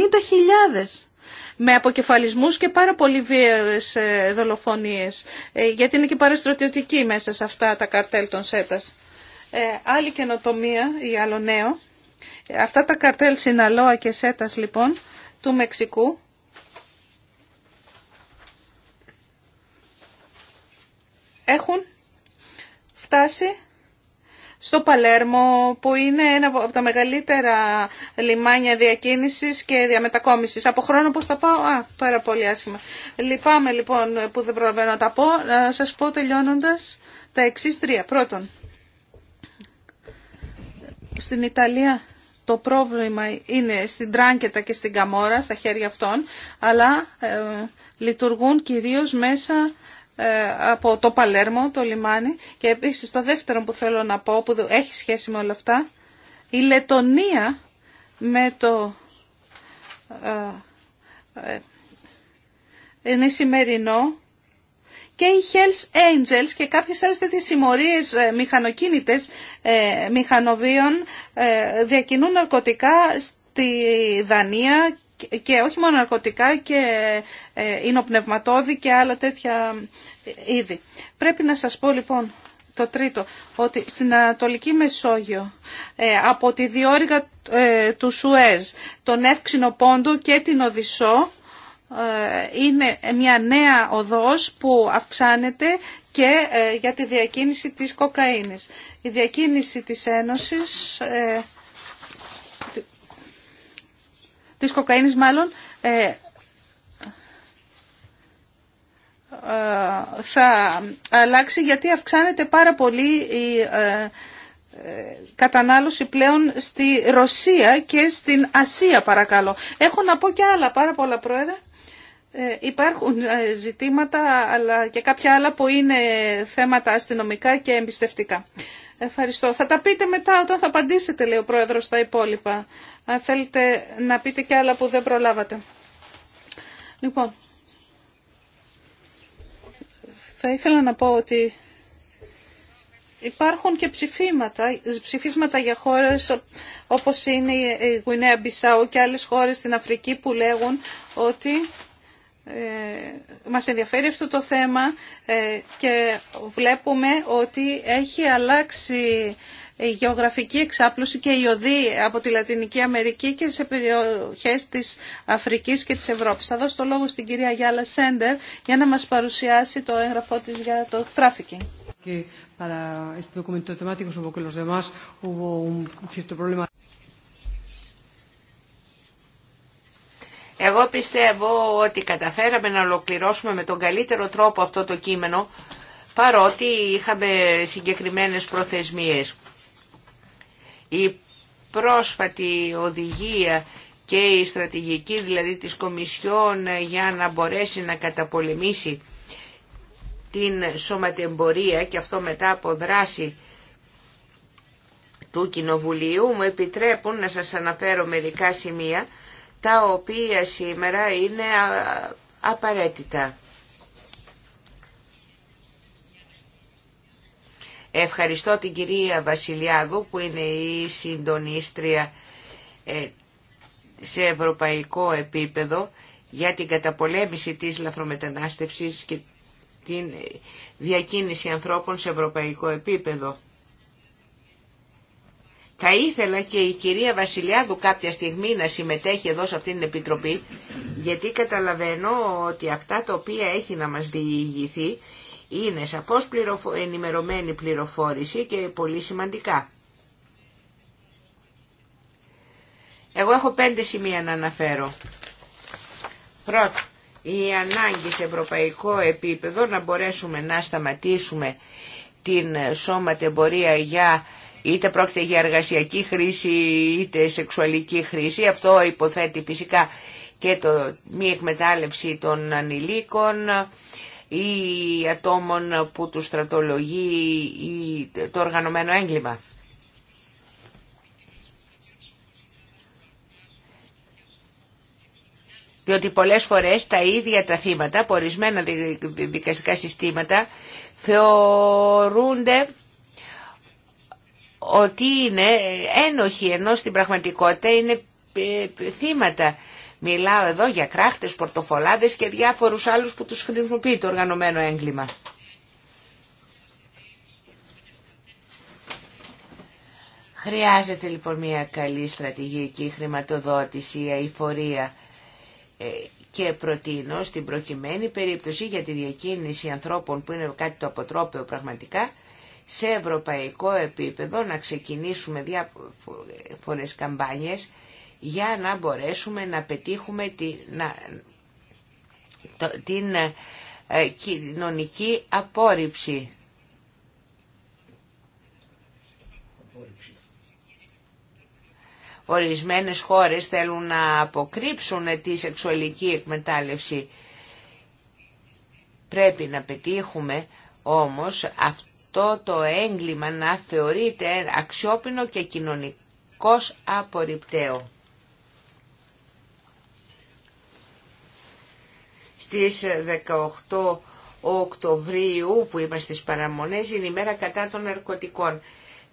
με αποκεφαλισμούς και πάρα πολύ βίαιες ε, δολοφονίες, ε, γιατί είναι και παραστρατιωτική μέσα σε αυτά τα καρτέλ των ΣΕΤΑΣ. Ε, άλλη καινοτομία ή άλλο νέο, αυτά τα καρτέλ Σιναλόα και ΣΕΤΑΣ λοιπόν του Μεξικού, έχουν φτάσει στο Παλέρμο που είναι ένα από τα μεγαλύτερα λιμάνια διακίνησης και διαμετακόμισης. Από χρόνο πώς θα πάω, α, πάρα πολύ άσχημα. Λυπάμαι λοιπόν που δεν προλαβαίνω να τα πω. Να σας πω τελειώνοντας τα εξή τρία. Πρώτον, στην Ιταλία το πρόβλημα είναι στην Τράγκετα και στην Καμόρα, στα χέρια αυτών, αλλά ε, λειτουργούν κυρίως μέσα ε, από το Παλέρμο, το λιμάνι. Και επίσης το δεύτερο που θέλω να πω, που έχει σχέση με όλα αυτά, η Λετωνία με το ε, ε, είναι σημερινό και οι Hells Angels και κάποιες άλλες τέτοιες συμμορίες μηχανοκίνητες μηχανοβίων διακινούν ναρκωτικά στη Δανία και όχι μόνο ναρκωτικά και ε, πνευματόδη και άλλα τέτοια ε, είδη. Πρέπει να σας πω λοιπόν το τρίτο, ότι στην Ανατολική Μεσόγειο ε, από τη διόρυγα του Σουέζ, τον Εύξηνο Πόντο και την Οδυσσό είναι μια νέα οδός που αυξάνεται και για τη διακίνηση της κοκαίνης. Η διακίνηση της Ένωσης της κοκαίνης μάλλον, ε, ε, θα αλλάξει γιατί αυξάνεται πάρα πολύ η ε, κατανάλωση πλέον στη Ρωσία και στην Ασία παρακαλώ. Έχω να πω και άλλα πάρα πολλά πρόεδρε. Ε, υπάρχουν ε, ζητήματα αλλά και κάποια άλλα που είναι θέματα αστυνομικά και εμπιστευτικά. Ευχαριστώ. Θα τα πείτε μετά όταν θα απαντήσετε, λέει ο Πρόεδρος, τα υπόλοιπα. Αν θέλετε να πείτε και άλλα που δεν προλάβατε. Λοιπόν, θα ήθελα να πω ότι υπάρχουν και ψηφίματα, ψηφίσματα για χώρες όπως είναι η Γουινέα Μπισάου και άλλες χώρες στην Αφρική που λέγουν ότι ε, μας ενδιαφέρει αυτό το θέμα ε, και βλέπουμε ότι έχει αλλάξει η γεωγραφική εξάπλωση και η οδή από τη Λατινική Αμερική και σε περιοχές της Αφρικής και της Ευρώπης. Θα δώσω το λόγο στην κυρία Γιάλα Σέντερ για να μας παρουσιάσει το έγγραφό της για το τράφικινγκ. Εγώ πιστεύω ότι καταφέραμε να ολοκληρώσουμε με τον καλύτερο τρόπο αυτό το κείμενο, παρότι είχαμε συγκεκριμένες προθεσμίες. Η πρόσφατη οδηγία και η στρατηγική δηλαδή της Κομισιόν για να μπορέσει να καταπολεμήσει την σωματεμπορία και αυτό μετά από δράση του Κοινοβουλίου μου επιτρέπουν να σας αναφέρω μερικά σημεία τα οποία σήμερα είναι απαραίτητα. Ευχαριστώ την κυρία Βασιλιάδου που είναι η συντονίστρια ε, σε ευρωπαϊκό επίπεδο για την καταπολέμηση της λαθρομετανάστευσης και την ε, διακίνηση ανθρώπων σε ευρωπαϊκό επίπεδο. Θα ήθελα και η κυρία Βασιλιάδου κάποια στιγμή να συμμετέχει εδώ σε αυτήν την Επιτροπή, γιατί καταλαβαίνω ότι αυτά τα οποία έχει να μας διηγηθεί είναι σαφώς πληροφο... ενημερωμένη πληροφόρηση και πολύ σημαντικά. Εγώ έχω πέντε σημεία να αναφέρω. Πρώτο, η ανάγκη σε ευρωπαϊκό επίπεδο να μπορέσουμε να σταματήσουμε την σώματεμπορία για είτε πρόκειται για εργασιακή χρήση είτε σεξουαλική χρήση. Αυτό υποθέτει φυσικά και το μη εκμετάλλευση των ανηλίκων ή ατόμων που του στρατολογεί ή το οργανωμένο έγκλημα. Διότι πολλές φορές τα ίδια τα θύματα, από ορισμένα δικαστικά συστήματα, θεωρούνται ότι είναι ένοχοι ενώ στην πραγματικότητα είναι ε, θύματα. Μιλάω εδώ για κράχτες, πορτοφολάδες και διάφορους άλλους που τους χρησιμοποιεί το οργανωμένο έγκλημα. Χρειάζεται λοιπόν μια καλή στρατηγική χρηματοδότηση, αηφορία ε, και προτείνω στην προκειμένη περίπτωση για τη διακίνηση ανθρώπων που είναι κάτι το αποτρόπαιο πραγματικά σε ευρωπαϊκό επίπεδο να ξεκινήσουμε διάφορες καμπάνιες για να μπορέσουμε να πετύχουμε τη, την ε, κοινωνική απόρριψη. Ορισμένες χώρες θέλουν να αποκρύψουν τη σεξουαλική εκμετάλλευση. Πρέπει να πετύχουμε όμως αυτό το το έγκλημα να θεωρείται αξιόπινο και κοινωνικός απορριπταίο. Στις 18 ε, Οκτωβρίου που είμαστε στις παραμονές είναι η μέρα κατά των ναρκωτικών.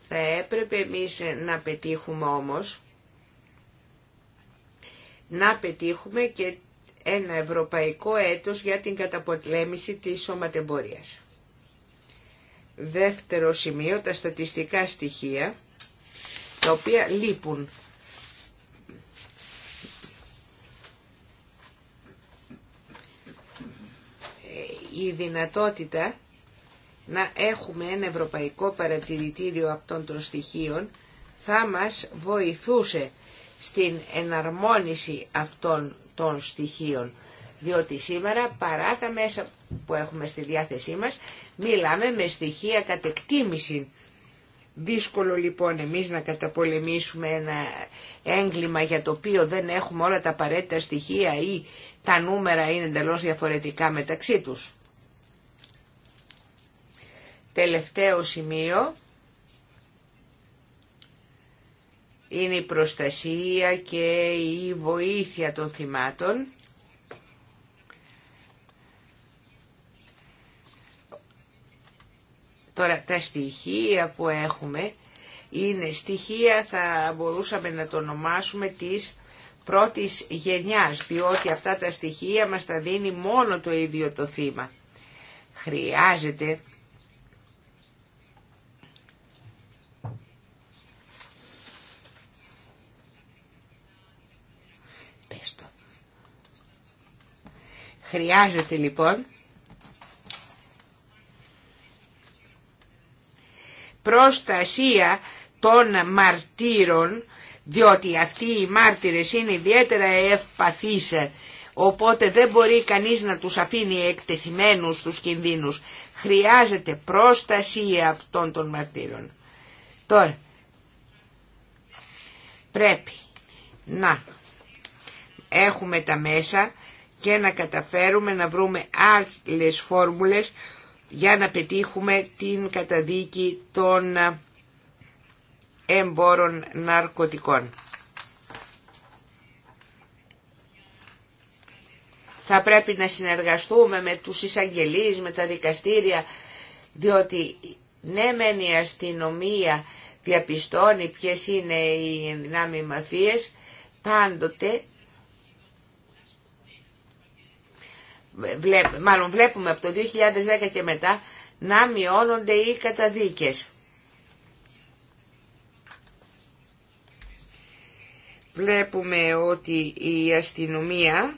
Θα έπρεπε εμείς ε, να πετύχουμε όμως να πετύχουμε και ένα ευρωπαϊκό έτος για την καταπολέμηση της σωματεμπορίας. Δεύτερο σημείο, τα στατιστικά στοιχεία, τα οποία λείπουν. Η δυνατότητα να έχουμε ένα ευρωπαϊκό παρατηρητήριο αυτών των στοιχείων θα μας βοηθούσε στην εναρμόνιση αυτών των στοιχείων. Διότι σήμερα παρά τα μέσα που έχουμε στη διάθεσή μας μιλάμε με στοιχεία κατεκτήμηση. Δύσκολο λοιπόν εμείς να καταπολεμήσουμε ένα έγκλημα για το οποίο δεν έχουμε όλα τα απαραίτητα στοιχεία ή τα νούμερα είναι εντελώ διαφορετικά μεταξύ τους. Τελευταίο σημείο είναι η προστασία και η βοήθεια των θυμάτων Τώρα τα στοιχεία που έχουμε είναι στοιχεία θα μπορούσαμε να το ονομάσουμε της πρώτης γενιάς, διότι αυτά τα στοιχεία μας τα δίνει μόνο το ίδιο το θύμα. Χρειάζεται Χρειάζεται λοιπόν προστασία των μαρτύρων, διότι αυτοί οι μάρτυρες είναι ιδιαίτερα ευπαθείς, οπότε δεν μπορεί κανείς να τους αφήνει εκτεθειμένους στους κινδύνους. Χρειάζεται προστασία αυτών των μαρτύρων. Τώρα, πρέπει να έχουμε τα μέσα και να καταφέρουμε να βρούμε άλλες φόρμουλες για να πετύχουμε την καταδίκη των εμπόρων ναρκωτικών. Θα πρέπει να συνεργαστούμε με τους εισαγγελείς, με τα δικαστήρια, διότι ναι μεν η αστυνομία διαπιστώνει ποιες είναι οι ενδυνάμοι μαφίες, πάντοτε μάλλον βλέπουμε από το 2010 και μετά να μειώνονται οι καταδίκες. Βλέπουμε ότι η αστυνομία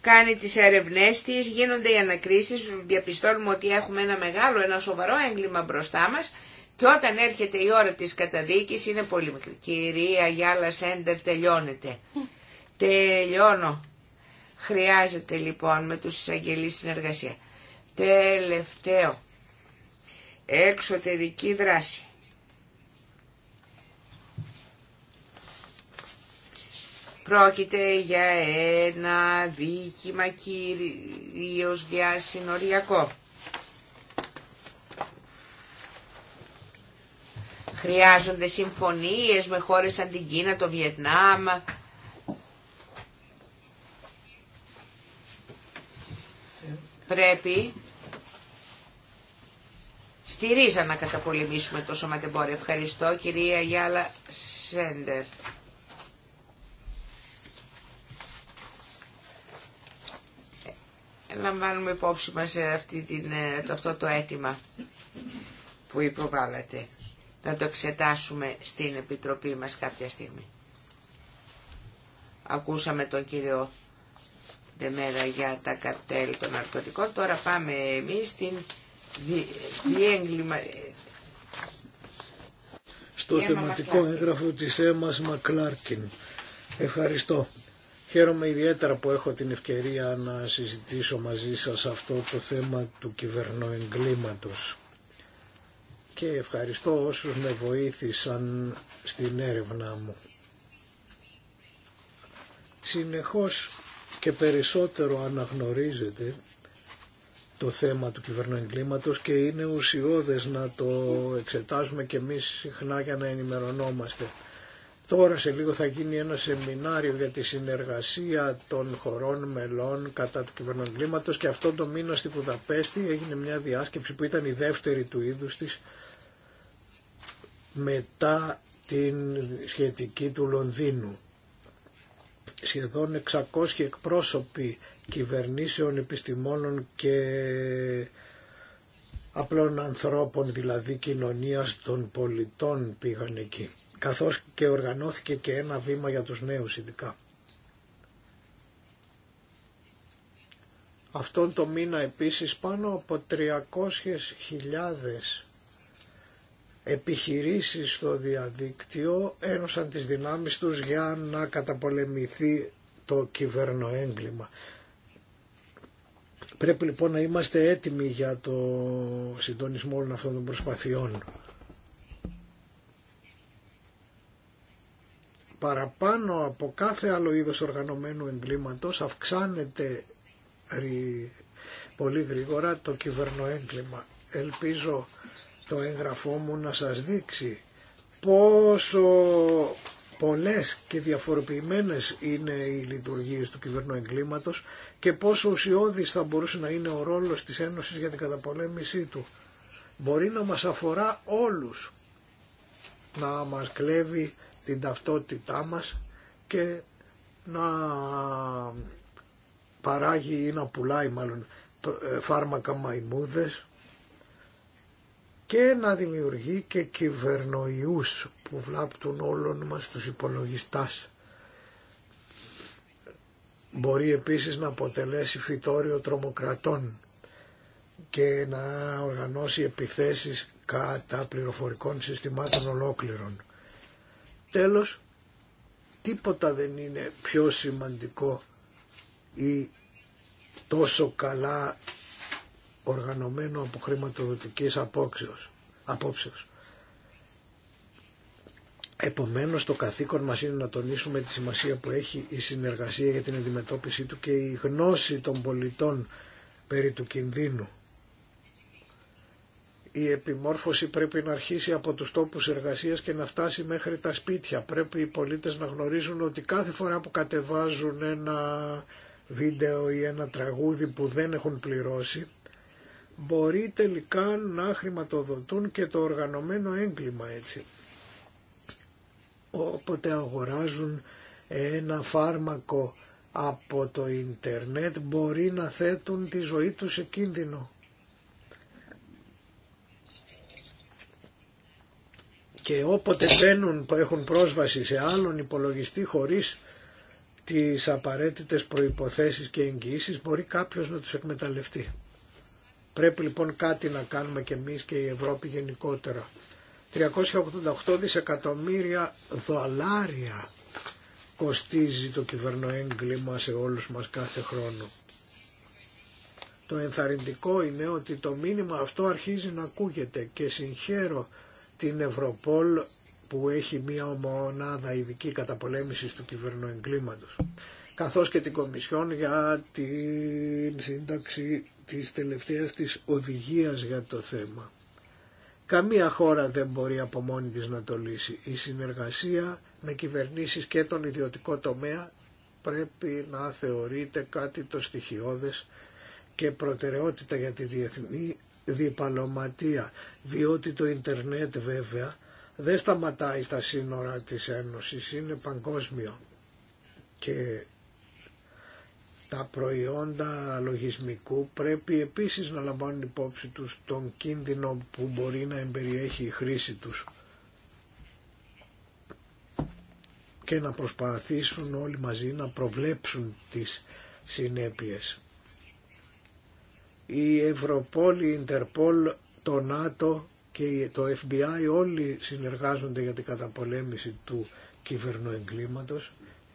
κάνει τις έρευνές της, γίνονται οι ανακρίσεις, διαπιστώνουμε ότι έχουμε ένα μεγάλο, ένα σοβαρό έγκλημα μπροστά μας και όταν έρχεται η ώρα της καταδίκης είναι πολύ μικρή. Κυρία Γιάλα Σέντερ τελειώνεται. Τελειώνω. Χρειάζεται λοιπόν με τους εισαγγελείς συνεργασία. Τελευταίο. Εξωτερική δράση. Πρόκειται για ένα δίκημα κυρίως διασυνοριακό. Χρειάζονται συμφωνίες με χώρες σαν την Κίνα, το Βιετνάμ. Πρέπει στη ρίζα να καταπολεμήσουμε το σωματεμπόριο. Ευχαριστώ κυρία Γιάλα Σέντερ. Λαμβάνουμε υπόψη μας ε, αυτή την, ε, το αυτό το αίτημα που υποβάλλατε να το εξετάσουμε στην Επιτροπή μας κάποια στιγμή. Ακούσαμε τον κύριο Δεμέρα για τα καρτέλ των ναρκωτικών. Τώρα πάμε εμείς στην διέγκλημα... Στο θεματικό έγγραφο της Έμας Μακλάρκιν. Ευχαριστώ. Χαίρομαι ιδιαίτερα που έχω την ευκαιρία να συζητήσω μαζί σας αυτό το θέμα του κυβερνοεγκλήματος και ευχαριστώ όσους με βοήθησαν στην έρευνά μου. Συνεχώς και περισσότερο αναγνωρίζεται το θέμα του κυβερνοεγκλήματος και είναι ουσιώδες να το εξετάζουμε και εμείς συχνά για να ενημερωνόμαστε. Τώρα σε λίγο θα γίνει ένα σεμινάριο για τη συνεργασία των χωρών μελών κατά του κυβερνοεγκλήματος και αυτό το μήνα στη Βουδαπέστη έγινε μια διάσκεψη που ήταν η δεύτερη του είδους της μετά την σχετική του Λονδίνου. Σχεδόν 600 εκπρόσωποι κυβερνήσεων, επιστημόνων και απλών ανθρώπων, δηλαδή κοινωνίας των πολιτών πήγαν εκεί. Καθώς και οργανώθηκε και ένα βήμα για τους νέους ειδικά. Αυτόν το μήνα επίσης πάνω από 300.000 επιχειρήσεις στο διαδίκτυο ένωσαν τις δυνάμεις τους για να καταπολεμηθεί το κυβερνοέγκλημα. Πρέπει λοιπόν να είμαστε έτοιμοι για το συντονισμό όλων αυτών των προσπαθειών. Παραπάνω από κάθε άλλο είδος οργανωμένου εγκλήματος αυξάνεται πολύ γρήγορα το κυβερνοέγκλημα. Ελπίζω το έγγραφό μου να σας δείξει πόσο πολλές και διαφοροποιημένες είναι οι λειτουργίες του κυβερνού εγκλήματος και πόσο ουσιώδης θα μπορούσε να είναι ο ρόλος της Ένωσης για την καταπολέμησή του. Μπορεί να μας αφορά όλους, να μας κλέβει την ταυτότητά μας και να παράγει ή να πουλάει μάλλον ε, φάρμακα μαϊμούδες και να δημιουργεί και κυβερνοϊούς που βλάπτουν όλων μας τους υπολογιστάς. Μπορεί επίσης να αποτελέσει φυτόριο τρομοκρατών και να οργανώσει επιθέσεις κατά πληροφορικών συστημάτων ολόκληρων. Τέλος, τίποτα δεν είναι πιο σημαντικό ή τόσο καλά οργανωμένο από χρηματοδοτικής απόψεω. απόψεως. Επομένως το καθήκον μας είναι να τονίσουμε τη σημασία που έχει η συνεργασία για την αντιμετώπιση του και η γνώση των πολιτών περί του κινδύνου. Η επιμόρφωση πρέπει να αρχίσει από τους τόπους εργασίας και να φτάσει μέχρι τα σπίτια. Πρέπει οι πολίτες να γνωρίζουν ότι κάθε φορά που κατεβάζουν ένα βίντεο ή ένα τραγούδι που δεν έχουν πληρώσει μπορεί τελικά να χρηματοδοτούν και το οργανωμένο έγκλημα έτσι. Όποτε αγοράζουν ένα φάρμακο από το ίντερνετ μπορεί να θέτουν τη ζωή τους σε κίνδυνο. Και όποτε που έχουν πρόσβαση σε άλλον υπολογιστή χωρίς τις απαραίτητες προϋποθέσεις και εγγυήσεις μπορεί κάποιος να τους εκμεταλλευτεί. Πρέπει λοιπόν κάτι να κάνουμε και εμείς και η Ευρώπη γενικότερα. 388 δισεκατομμύρια δολάρια κοστίζει το κυβερνοέγκλημα σε όλους μας κάθε χρόνο. Το ενθαρρυντικό είναι ότι το μήνυμα αυτό αρχίζει να ακούγεται και συγχαίρω την Ευρωπόλ που έχει μία ομονάδα ειδική καταπολέμησης του κυβερνοεγκλήματος καθώς και την Κομισιόν για την σύνταξη της τελευταίας της οδηγίας για το θέμα. Καμία χώρα δεν μπορεί από μόνη της να το λύσει. Η συνεργασία με κυβερνήσεις και τον ιδιωτικό τομέα πρέπει να θεωρείται κάτι το στοιχειώδες και προτεραιότητα για τη διεθνή διπαλωματία, διότι το ίντερνετ βέβαια δεν σταματάει στα σύνορα της Ένωσης, είναι παγκόσμιο και τα προϊόντα λογισμικού πρέπει επίσης να λαμβάνουν υπόψη τους τον κίνδυνο που μπορεί να εμπεριέχει η χρήση τους και να προσπαθήσουν όλοι μαζί να προβλέψουν τις συνέπειες. Η Ευρωπόλη, η Ιντερπόλ, το ΝΑΤΟ και το FBI όλοι συνεργάζονται για την καταπολέμηση του κυβερνοεγκλήματος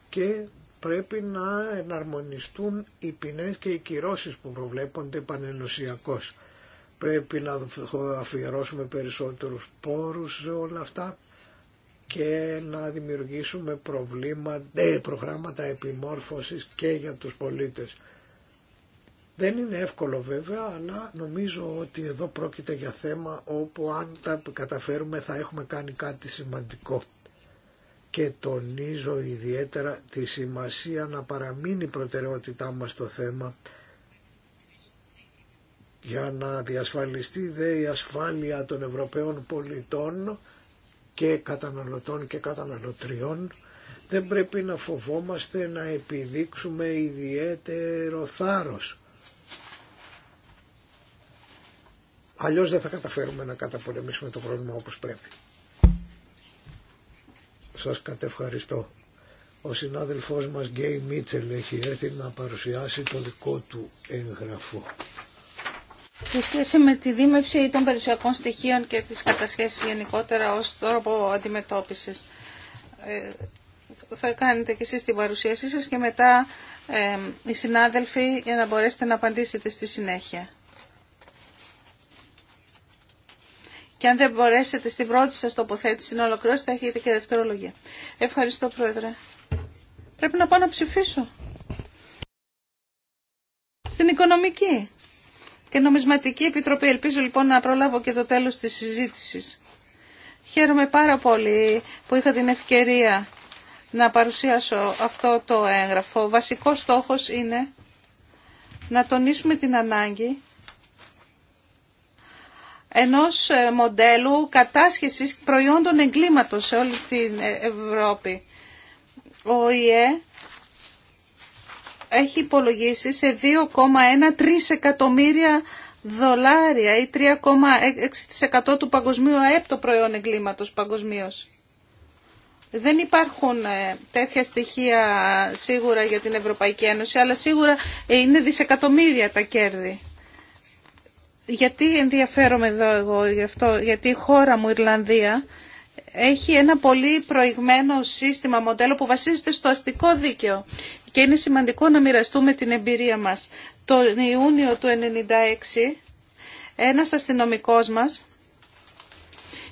και πρέπει να εναρμονιστούν οι ποινές και οι κυρώσεις που προβλέπονται πανενωσιακώς. Πρέπει να αφιερώσουμε περισσότερους πόρους σε όλα αυτά και να δημιουργήσουμε προβλήματα, ε, προγράμματα επιμόρφωσης και για τους πολίτες. Δεν είναι εύκολο βέβαια, αλλά νομίζω ότι εδώ πρόκειται για θέμα όπου αν τα καταφέρουμε θα έχουμε κάνει κάτι σημαντικό και τονίζω ιδιαίτερα τη σημασία να παραμείνει η προτεραιότητά μας το θέμα για να διασφαλιστεί δε η ασφάλεια των Ευρωπαίων πολιτών και καταναλωτών και καταναλωτριών δεν πρέπει να φοβόμαστε να επιδείξουμε ιδιαίτερο θάρρος. Αλλιώς δεν θα καταφέρουμε να καταπολεμήσουμε το πρόβλημα όπως πρέπει. Σας κατευχαριστώ. Ο συνάδελφός μας Γκέι Μίτσελ έχει έρθει να παρουσιάσει το δικό του έγγραφο. Σε σχέση με τη δίμευση των περιουσιακών στοιχείων και τις κατασχέσεις γενικότερα ως τρόπο αντιμετώπισης, ε, θα κάνετε και εσείς την παρουσίασή σας και μετά ε, οι συνάδελφοι για να μπορέσετε να απαντήσετε στη συνέχεια. Και αν δεν μπορέσετε στην πρώτη σας τοποθέτηση να ολοκληρώσετε, έχετε και δευτερολογία. Ευχαριστώ, Πρόεδρε. Πρέπει να πάω να ψηφίσω. Στην Οικονομική και Νομισματική Επιτροπή. Ελπίζω λοιπόν να προλάβω και το τέλος της συζήτησης. Χαίρομαι πάρα πολύ που είχα την ευκαιρία να παρουσιάσω αυτό το έγγραφο. Ο βασικός στόχος είναι να τονίσουμε την ανάγκη ενός ε, μοντέλου κατάσχεσης προϊόντων εγκλήματος σε όλη την ε, Ευρώπη. Ο ΙΕ έχει υπολογίσει σε 2,1 εκατομμύρια δολάρια ή 3,6% του παγκοσμίου ΑΕΠ το προϊόν εγκλήματος παγκοσμίως. Δεν υπάρχουν ε, τέτοια στοιχεία σίγουρα για την Ευρωπαϊκή Ένωση, αλλά σίγουρα είναι δισεκατομμύρια τα κέρδη γιατί ενδιαφέρομαι εδώ εγώ γι' αυτό, γιατί η χώρα μου Ιρλανδία έχει ένα πολύ προηγμένο σύστημα, μοντέλο που βασίζεται στο αστικό δίκαιο και είναι σημαντικό να μοιραστούμε την εμπειρία μας. Τον Ιούνιο του 1996 ένας αστυνομικός μας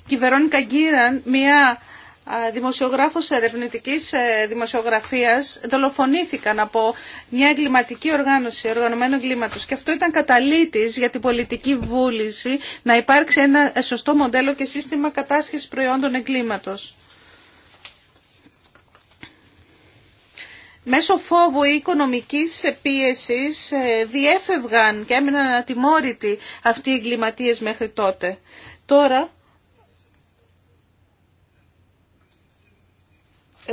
κυβερώνει η μια δημοσιογράφος ερευνητικής ε, δημοσιογραφίας δολοφονήθηκαν από μια εγκληματική οργάνωση, οργανωμένο εγκλήματος. Και αυτό ήταν καταλήτης για την πολιτική βούληση να υπάρξει ένα ε, σωστό μοντέλο και σύστημα κατάσχεσης προϊόντων εγκλήματος. Μέσω φόβου ή οικονομικής πίεσης ε, διέφευγαν και έμειναν ατιμόρυτοι αυτοί οι εγκληματίες μέχρι τότε. Τώρα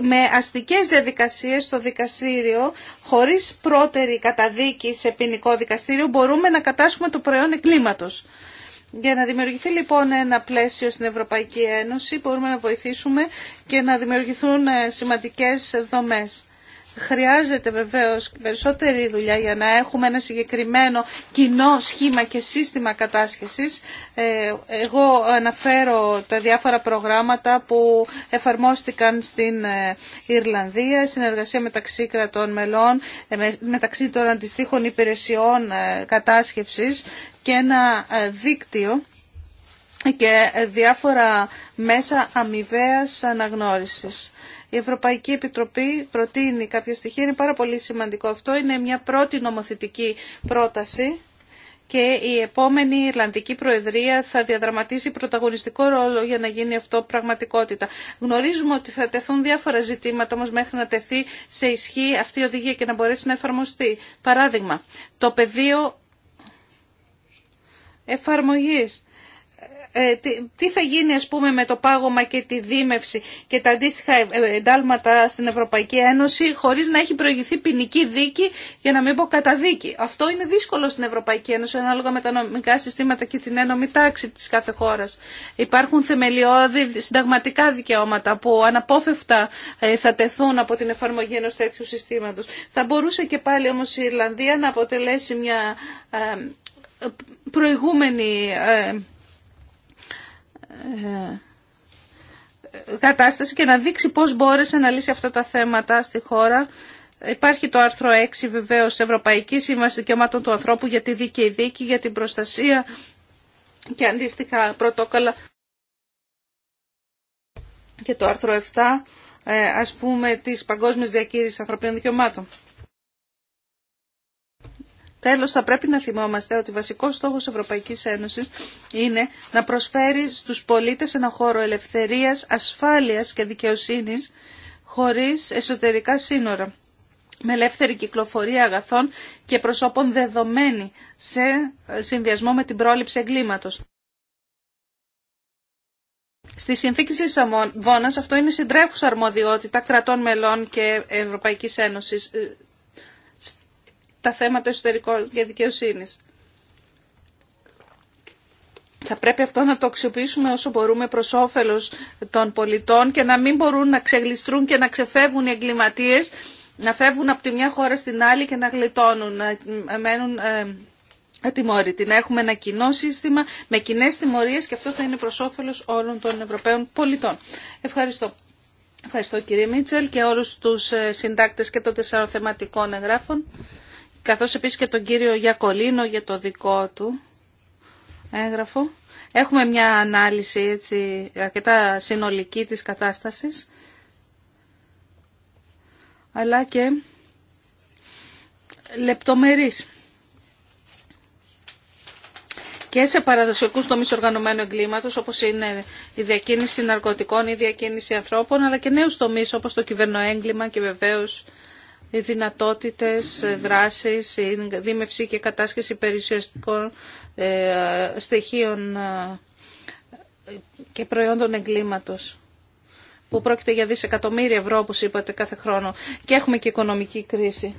με αστικές διαδικασίες στο δικαστήριο, χωρίς πρώτερη καταδίκη σε ποινικό δικαστήριο, μπορούμε να κατάσχουμε το προϊόν εγκλήματος. Για να δημιουργηθεί λοιπόν ένα πλαίσιο στην Ευρωπαϊκή Ένωση μπορούμε να βοηθήσουμε και να δημιουργηθούν ε, σημαντικές δομές. Χρειάζεται βεβαίως περισσότερη δουλειά για να έχουμε ένα συγκεκριμένο κοινό σχήμα και σύστημα κατάσχεσης. Ε, εγώ αναφέρω τα διάφορα προγράμματα που εφαρμόστηκαν στην ε, Ιρλανδία, συνεργασία μεταξύ κρατών μελών, ε, μεταξύ των αντιστοίχων υπηρεσιών κατάσχευσης και ένα δίκτυο και διάφορα μέσα αμοιβαίας αναγνώρισης. Η Ευρωπαϊκή Επιτροπή προτείνει κάποια στοιχεία, είναι πάρα πολύ σημαντικό αυτό, είναι μια πρώτη νομοθετική πρόταση και η επόμενη Ιρλανδική Προεδρία θα διαδραματίσει πρωταγωνιστικό ρόλο για να γίνει αυτό πραγματικότητα. Γνωρίζουμε ότι θα τεθούν διάφορα ζητήματα όμως μέχρι να τεθεί σε ισχύ αυτή η οδηγία και να μπορέσει να εφαρμοστεί. Παράδειγμα, το πεδίο εφαρμογής ε, τι θα γίνει ας πούμε με το πάγωμα και τη δίμευση και τα αντίστοιχα ε, ε, εντάλματα στην Ευρωπαϊκή Ένωση χωρίς να έχει προηγηθεί ποινική δίκη για να μην πω καταδίκη. Αυτό είναι δύσκολο στην Ευρωπαϊκή Ένωση ανάλογα με τα νομικά συστήματα και την ένωμη τάξη της κάθε χώρας. Υπάρχουν θεμελιώδη συνταγματικά δικαιώματα που αναπόφευκτα θα τεθούν από την εφαρμογή ενός τέτοιου συστήματος. Θα μπορούσε και πάλι όμως η Ιρλανδία να αποτελέσει μια προηγούμενη ε, κατάσταση και να δείξει πώς μπόρεσε να λύσει αυτά τα θέματα στη χώρα. Υπάρχει το άρθρο 6 βεβαίως Ευρωπαϊκή Σύμβαση Δικαιωμάτων του Ανθρώπου για τη δίκαιη δίκη, για την προστασία και αντίστοιχα πρωτόκολλα. Και το άρθρο 7 ε, ας πούμε της Παγκόσμιας Διακήρυξης Ανθρωπίνων Δικαιωμάτων. Τέλος, θα πρέπει να θυμόμαστε ότι βασικός στόχος Ευρωπαϊκής Ένωσης είναι να προσφέρει στους πολίτες ένα χώρο ελευθερίας, ασφάλειας και δικαιοσύνης χωρίς εσωτερικά σύνορα με ελεύθερη κυκλοφορία αγαθών και προσώπων δεδομένη σε συνδυασμό με την πρόληψη εγκλήματος. Στη συνθήκη της Βόνας αυτό είναι συντρέχουσα αρμοδιότητα κρατών μελών και Ευρωπαϊκής Ένωσης τα θέματα εσωτερικών και δικαιοσύνης. Θα πρέπει αυτό να το αξιοποιήσουμε όσο μπορούμε προς όφελος των πολιτών και να μην μπορούν να ξεγλιστρούν και να ξεφεύγουν οι εγκληματίες, να φεύγουν από τη μια χώρα στην άλλη και να γλιτώνουν, να μένουν ε, ατιμόρυτοι. Να έχουμε ένα κοινό σύστημα με κοινέ τιμωρίε και αυτό θα είναι προ όφελο όλων των Ευρωπαίων πολιτών. Ευχαριστώ. Ευχαριστώ κύριε Μίτσελ και όλους τους ε, συντάκτες και των τεσσάρων θεματικών εγγράφων καθώς επίσης και τον κύριο Γιακολίνο για το δικό του έγγραφο. Έχουμε μια ανάλυση έτσι, αρκετά συνολική της κατάστασης, αλλά και λεπτομερής. Και σε παραδοσιακούς τομείς οργανωμένου εγκλήματος, όπως είναι η διακίνηση ναρκωτικών, η διακίνηση ανθρώπων, αλλά και νέους τομείς όπως το κυβερνοέγκλημα και βεβαίως δυνατότητες δράσης, η δίμευση και κατάσχεση περιουσιαστικών ε, στοιχείων ε, και προϊόντων εγκλήματος που πρόκειται για δισεκατομμύρια ευρώ, όπως είπατε, κάθε χρόνο. Και έχουμε και οικονομική κρίση.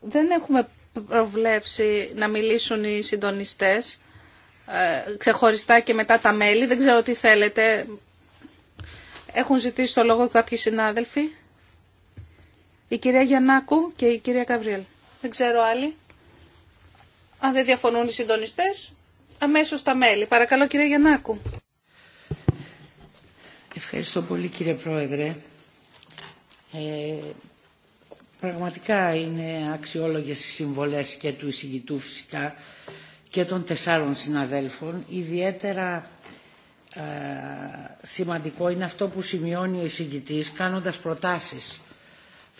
Δεν έχουμε προβλέψει να μιλήσουν οι συντονιστές ε, ξεχωριστά και μετά τα μέλη. Δεν ξέρω τι θέλετε. Έχουν ζητήσει το λόγο κάποιοι συνάδελφοι η κυρία Γιαννάκου και η κυρία Καβριέλ. Δεν ξέρω άλλοι. Αν δεν διαφωνούν οι συντονιστές, αμέσως τα μέλη. Παρακαλώ κυρία Γιαννάκου. Ευχαριστώ πολύ κύριε Πρόεδρε. Ε, πραγματικά είναι αξιόλογες οι συμβολές και του εισηγητού φυσικά και των τεσσάρων συναδέλφων. Ιδιαίτερα ε, σημαντικό είναι αυτό που σημειώνει ο εισηγητής κάνοντας προτάσεις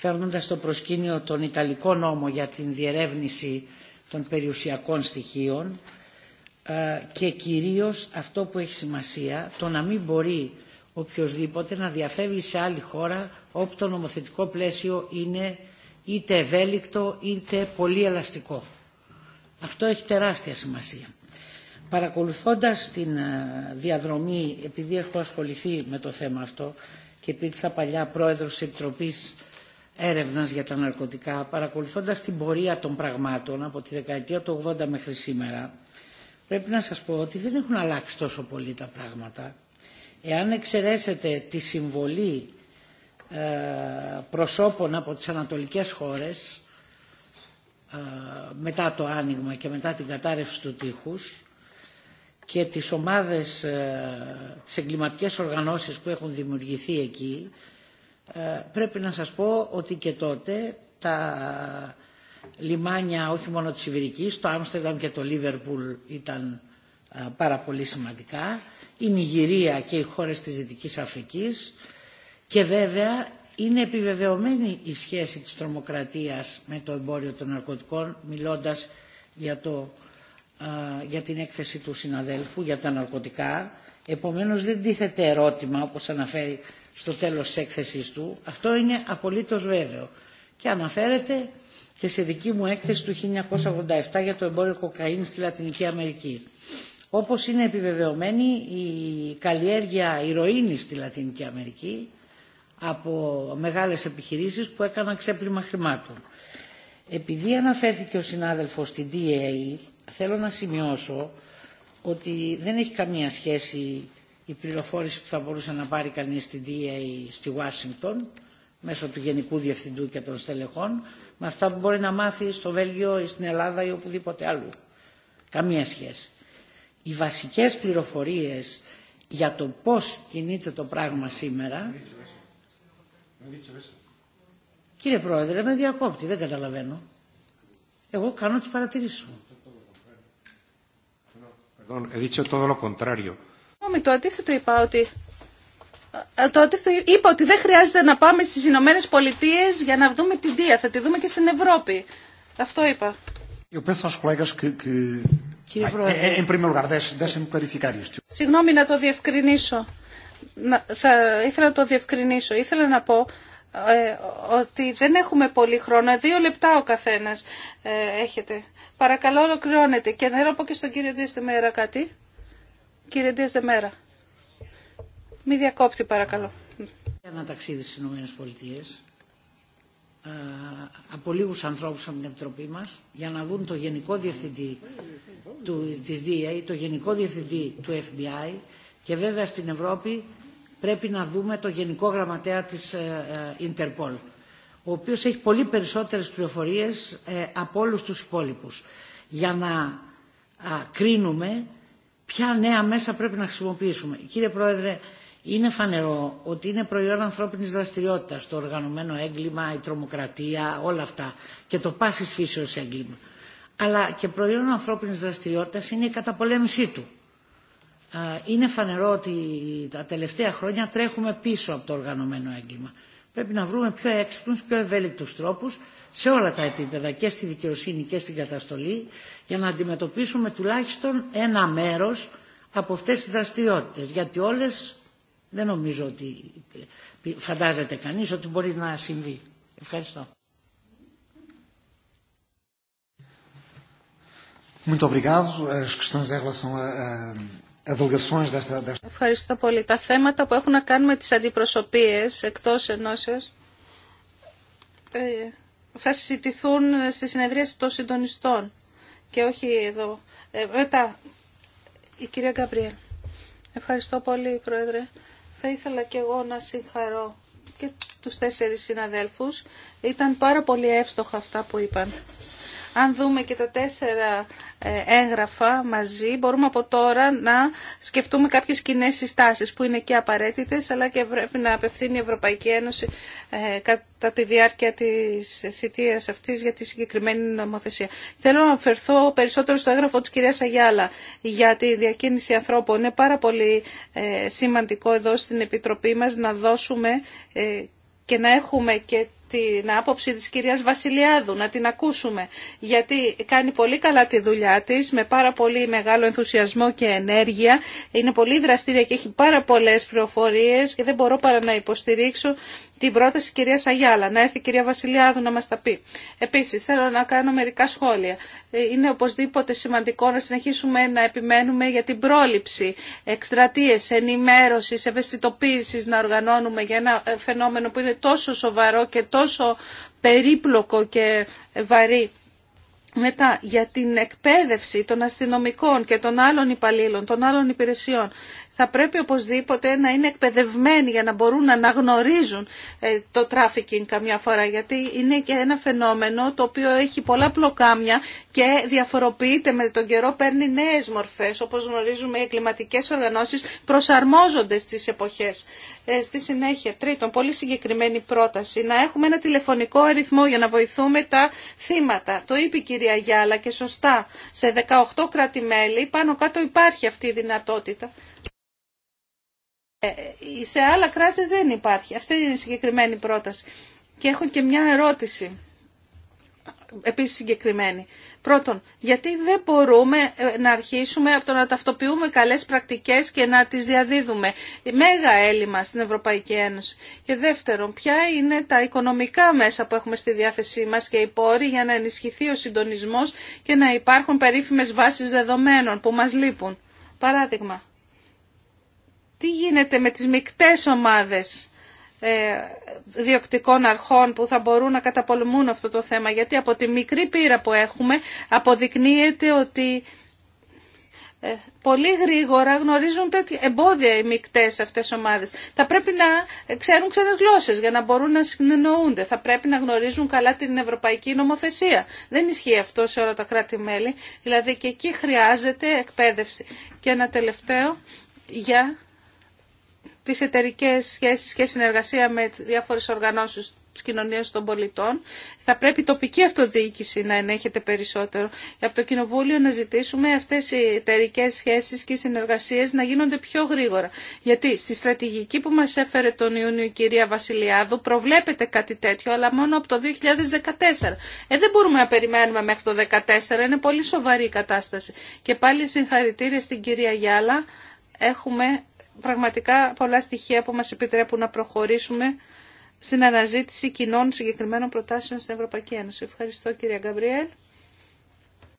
φέρνοντας στο προσκήνιο τον Ιταλικό νόμο για την διερεύνηση των περιουσιακών στοιχείων ε, και κυρίως αυτό που έχει σημασία, το να μην μπορεί οποιοδήποτε να διαφεύγει σε άλλη χώρα όπου το νομοθετικό πλαίσιο είναι είτε ευέλικτο είτε πολύ ελαστικό. Αυτό έχει τεράστια σημασία. Παρακολουθώντας την ε, διαδρομή, επειδή έχω ασχοληθεί με το θέμα αυτό και υπήρξα παλιά πρόεδρος της Επιτροπής έρευνας για τα ναρκωτικά, παρακολουθώντας την πορεία των πραγμάτων από τη δεκαετία του 80 μέχρι σήμερα, πρέπει να σας πω ότι δεν έχουν αλλάξει τόσο πολύ τα πράγματα. Εάν εξαιρέσετε τη συμβολή ε, προσώπων από τις ανατολικές χώρες ε, μετά το άνοιγμα και μετά την κατάρρευση του τείχους και τις ομάδες, ε, τις εγκληματικές οργανώσεις που έχουν δημιουργηθεί εκεί ε, πρέπει να σας πω ότι και τότε τα λιμάνια όχι μόνο της Ιβηρικής, το Άμστερνταμ και το Λίβερπουλ ήταν ε, πάρα πολύ σημαντικά, η Νιγηρία και οι χώρες της Δυτικής Αφρικής και βέβαια είναι επιβεβαιωμένη η σχέση της τρομοκρατίας με το εμπόριο των ναρκωτικών μιλώντας για, το, ε, για την έκθεση του συναδέλφου για τα ναρκωτικά. Επομένως δεν τίθεται ερώτημα όπως αναφέρει στο τέλος της έκθεσης του. Αυτό είναι απολύτως βέβαιο. Και αναφέρεται και σε δική μου έκθεση του 1987 για το εμπόριο κοκαίνης στη Λατινική Αμερική. Όπως είναι επιβεβαιωμένη η καλλιέργεια ηρωίνης στη Λατινική Αμερική από μεγάλες επιχειρήσεις που έκαναν ξέπλυμα χρημάτων. Επειδή αναφέρθηκε ο συνάδελφος στην DAE, θέλω να σημειώσω ότι δεν έχει καμία σχέση η πληροφόρηση που θα μπορούσε να πάρει κανείς στη DA στη Ουάσιγκτον μέσω του Γενικού Διευθυντού και των στελεχών με αυτά που μπορεί να μάθει στο Βέλγιο ή στην Ελλάδα ή οπουδήποτε αλλού. Καμία σχέση. Οι βασικές πληροφορίες για το πώς κινείται το πράγμα σήμερα... Κύριε Πρόεδρε, με διακόπτη, δεν καταλαβαίνω. Εγώ κάνω τις παρατηρήσεις μου. Συγγνώμη, ε, το αντίθετο είπα ότι... δεν χρειάζεται να πάμε στι Ηνωμένε Πολιτείε για να δούμε την Δία. Θα τη δούμε και στην Ευρώπη. Αυτό είπα. Συγγνώμη να το διευκρινίσω. θα ήθελα να το διευκρινίσω. Ήθελα να πω ε, ότι δεν έχουμε πολύ χρόνο. Δύο λεπτά ο καθένας ε, έχετε. Παρακαλώ ολοκληρώνετε. Και θέλω να πω και στον κύριο Μέρα κάτι. Κύριε Ντίας Δεμέρα, μη διακόπτη παρακαλώ. ένα ταξίδι στις ε, από λίγου ανθρώπους από την Επιτροπή μας για να δουν το Γενικό Διευθυντή του, της DA, το Γενικό Διευθυντή του FBI και βέβαια στην Ευρώπη πρέπει να δούμε το Γενικό Γραμματέα της Interpol ε, ε, ο οποίος έχει πολύ περισσότερες πληροφορίες από όλους τους υπόλοιπους για να κρίνουμε ποια νέα μέσα πρέπει να χρησιμοποιήσουμε. Κύριε Πρόεδρε, είναι φανερό ότι είναι προϊόν ανθρώπινη δραστηριότητα το οργανωμένο έγκλημα, η τρομοκρατία, όλα αυτά και το πάση φύσεω έγκλημα. Αλλά και προϊόν ανθρώπινη δραστηριότητα είναι η καταπολέμησή του. Είναι φανερό ότι τα τελευταία χρόνια τρέχουμε πίσω από το οργανωμένο έγκλημα. Πρέπει να βρούμε πιο έξυπνου, πιο ευέλικτου τρόπου σε όλα τα επίπεδα και στη δικαιοσύνη και στην καταστολή για να αντιμετωπίσουμε τουλάχιστον ένα μέρος από αυτές τις δραστηριότητες γιατί όλες δεν νομίζω ότι φαντάζεται κανείς ότι μπορεί να συμβεί. Ευχαριστώ. Ευχαριστώ πολύ. Τα θέματα που έχουν να κάνουν με τις αντιπροσωπείες εκτός ενώσεως ε, θα συζητηθούν στη συνεδρίαση των συντονιστών και όχι εδώ. Ε, μετά, η κυρία Γκαμπριέλ. Ευχαριστώ πολύ, Πρόεδρε. Θα ήθελα και εγώ να συγχαρώ και τους τέσσερις συναδέλφους. Ήταν πάρα πολύ εύστοχα αυτά που είπαν. Αν δούμε και τα τέσσερα ε, έγγραφα μαζί, μπορούμε από τώρα να σκεφτούμε κάποιες κοινέ συστάσεις που είναι και απαραίτητες, αλλά και πρέπει να απευθύνει η Ευρωπαϊκή Ένωση ε, κατά τη διάρκεια της θητείας αυτής για τη συγκεκριμένη νομοθεσία. Θέλω να αφαιρθώ περισσότερο στο έγγραφο της κυρίας Αγιάλα για τη διακίνηση ανθρώπων. Είναι πάρα πολύ ε, σημαντικό εδώ στην Επιτροπή μας να δώσουμε και να έχουμε και την άποψη της κυρίας Βασιλιάδου, να την ακούσουμε, γιατί κάνει πολύ καλά τη δουλειά της, με πάρα πολύ μεγάλο ενθουσιασμό και ενέργεια, είναι πολύ δραστήρια και έχει πάρα πολλές προφορίες και δεν μπορώ παρά να υποστηρίξω την πρόταση της κυρίας Αγιάλα. Να έρθει η κυρία Βασιλιάδου να μας τα πει. Επίσης, θέλω να κάνω μερικά σχόλια. Είναι οπωσδήποτε σημαντικό να συνεχίσουμε να επιμένουμε για την πρόληψη εκστρατείες, ενημέρωσης, ευαισθητοποίησης να οργανώνουμε για ένα φαινόμενο που είναι τόσο σοβαρό και τόσο περίπλοκο και βαρύ. Μετά, για την εκπαίδευση των αστυνομικών και των άλλων υπαλλήλων, των άλλων υπηρεσιών θα πρέπει οπωσδήποτε να είναι εκπαιδευμένοι για να μπορούν να αναγνωρίζουν ε, το τράφικινγκ καμιά φορά γιατί είναι και ένα φαινόμενο το οποίο έχει πολλά πλοκάμια και διαφοροποιείται με τον καιρό, παίρνει νέες μορφές. Όπως γνωρίζουμε οι εγκληματικές οργανώσεις προσαρμόζονται στις εποχές. Ε, στη συνέχεια, τρίτον, πολύ συγκεκριμένη πρόταση, να έχουμε ένα τηλεφωνικό αριθμό για να βοηθούμε τα θύματα. Το είπε η κυρία Γιάλα και σωστά. Σε 18 κράτη-μέλη πάνω κάτω υπάρχει αυτή η δυνατότητα. Ε, σε άλλα κράτη δεν υπάρχει. Αυτή είναι η συγκεκριμένη πρόταση. Και έχω και μια ερώτηση επίσης συγκεκριμένη. Πρώτον, γιατί δεν μπορούμε ε, να αρχίσουμε από το να ταυτοποιούμε καλές πρακτικές και να τις διαδίδουμε. Μέγα έλλειμμα στην Ευρωπαϊκή Ένωση. Και δεύτερον, ποια είναι τα οικονομικά μέσα που έχουμε στη διάθεσή μας και οι πόροι για να ενισχυθεί ο συντονισμός και να υπάρχουν περίφημες βάσεις δεδομένων που μας λείπουν. Παράδειγμα, τι γίνεται με τις μικτές ομάδες ε, διοκτικών αρχών που θα μπορούν να καταπολεμούν αυτό το θέμα γιατί από τη μικρή πύρα που έχουμε αποδεικνύεται ότι ε, πολύ γρήγορα γνωρίζουν τέτοια εμπόδια οι μικτές αυτές ομάδες. Θα πρέπει να ξέρουν ξένες γλώσσες για να μπορούν να συνεννοούνται. Θα πρέπει να γνωρίζουν καλά την ευρωπαϊκή νομοθεσία. Δεν ισχύει αυτό σε όλα τα κράτη-μέλη. Δηλαδή και εκεί χρειάζεται εκπαίδευση. Και ένα τελευταίο για τις εταιρικές σχέσεις και συνεργασία με διάφορες οργανώσεις της κοινωνίας των πολιτών. Θα πρέπει η τοπική αυτοδιοίκηση να ενέχεται περισσότερο. από το Κοινοβούλιο να ζητήσουμε αυτές οι εταιρικέ σχέσεις και οι συνεργασίες να γίνονται πιο γρήγορα. Γιατί στη στρατηγική που μας έφερε τον Ιούνιο η κυρία Βασιλιάδου προβλέπεται κάτι τέτοιο, αλλά μόνο από το 2014. Ε, δεν μπορούμε να περιμένουμε μέχρι το 2014. Είναι πολύ σοβαρή η κατάσταση. Και πάλι συγχαρητήρια στην κυρία Γιάλα. Έχουμε πραγματικά πολλά στοιχεία που μας επιτρέπουν να προχωρήσουμε στην αναζήτηση κοινών συγκεκριμένων προτάσεων στην Ευρωπαϊκή Ένωση. Ευχαριστώ κυρία Γκαμπριέλ.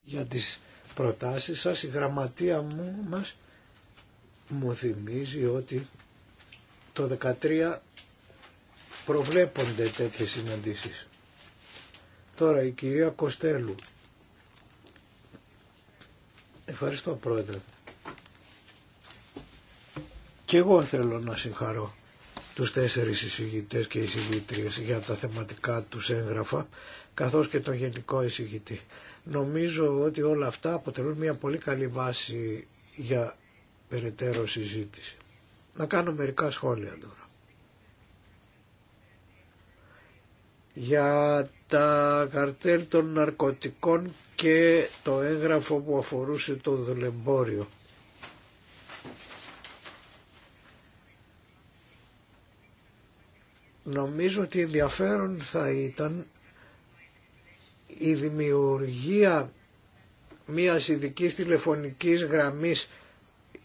Για τις προτάσεις σας η γραμματεία μου μας μου θυμίζει ότι το 2013 προβλέπονται τέτοιες συναντήσεις. Τώρα η κυρία Κοστέλου. Ευχαριστώ πρόεδρε. Και εγώ θέλω να συγχαρώ τους τέσσερις εισηγητές και εισηγητρίες για τα θεματικά τους έγγραφα, καθώς και τον γενικό εισηγητή. Νομίζω ότι όλα αυτά αποτελούν μια πολύ καλή βάση για περαιτέρω συζήτηση. Να κάνω μερικά σχόλια τώρα. Για τα καρτέλ των ναρκωτικών και το έγγραφο που αφορούσε το δουλεμπόριο. Νομίζω ότι ενδιαφέρον θα ήταν η δημιουργία μιας ειδική τηλεφωνικής γραμμής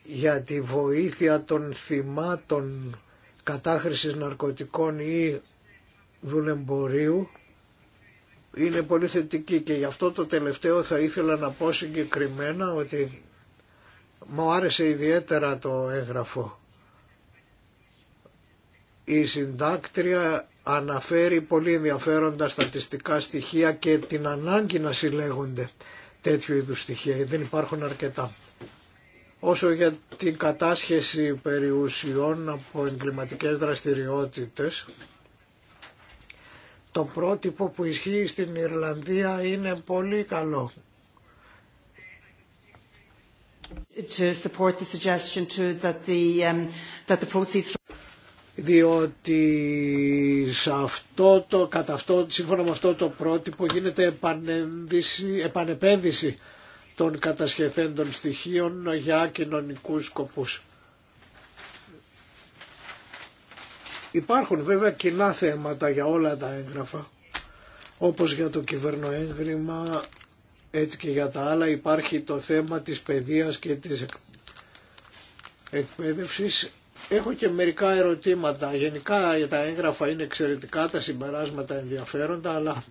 για τη βοήθεια των θυμάτων κατάχρησης ναρκωτικών ή δουλεμπορίου είναι πολύ θετική και γι' αυτό το τελευταίο θα ήθελα να πω συγκεκριμένα ότι μου άρεσε ιδιαίτερα το έγγραφο η συντάκτρια αναφέρει πολύ ενδιαφέροντα στατιστικά στοιχεία και την ανάγκη να συλλέγονται τέτοιου είδους στοιχεία, δεν υπάρχουν αρκετά. Όσο για την κατάσχεση περιουσιών από εγκληματικές δραστηριότητες, το πρότυπο που ισχύει στην Ιρλανδία είναι πολύ καλό. To support the suggestion um, διότι σε αυτό το, κατά αυτό, σύμφωνα με αυτό το πρότυπο γίνεται επανεπένδυση των κατασχεθέντων στοιχείων για κοινωνικούς σκοπούς. Υπάρχουν βέβαια κοινά θέματα για όλα τα έγγραφα, όπως για το κυβερνοέγγριμα, έτσι και για τα άλλα υπάρχει το θέμα της παιδείας και της εκπαίδευσης Έχω και μερικά ερωτήματα. Γενικά για τα έγγραφα είναι εξαιρετικά, τα συμπεράσματα ενδιαφέροντα, αλλά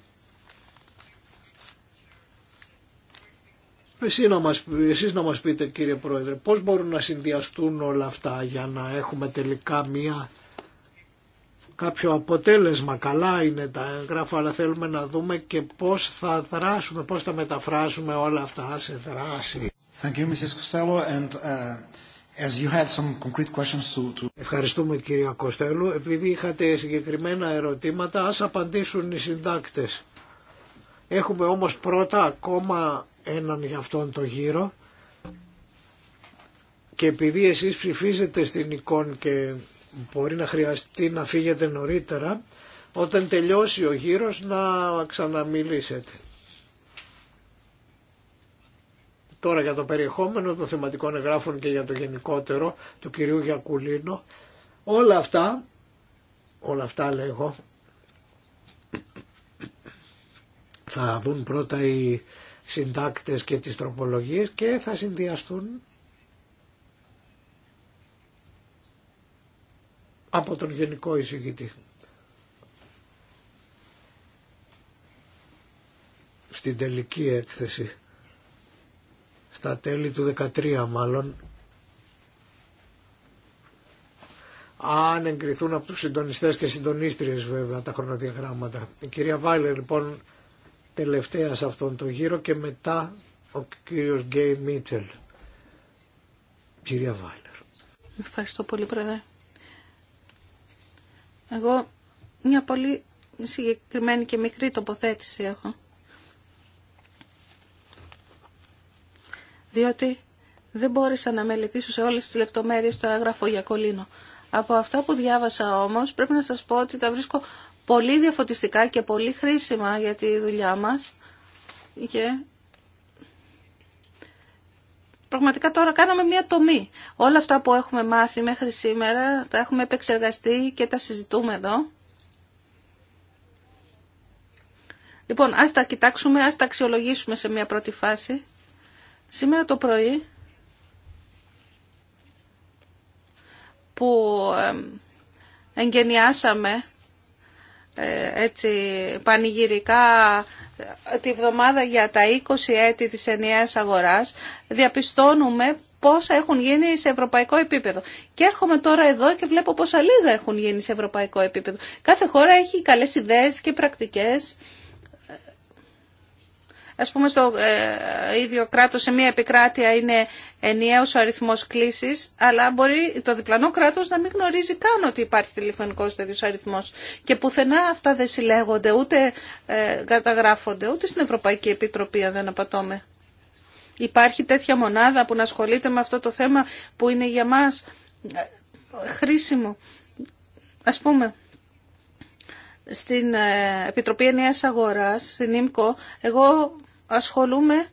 Εσύ να μας, εσείς να μας πείτε κύριε Πρόεδρε, πώς μπορούν να συνδυαστούν όλα αυτά για να έχουμε τελικά μία κάποιο αποτέλεσμα. Καλά είναι τα έγγραφα, αλλά θέλουμε να δούμε και πώς θα δράσουμε, πώς θα μεταφράσουμε όλα αυτά σε δράση. Thank you, Mrs. Costello, and, uh, Ευχαριστούμε κύριε Κοστέλου. Επειδή είχατε συγκεκριμένα ερωτήματα, ας απαντήσουν οι συντάκτες. Έχουμε όμως πρώτα ακόμα έναν για αυτόν το γύρο και επειδή εσείς ψηφίζετε στην εικόνα και μπορεί να χρειαστεί να φύγετε νωρίτερα, όταν τελειώσει ο γύρος να ξαναμιλήσετε. Τώρα για το περιεχόμενο των θεματικών εγγράφων και για το γενικότερο του κυρίου Γιακουλίνο, όλα αυτά, όλα αυτά λέγω, θα δουν πρώτα οι συντάκτες και τις τροπολογίες και θα συνδυαστούν από τον Γενικό Εισηγητή. Στην τελική έκθεση στα τέλη του 13 μάλλον, αν εγκριθούν από τους συντονιστές και συντονίστριες βέβαια τα χρονοδιαγράμματα. Η κυρία Βάιλερ λοιπόν τελευταία σε αυτόν τον γύρο και μετά ο κύριος Γκέι Μίτσελ. Κυρία Βάιλερ. Ευχαριστώ πολύ πρόεδρε. Εγώ μια πολύ συγκεκριμένη και μικρή τοποθέτηση έχω. διότι δεν μπόρεσα να μελετήσω σε όλες τις λεπτομέρειες το έγγραφο για κολίνο. Από αυτά που διάβασα όμως πρέπει να σας πω ότι τα βρίσκω πολύ διαφωτιστικά και πολύ χρήσιμα για τη δουλειά μας και πραγματικά τώρα κάναμε μια τομή. Όλα αυτά που έχουμε μάθει μέχρι σήμερα τα έχουμε επεξεργαστεί και τα συζητούμε εδώ. Λοιπόν, ας τα κοιτάξουμε, ας τα αξιολογήσουμε σε μια πρώτη φάση Σήμερα το πρωί που εγκαινιάσαμε ε, έτσι πανηγυρικά ε, τη βδομάδα για τα 20 έτη της ενιαίας αγοράς διαπιστώνουμε πόσα έχουν γίνει σε ευρωπαϊκό επίπεδο. Και έρχομαι τώρα εδώ και βλέπω πόσα λίγα έχουν γίνει σε ευρωπαϊκό επίπεδο. Κάθε χώρα έχει καλές ιδέες και πρακτικές Ας πούμε στο ε, ίδιο κράτος σε μία επικράτεια είναι ενιαίος ο αριθμός κλήσης, αλλά μπορεί το διπλανό κράτος να μην γνωρίζει καν ότι υπάρχει τηλεφωνικός τέτοιος αριθμός. Και πουθενά αυτά δεν συλλέγονται, ούτε ε, καταγράφονται, ούτε στην Ευρωπαϊκή Επιτροπή, αν δεν απατώμε. Υπάρχει τέτοια μονάδα που να ασχολείται με αυτό το θέμα που είναι για μας ε, χρήσιμο. Ας πούμε, στην Επιτροπή Ενιαίας Αγοράς, στην ΙΜΚΟ, εγώ ασχολούμαι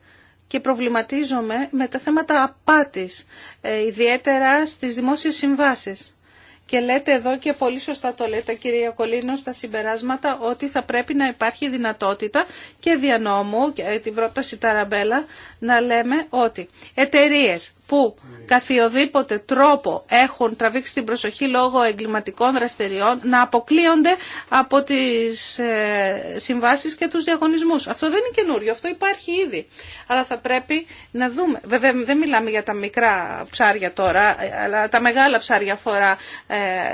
και προβληματίζομαι με τα θέματα απάτης, ε, ιδιαίτερα στις δημόσιες συμβάσεις. Και λέτε εδώ και πολύ σωστά το λέτε κυρία Κολίνο στα συμπεράσματα ότι θα πρέπει να υπάρχει δυνατότητα και διανόμου και την πρόταση Ταραμπέλα, να λέμε ότι εταιρείε που καθιοδήποτε τρόπο έχουν τραβήξει την προσοχή λόγω εγκληματικών δραστηριών να αποκλείονται από τις ε, συμβάσεις και τους διαγωνισμούς. Αυτό δεν είναι καινούριο, αυτό υπάρχει ήδη. Αλλά θα πρέπει να δούμε. Βέβαια δεν μιλάμε για τα μικρά ψάρια τώρα, αλλά τα μεγάλα ψάρια φορά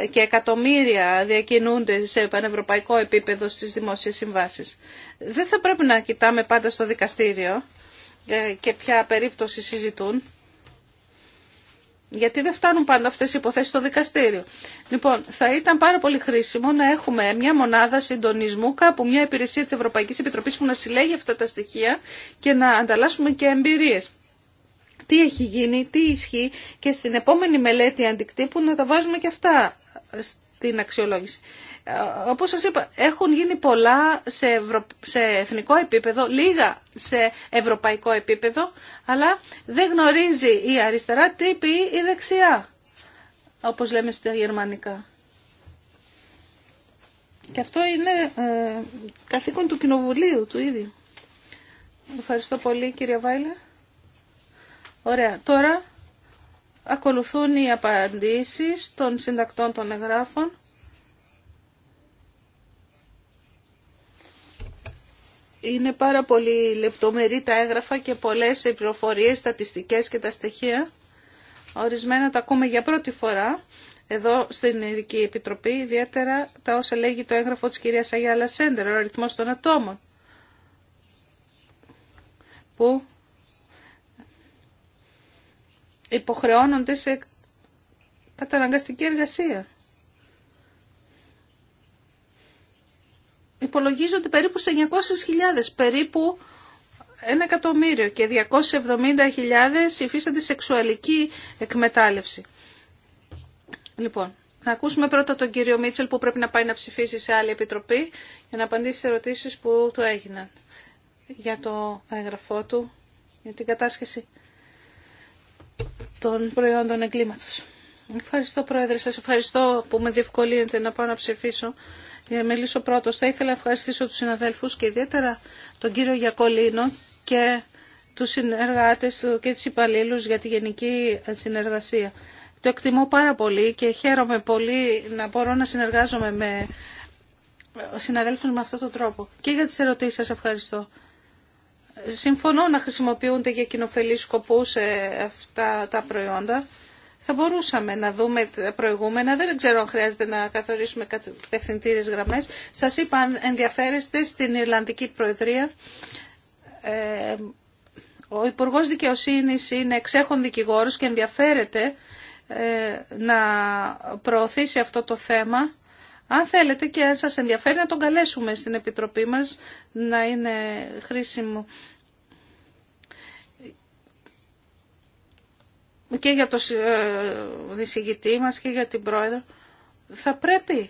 ε, και εκατομμύρια διακινούνται σε πανευρωπαϊκό επίπεδο στις δημόσιες συμβάσεις. Δεν θα πρέπει να κοιτάμε πάντα στο δικαστήριο ε, και ποια περίπτωση συζητούν γιατί δεν φτάνουν πάντα αυτές οι υποθέσεις στο δικαστήριο. Λοιπόν, θα ήταν πάρα πολύ χρήσιμο να έχουμε μια μονάδα συντονισμού, κάπου μια υπηρεσία της Ευρωπαϊκής Επιτροπής που να συλλέγει αυτά τα στοιχεία και να ανταλλάσσουμε και εμπειρίες. Τι έχει γίνει, τι ισχύει και στην επόμενη μελέτη αντικτύπου να τα βάζουμε και αυτά στην αξιολόγηση. Ε, όπως σας είπα, έχουν γίνει πολλά σε, εθνικό επίπεδο, λίγα σε ευρωπαϊκό επίπεδο, αλλά δεν γνωρίζει η αριστερά τι πει η δεξιά, όπως λέμε στα γερμανικά. Και αυτό είναι ε, καθήκον του Κοινοβουλίου του ίδιου. Ευχαριστώ πολύ κύριε Βάιλερ. Ωραία. Τώρα ακολουθούν οι απαντήσεις των συντακτών των εγγράφων. Είναι πάρα πολύ λεπτομερή τα έγγραφα και πολλές πληροφορίε, πληροφορίες, στατιστικές και τα στοιχεία. Ορισμένα τα ακούμε για πρώτη φορά εδώ στην Ειδική Επιτροπή, ιδιαίτερα τα όσα λέγει το έγγραφο της κυρίας Αγιά Λασέντερ, ο αριθμός των ατόμων, που υποχρεώνονται σε καταναγκαστική εργασία. υπολογίζονται περίπου σε 900.000, περίπου ένα εκατομμύριο και 270.000 υφίστανται σεξουαλική εκμετάλλευση. Λοιπόν, να ακούσουμε πρώτα τον κύριο Μίτσελ που πρέπει να πάει να ψηφίσει σε άλλη επιτροπή για να απαντήσει σε ερωτήσεις που του έγιναν για το έγγραφό του, για την κατάσχεση των προϊόντων εγκλήματος. Ευχαριστώ Πρόεδρε, σας ευχαριστώ που με διευκολύνετε να πάω να ψηφίσω. Για πρώτος, θα ήθελα να ευχαριστήσω τους συναδέλφους και ιδιαίτερα τον κύριο Γιακολίνο και τους συνεργάτες και τους υπαλλήλους για τη γενική συνεργασία. Το εκτιμώ πάρα πολύ και χαίρομαι πολύ να μπορώ να συνεργάζομαι με συναδέλφους με αυτόν τον τρόπο. Και για τις ερωτήσεις σας ευχαριστώ. Συμφωνώ να χρησιμοποιούνται για κοινοφελείς σκοπούς ε, αυτά τα προϊόντα θα μπορούσαμε να δούμε τα προηγούμενα. Δεν ξέρω αν χρειάζεται να καθορίσουμε κατευθυντήριες γραμμές. Σας είπα αν ενδιαφέρεστε στην Ιρλανδική Προεδρία. Ε, ο Υπουργός Δικαιοσύνης είναι εξέχον δικηγόρος και ενδιαφέρεται ε, να προωθήσει αυτό το θέμα. Αν θέλετε και αν σας ενδιαφέρει να τον καλέσουμε στην Επιτροπή μας να είναι χρήσιμο και για τον ε, εισηγητή μας και για την πρόεδρο, θα πρέπει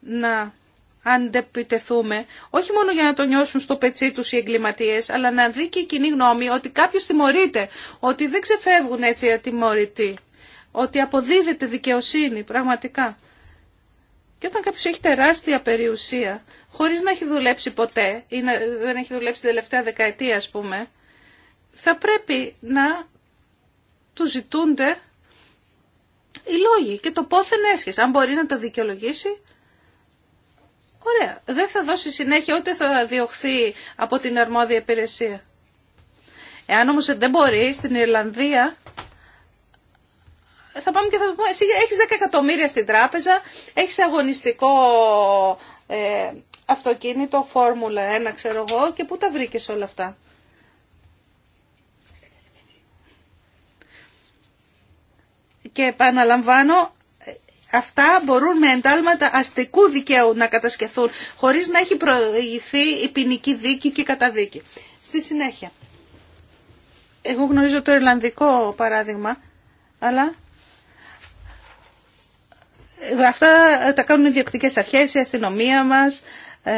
να αντεπιτεθούμε, όχι μόνο για να το νιώσουν στο πετσί τους οι εγκληματίες, αλλά να δει και η κοινή γνώμη ότι κάποιος τιμωρείται, ότι δεν ξεφεύγουν έτσι ατιμωρητοί, ότι αποδίδεται δικαιοσύνη πραγματικά. Και όταν κάποιος έχει τεράστια περιουσία, χωρίς να έχει δουλέψει ποτέ ή δεν έχει δουλέψει τελευταία δεκαετία ας πούμε, θα πρέπει να του ζητούνται οι λόγοι και το πόθεν έσχεσαι. Αν μπορεί να τα δικαιολογήσει, ωραία. Δεν θα δώσει συνέχεια ούτε θα διωχθεί από την αρμόδια υπηρεσία. Εάν όμως δεν μπορεί, στην Ιρλανδία θα πάμε και θα πούμε, εσύ έχεις 10 εκατομμύρια στην τράπεζα, έχεις αγωνιστικό ε, αυτοκίνητο, φόρμουλα 1, ξέρω εγώ, και πού τα βρήκες όλα αυτά. Και επαναλαμβάνω, αυτά μπορούν με εντάλματα αστικού δικαίου να κατασκεθούν, χωρίς να έχει προηγηθεί η ποινική δίκη και η καταδίκη. Στη συνέχεια, εγώ γνωρίζω το Ιρλανδικό παράδειγμα, αλλά αυτά τα κάνουν οι διοκτικές αρχές, η αστυνομία μας, ε,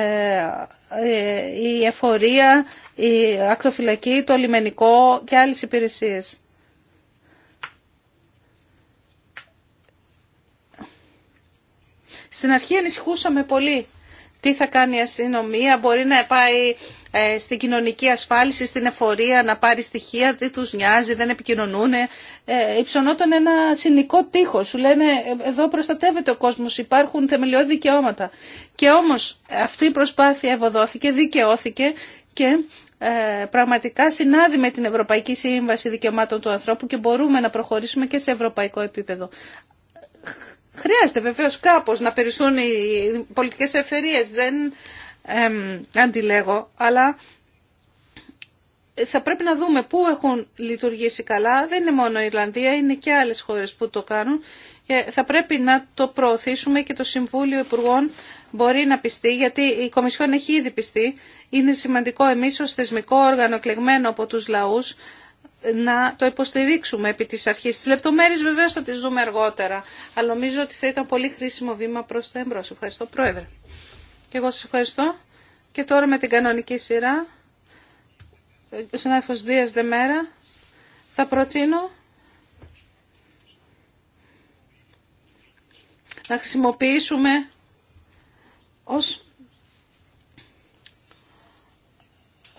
ε, η εφορία, η ακτοφυλακή, το λιμενικό και άλλες υπηρεσίες. Στην αρχή ανησυχούσαμε πολύ. Τι θα κάνει η αστυνομία, μπορεί να πάει ε, στην κοινωνική ασφάλιση, στην εφορία, να πάρει στοιχεία, τι τους νοιάζει, δεν επικοινωνούν. Ε, υψωνόταν ένα συνικό τείχο. Σου λένε «Ε, εδώ προστατεύεται ο κόσμος, υπάρχουν θεμελιώδη δικαιώματα. Και όμως αυτή η προσπάθεια ευωδόθηκε, δικαιώθηκε και ε, πραγματικά συνάδει με την Ευρωπαϊκή Σύμβαση Δικαιωμάτων του Ανθρώπου και μπορούμε να προχωρήσουμε και σε ευρωπαϊκό επίπεδο. Χρειάζεται βεβαίως κάπως να περιστούν οι πολιτικές ευθερίες, δεν αντιλέγω, αλλά θα πρέπει να δούμε πού έχουν λειτουργήσει καλά. Δεν είναι μόνο η Ιρλανδία, είναι και άλλες χώρες που το κάνουν. Και θα πρέπει να το προωθήσουμε και το Συμβούλιο Υπουργών μπορεί να πιστεί, γιατί η Κομισιόν έχει ήδη πιστεί. Είναι σημαντικό εμείς ως θεσμικό όργανο κλεγμένο από τους λαούς να το υποστηρίξουμε επί της αρχής. Τις λεπτομέρειες βεβαίως θα τις δούμε αργότερα, αλλά νομίζω ότι θα ήταν πολύ χρήσιμο βήμα προς τα εμπρός. Ευχαριστώ Πρόεδρε. Και εγώ σας ευχαριστώ. Και τώρα με την κανονική σειρά, ο ε, συνάδελφος Δίας Δεμέρα, θα προτείνω να χρησιμοποιήσουμε ως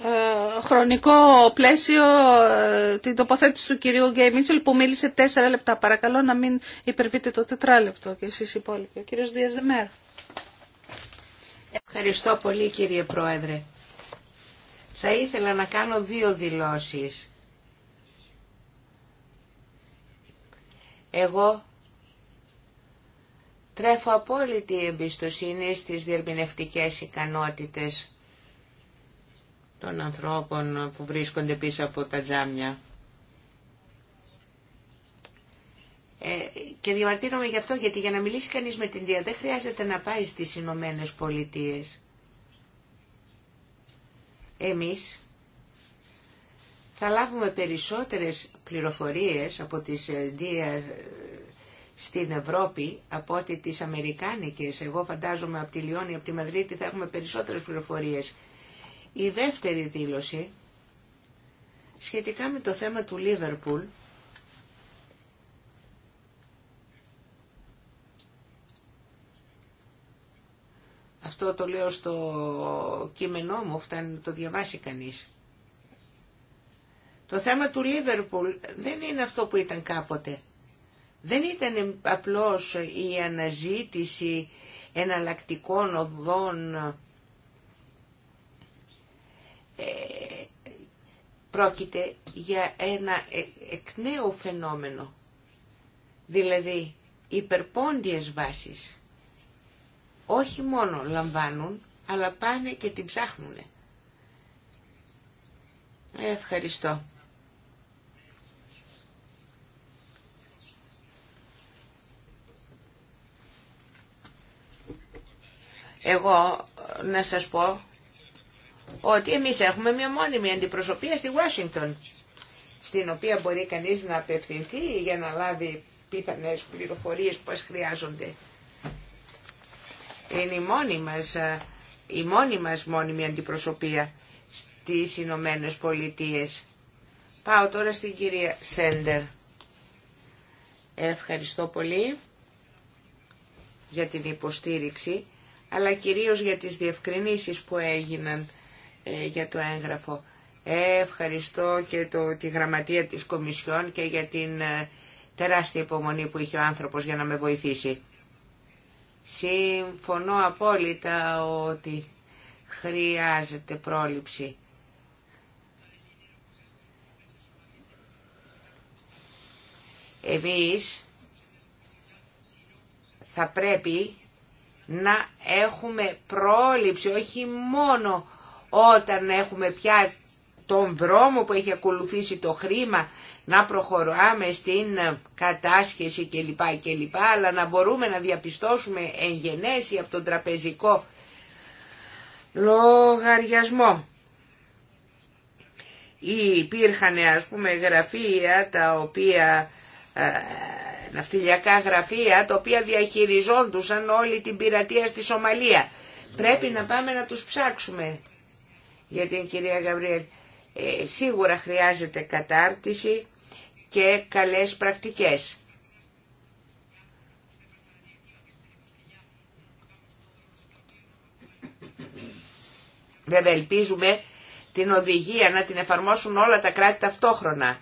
Ε, χρονικό πλαίσιο ε, την τοποθέτηση του κυρίου Γκέι Μίτσελ που μίλησε τέσσερα λεπτά. Παρακαλώ να μην υπερβείτε το τετράλεπτο και εσείς οι υπόλοιποι. Ο κύριος Δίας Ευχαριστώ πολύ κύριε Πρόεδρε. Θα ήθελα να κάνω δύο δηλώσεις. Εγώ τρέφω απόλυτη εμπιστοσύνη στις διερμηνευτικές ικανότητες των ανθρώπων που βρίσκονται πίσω από τα τζάμια. Ε, και διαμαρτύρομαι γι' αυτό, γιατί για να μιλήσει κανείς με την Δία δεν χρειάζεται να πάει στις Ηνωμένε Πολιτείε. Εμείς θα λάβουμε περισσότερες πληροφορίες από τις ε, Δία ε, στην Ευρώπη από ότι τις Αμερικάνικες. Εγώ φαντάζομαι από τη Λιόνι από τη Μαδρίτη θα έχουμε περισσότερες πληροφορίες η δεύτερη δήλωση σχετικά με το θέμα του Λίβερπουλ Αυτό το λέω στο κείμενό μου, φτάνει να το διαβάσει κανείς. Το θέμα του Λίβερπουλ δεν είναι αυτό που ήταν κάποτε. Δεν ήταν απλώς η αναζήτηση εναλλακτικών οδών ε, πρόκειται για ένα ε, εκ νέου φαινόμενο, δηλαδή υπερπόντιες βάσεις. Όχι μόνο λαμβάνουν, αλλά πάνε και την ψάχνουν. Ε, ευχαριστώ. Εγώ να σας πω ότι εμείς έχουμε μια μόνιμη αντιπροσωπεία στη Ουάσιγκτον, στην οποία μπορεί κανείς να απευθυνθεί για να λάβει πιθανές πληροφορίες που μας χρειάζονται. Είναι η μόνη μας, η μόνη μας μόνιμη αντιπροσωπεία στις Ηνωμένε Πολιτείες. Πάω τώρα στην κυρία Σέντερ. Ευχαριστώ πολύ για την υποστήριξη, αλλά κυρίως για τις διευκρινήσεις που έγιναν ε, για το έγγραφο. Ευχαριστώ και το, τη γραμματεία της Κομισιόν και για την ε, τεράστια υπομονή που είχε ο άνθρωπος για να με βοηθήσει. Συμφωνώ απόλυτα ότι χρειάζεται πρόληψη. Εμείς θα πρέπει να έχουμε πρόληψη, όχι μόνο όταν έχουμε πια τον δρόμο που έχει ακολουθήσει το χρήμα να προχωράμε στην κατάσχεση κλπ. κλπ αλλά να μπορούμε να διαπιστώσουμε εν γενέση από τον τραπεζικό λογαριασμό. Ή υπήρχαν ας πούμε γραφεία τα οποία ε, ναυτιλιακά γραφεία τα οποία διαχειριζόντουσαν όλη την πειρατεία στη Σομαλία. Πρέπει να πάμε να τους ψάξουμε για την κυρία Γαβριέλ. Ε, σίγουρα χρειάζεται κατάρτιση και καλές πρακτικές. Βέβαια ελπίζουμε την οδηγία να την εφαρμόσουν όλα τα κράτη ταυτόχρονα.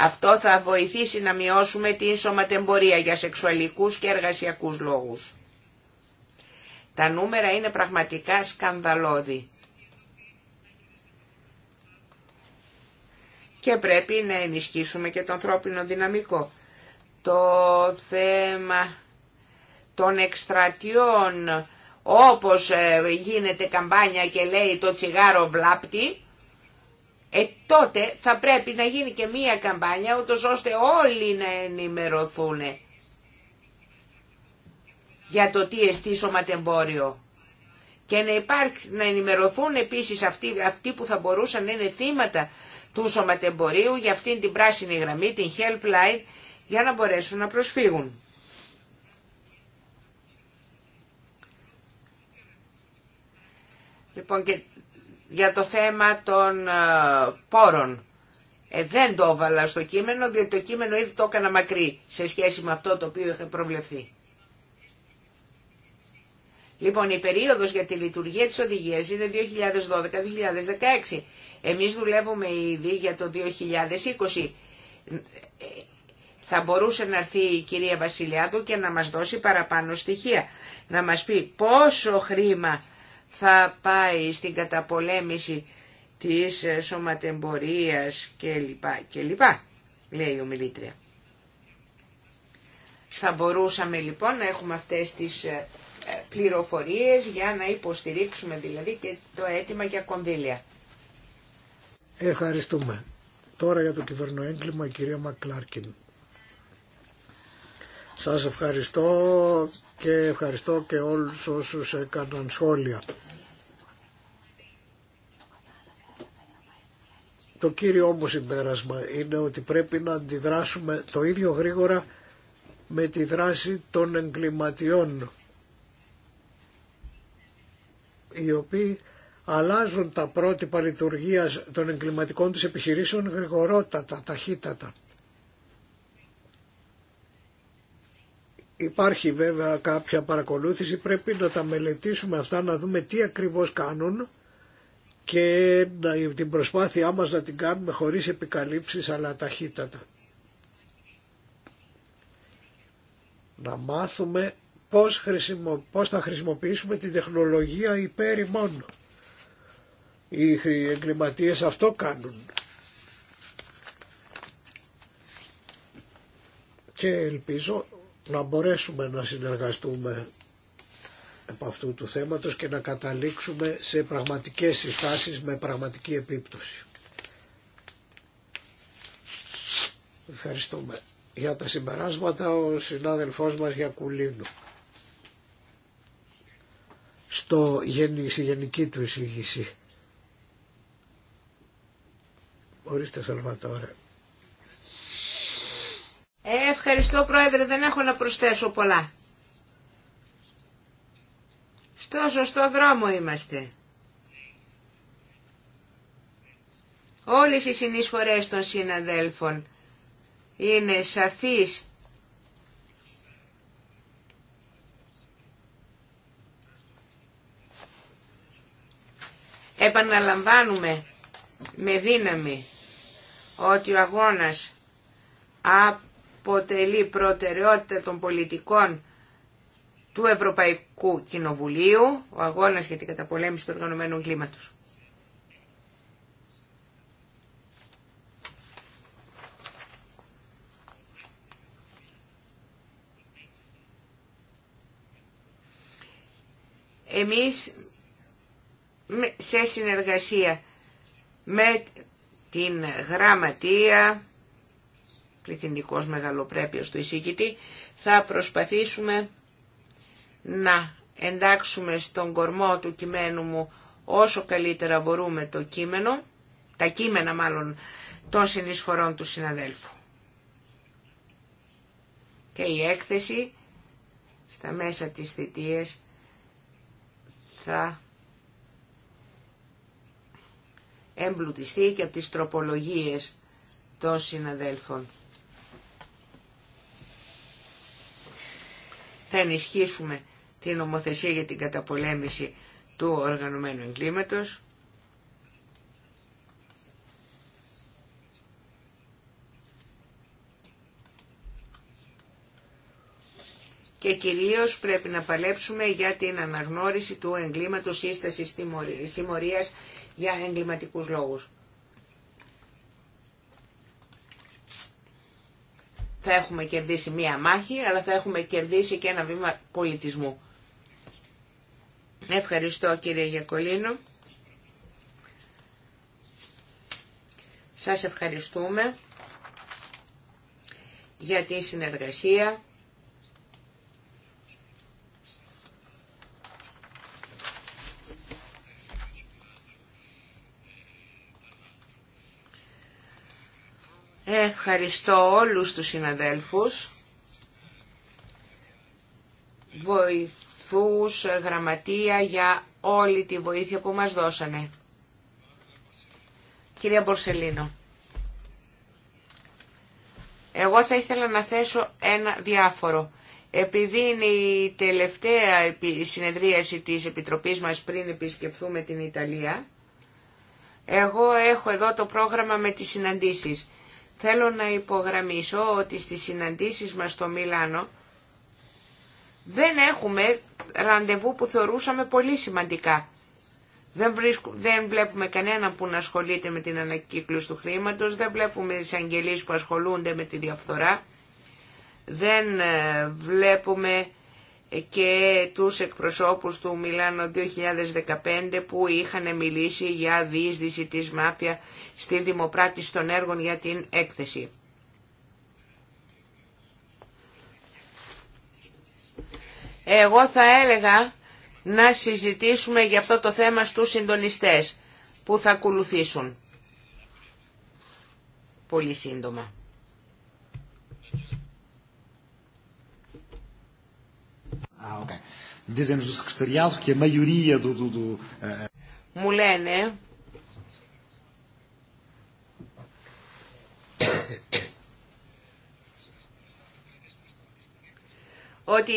Αυτό θα βοηθήσει να μειώσουμε την σωματεμπορία για σεξουαλικούς και εργασιακούς λόγους. Τα νούμερα είναι πραγματικά σκανδαλώδη. Και πρέπει να ενισχύσουμε και το ανθρώπινο δυναμικό. Το θέμα των εκστρατιών όπως ε, γίνεται καμπάνια και λέει το τσιγάρο βλάπτει, ε, τότε θα πρέπει να γίνει και μία καμπάνια, ούτως ώστε όλοι να ενημερωθούν για το τι εστί σωματεμπόριο. Και να, υπάρχει, να ενημερωθούν επίσης αυτοί, αυτοί που θα μπορούσαν να είναι θύματα του σωματεμπορίου για αυτήν την πράσινη γραμμή, την helpline, για να μπορέσουν να προσφύγουν. Λοιπόν, και για το θέμα των ε, πόρων. Ε, δεν το έβαλα στο κείμενο, διότι το κείμενο ήδη το έκανα μακρύ σε σχέση με αυτό το οποίο είχε προβλεφθεί. Λοιπόν, η περίοδος για τη λειτουργία της οδηγίας είναι 2012-2016. Εμείς δουλεύουμε ήδη για το 2020. Θα μπορούσε να έρθει η κυρία Βασιλιάδου και να μας δώσει παραπάνω στοιχεία. Να μας πει πόσο χρήμα θα πάει στην καταπολέμηση της ε, σωματεμπορίας και κλπ λέει ο Μιλήτρια. Θα μπορούσαμε λοιπόν να έχουμε αυτές τις ε, ε, πληροφορίες για να υποστηρίξουμε δηλαδή και το αίτημα για κονδύλια. Ευχαριστούμε. Τώρα για το κυβερνοέγκλημα η κυρία Μακλάρκιν. Σας ευχαριστώ και ευχαριστώ και όλους όσους έκαναν σχόλια. Το κύριο όμως συμπέρασμα είναι ότι πρέπει να αντιδράσουμε το ίδιο γρήγορα με τη δράση των εγκληματιών οι οποίοι αλλάζουν τα πρότυπα λειτουργίας των εγκληματικών τους επιχειρήσεων γρηγορότατα, ταχύτατα. Υπάρχει βέβαια κάποια παρακολούθηση, πρέπει να τα μελετήσουμε αυτά, να δούμε τι ακριβώς κάνουν και την προσπάθειά μας να την κάνουμε χωρίς επικαλύψεις αλλά ταχύτατα. Να μάθουμε πώς, πώς θα χρησιμοποιήσουμε την τεχνολογία υπέρ ημών. Οι εγκληματίες αυτό κάνουν. Και ελπίζω να μπορέσουμε να συνεργαστούμε από αυτού του θέματος και να καταλήξουμε σε πραγματικές συστάσεις με πραγματική επίπτωση. Ευχαριστούμε. Για τα συμπεράσματα ο συνάδελφός μας Γιακουλίνου. Στο, στη γενική του εισηγήση. Ορίστε Σαλβατόρε. Ευχαριστώ Πρόεδρε, δεν έχω να προσθέσω πολλά. Στο σωστό δρόμο είμαστε. Όλες οι συνεισφορές των συναδέλφων είναι σαφείς επαναλαμβάνουμε με δύναμη ότι ο αγώνας αποτελεί προτεραιότητα των πολιτικών του Ευρωπαϊκού Κοινοβουλίου, ο αγώνας για την καταπολέμηση του οργανωμένου κλίματος. Εμείς σε συνεργασία με την γραμματεία πληθυντικός μεγαλοπρέπειος του εισηγητή, θα προσπαθήσουμε να εντάξουμε στον κορμό του κειμένου μου όσο καλύτερα μπορούμε το κείμενο, τα κείμενα μάλλον των συνεισφορών του συναδέλφου. Και η έκθεση στα μέσα της θητείας θα εμπλουτιστεί και από τις τροπολογίες των συναδέλφων. θα ενισχύσουμε την νομοθεσία για την καταπολέμηση του οργανωμένου εγκλήματος. και κυρίως πρέπει να παλέψουμε για την αναγνώριση του εγκλήματος σύστασης συμμορίας για εγκληματικούς λόγους. θα έχουμε κερδίσει μία μάχη, αλλά θα έχουμε κερδίσει και ένα βήμα πολιτισμού. Ευχαριστώ κύριε Γιακολίνο. Σας ευχαριστούμε για τη συνεργασία Ευχαριστώ όλους τους συναδέλφους, βοηθούς, γραμματεία για όλη τη βοήθεια που μας δώσανε. Κυρία Μπορσελίνο, εγώ θα ήθελα να θέσω ένα διάφορο. Επειδή είναι η τελευταία συνεδρίαση της Επιτροπής μας πριν επισκεφθούμε την Ιταλία, εγώ έχω εδώ το πρόγραμμα με τις συναντήσεις. Θέλω να υπογραμμίσω ότι στις συναντήσεις μας στο Μιλάνο δεν έχουμε ραντεβού που θεωρούσαμε πολύ σημαντικά. Δεν, δεν βλέπουμε κανέναν που να ασχολείται με την ανακύκλωση του χρήματος, δεν βλέπουμε εισαγγελίες που ασχολούνται με τη διαφθορά, δεν ε, βλέπουμε και τους εκπροσώπους του Μιλάνο 2015 που είχαν μιλήσει για δίσδυση της μάπια στη δημοπράτηση των έργων για την έκθεση. Εγώ θα έλεγα να συζητήσουμε για αυτό το θέμα στους συντονιστές που θα ακολουθήσουν. Πολύ σύντομα. Ε, ε. Μου λένε ότι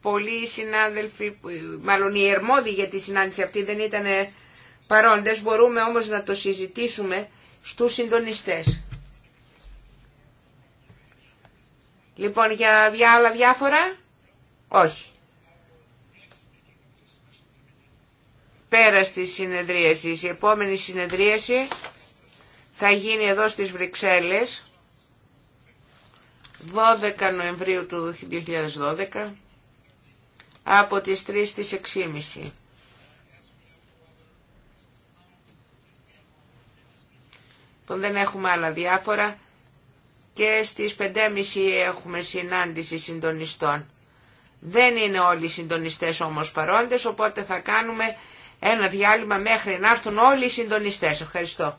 πολλοί συνάδελφοι, μάλλον οι ερμόδιοι για τη συνάντηση αυτή δεν ήταν παρόντες, μπορούμε όμως να το συζητήσουμε στους συντονιστές. Λοιπόν, για, άλλα διάφορα, όχι. Πέρα στη συνεδρίαση, η επόμενη συνεδρίαση θα γίνει εδώ στις Βρυξέλλες 12 Νοεμβρίου του 2012 από τις 3 στις 6.30. Λοιπόν, δεν έχουμε άλλα διάφορα και στις 5.30 έχουμε συνάντηση συντονιστών. Δεν είναι όλοι οι συντονιστές όμως παρόντες, οπότε θα κάνουμε ένα διάλειμμα μέχρι να έρθουν όλοι οι συντονιστές. Ευχαριστώ.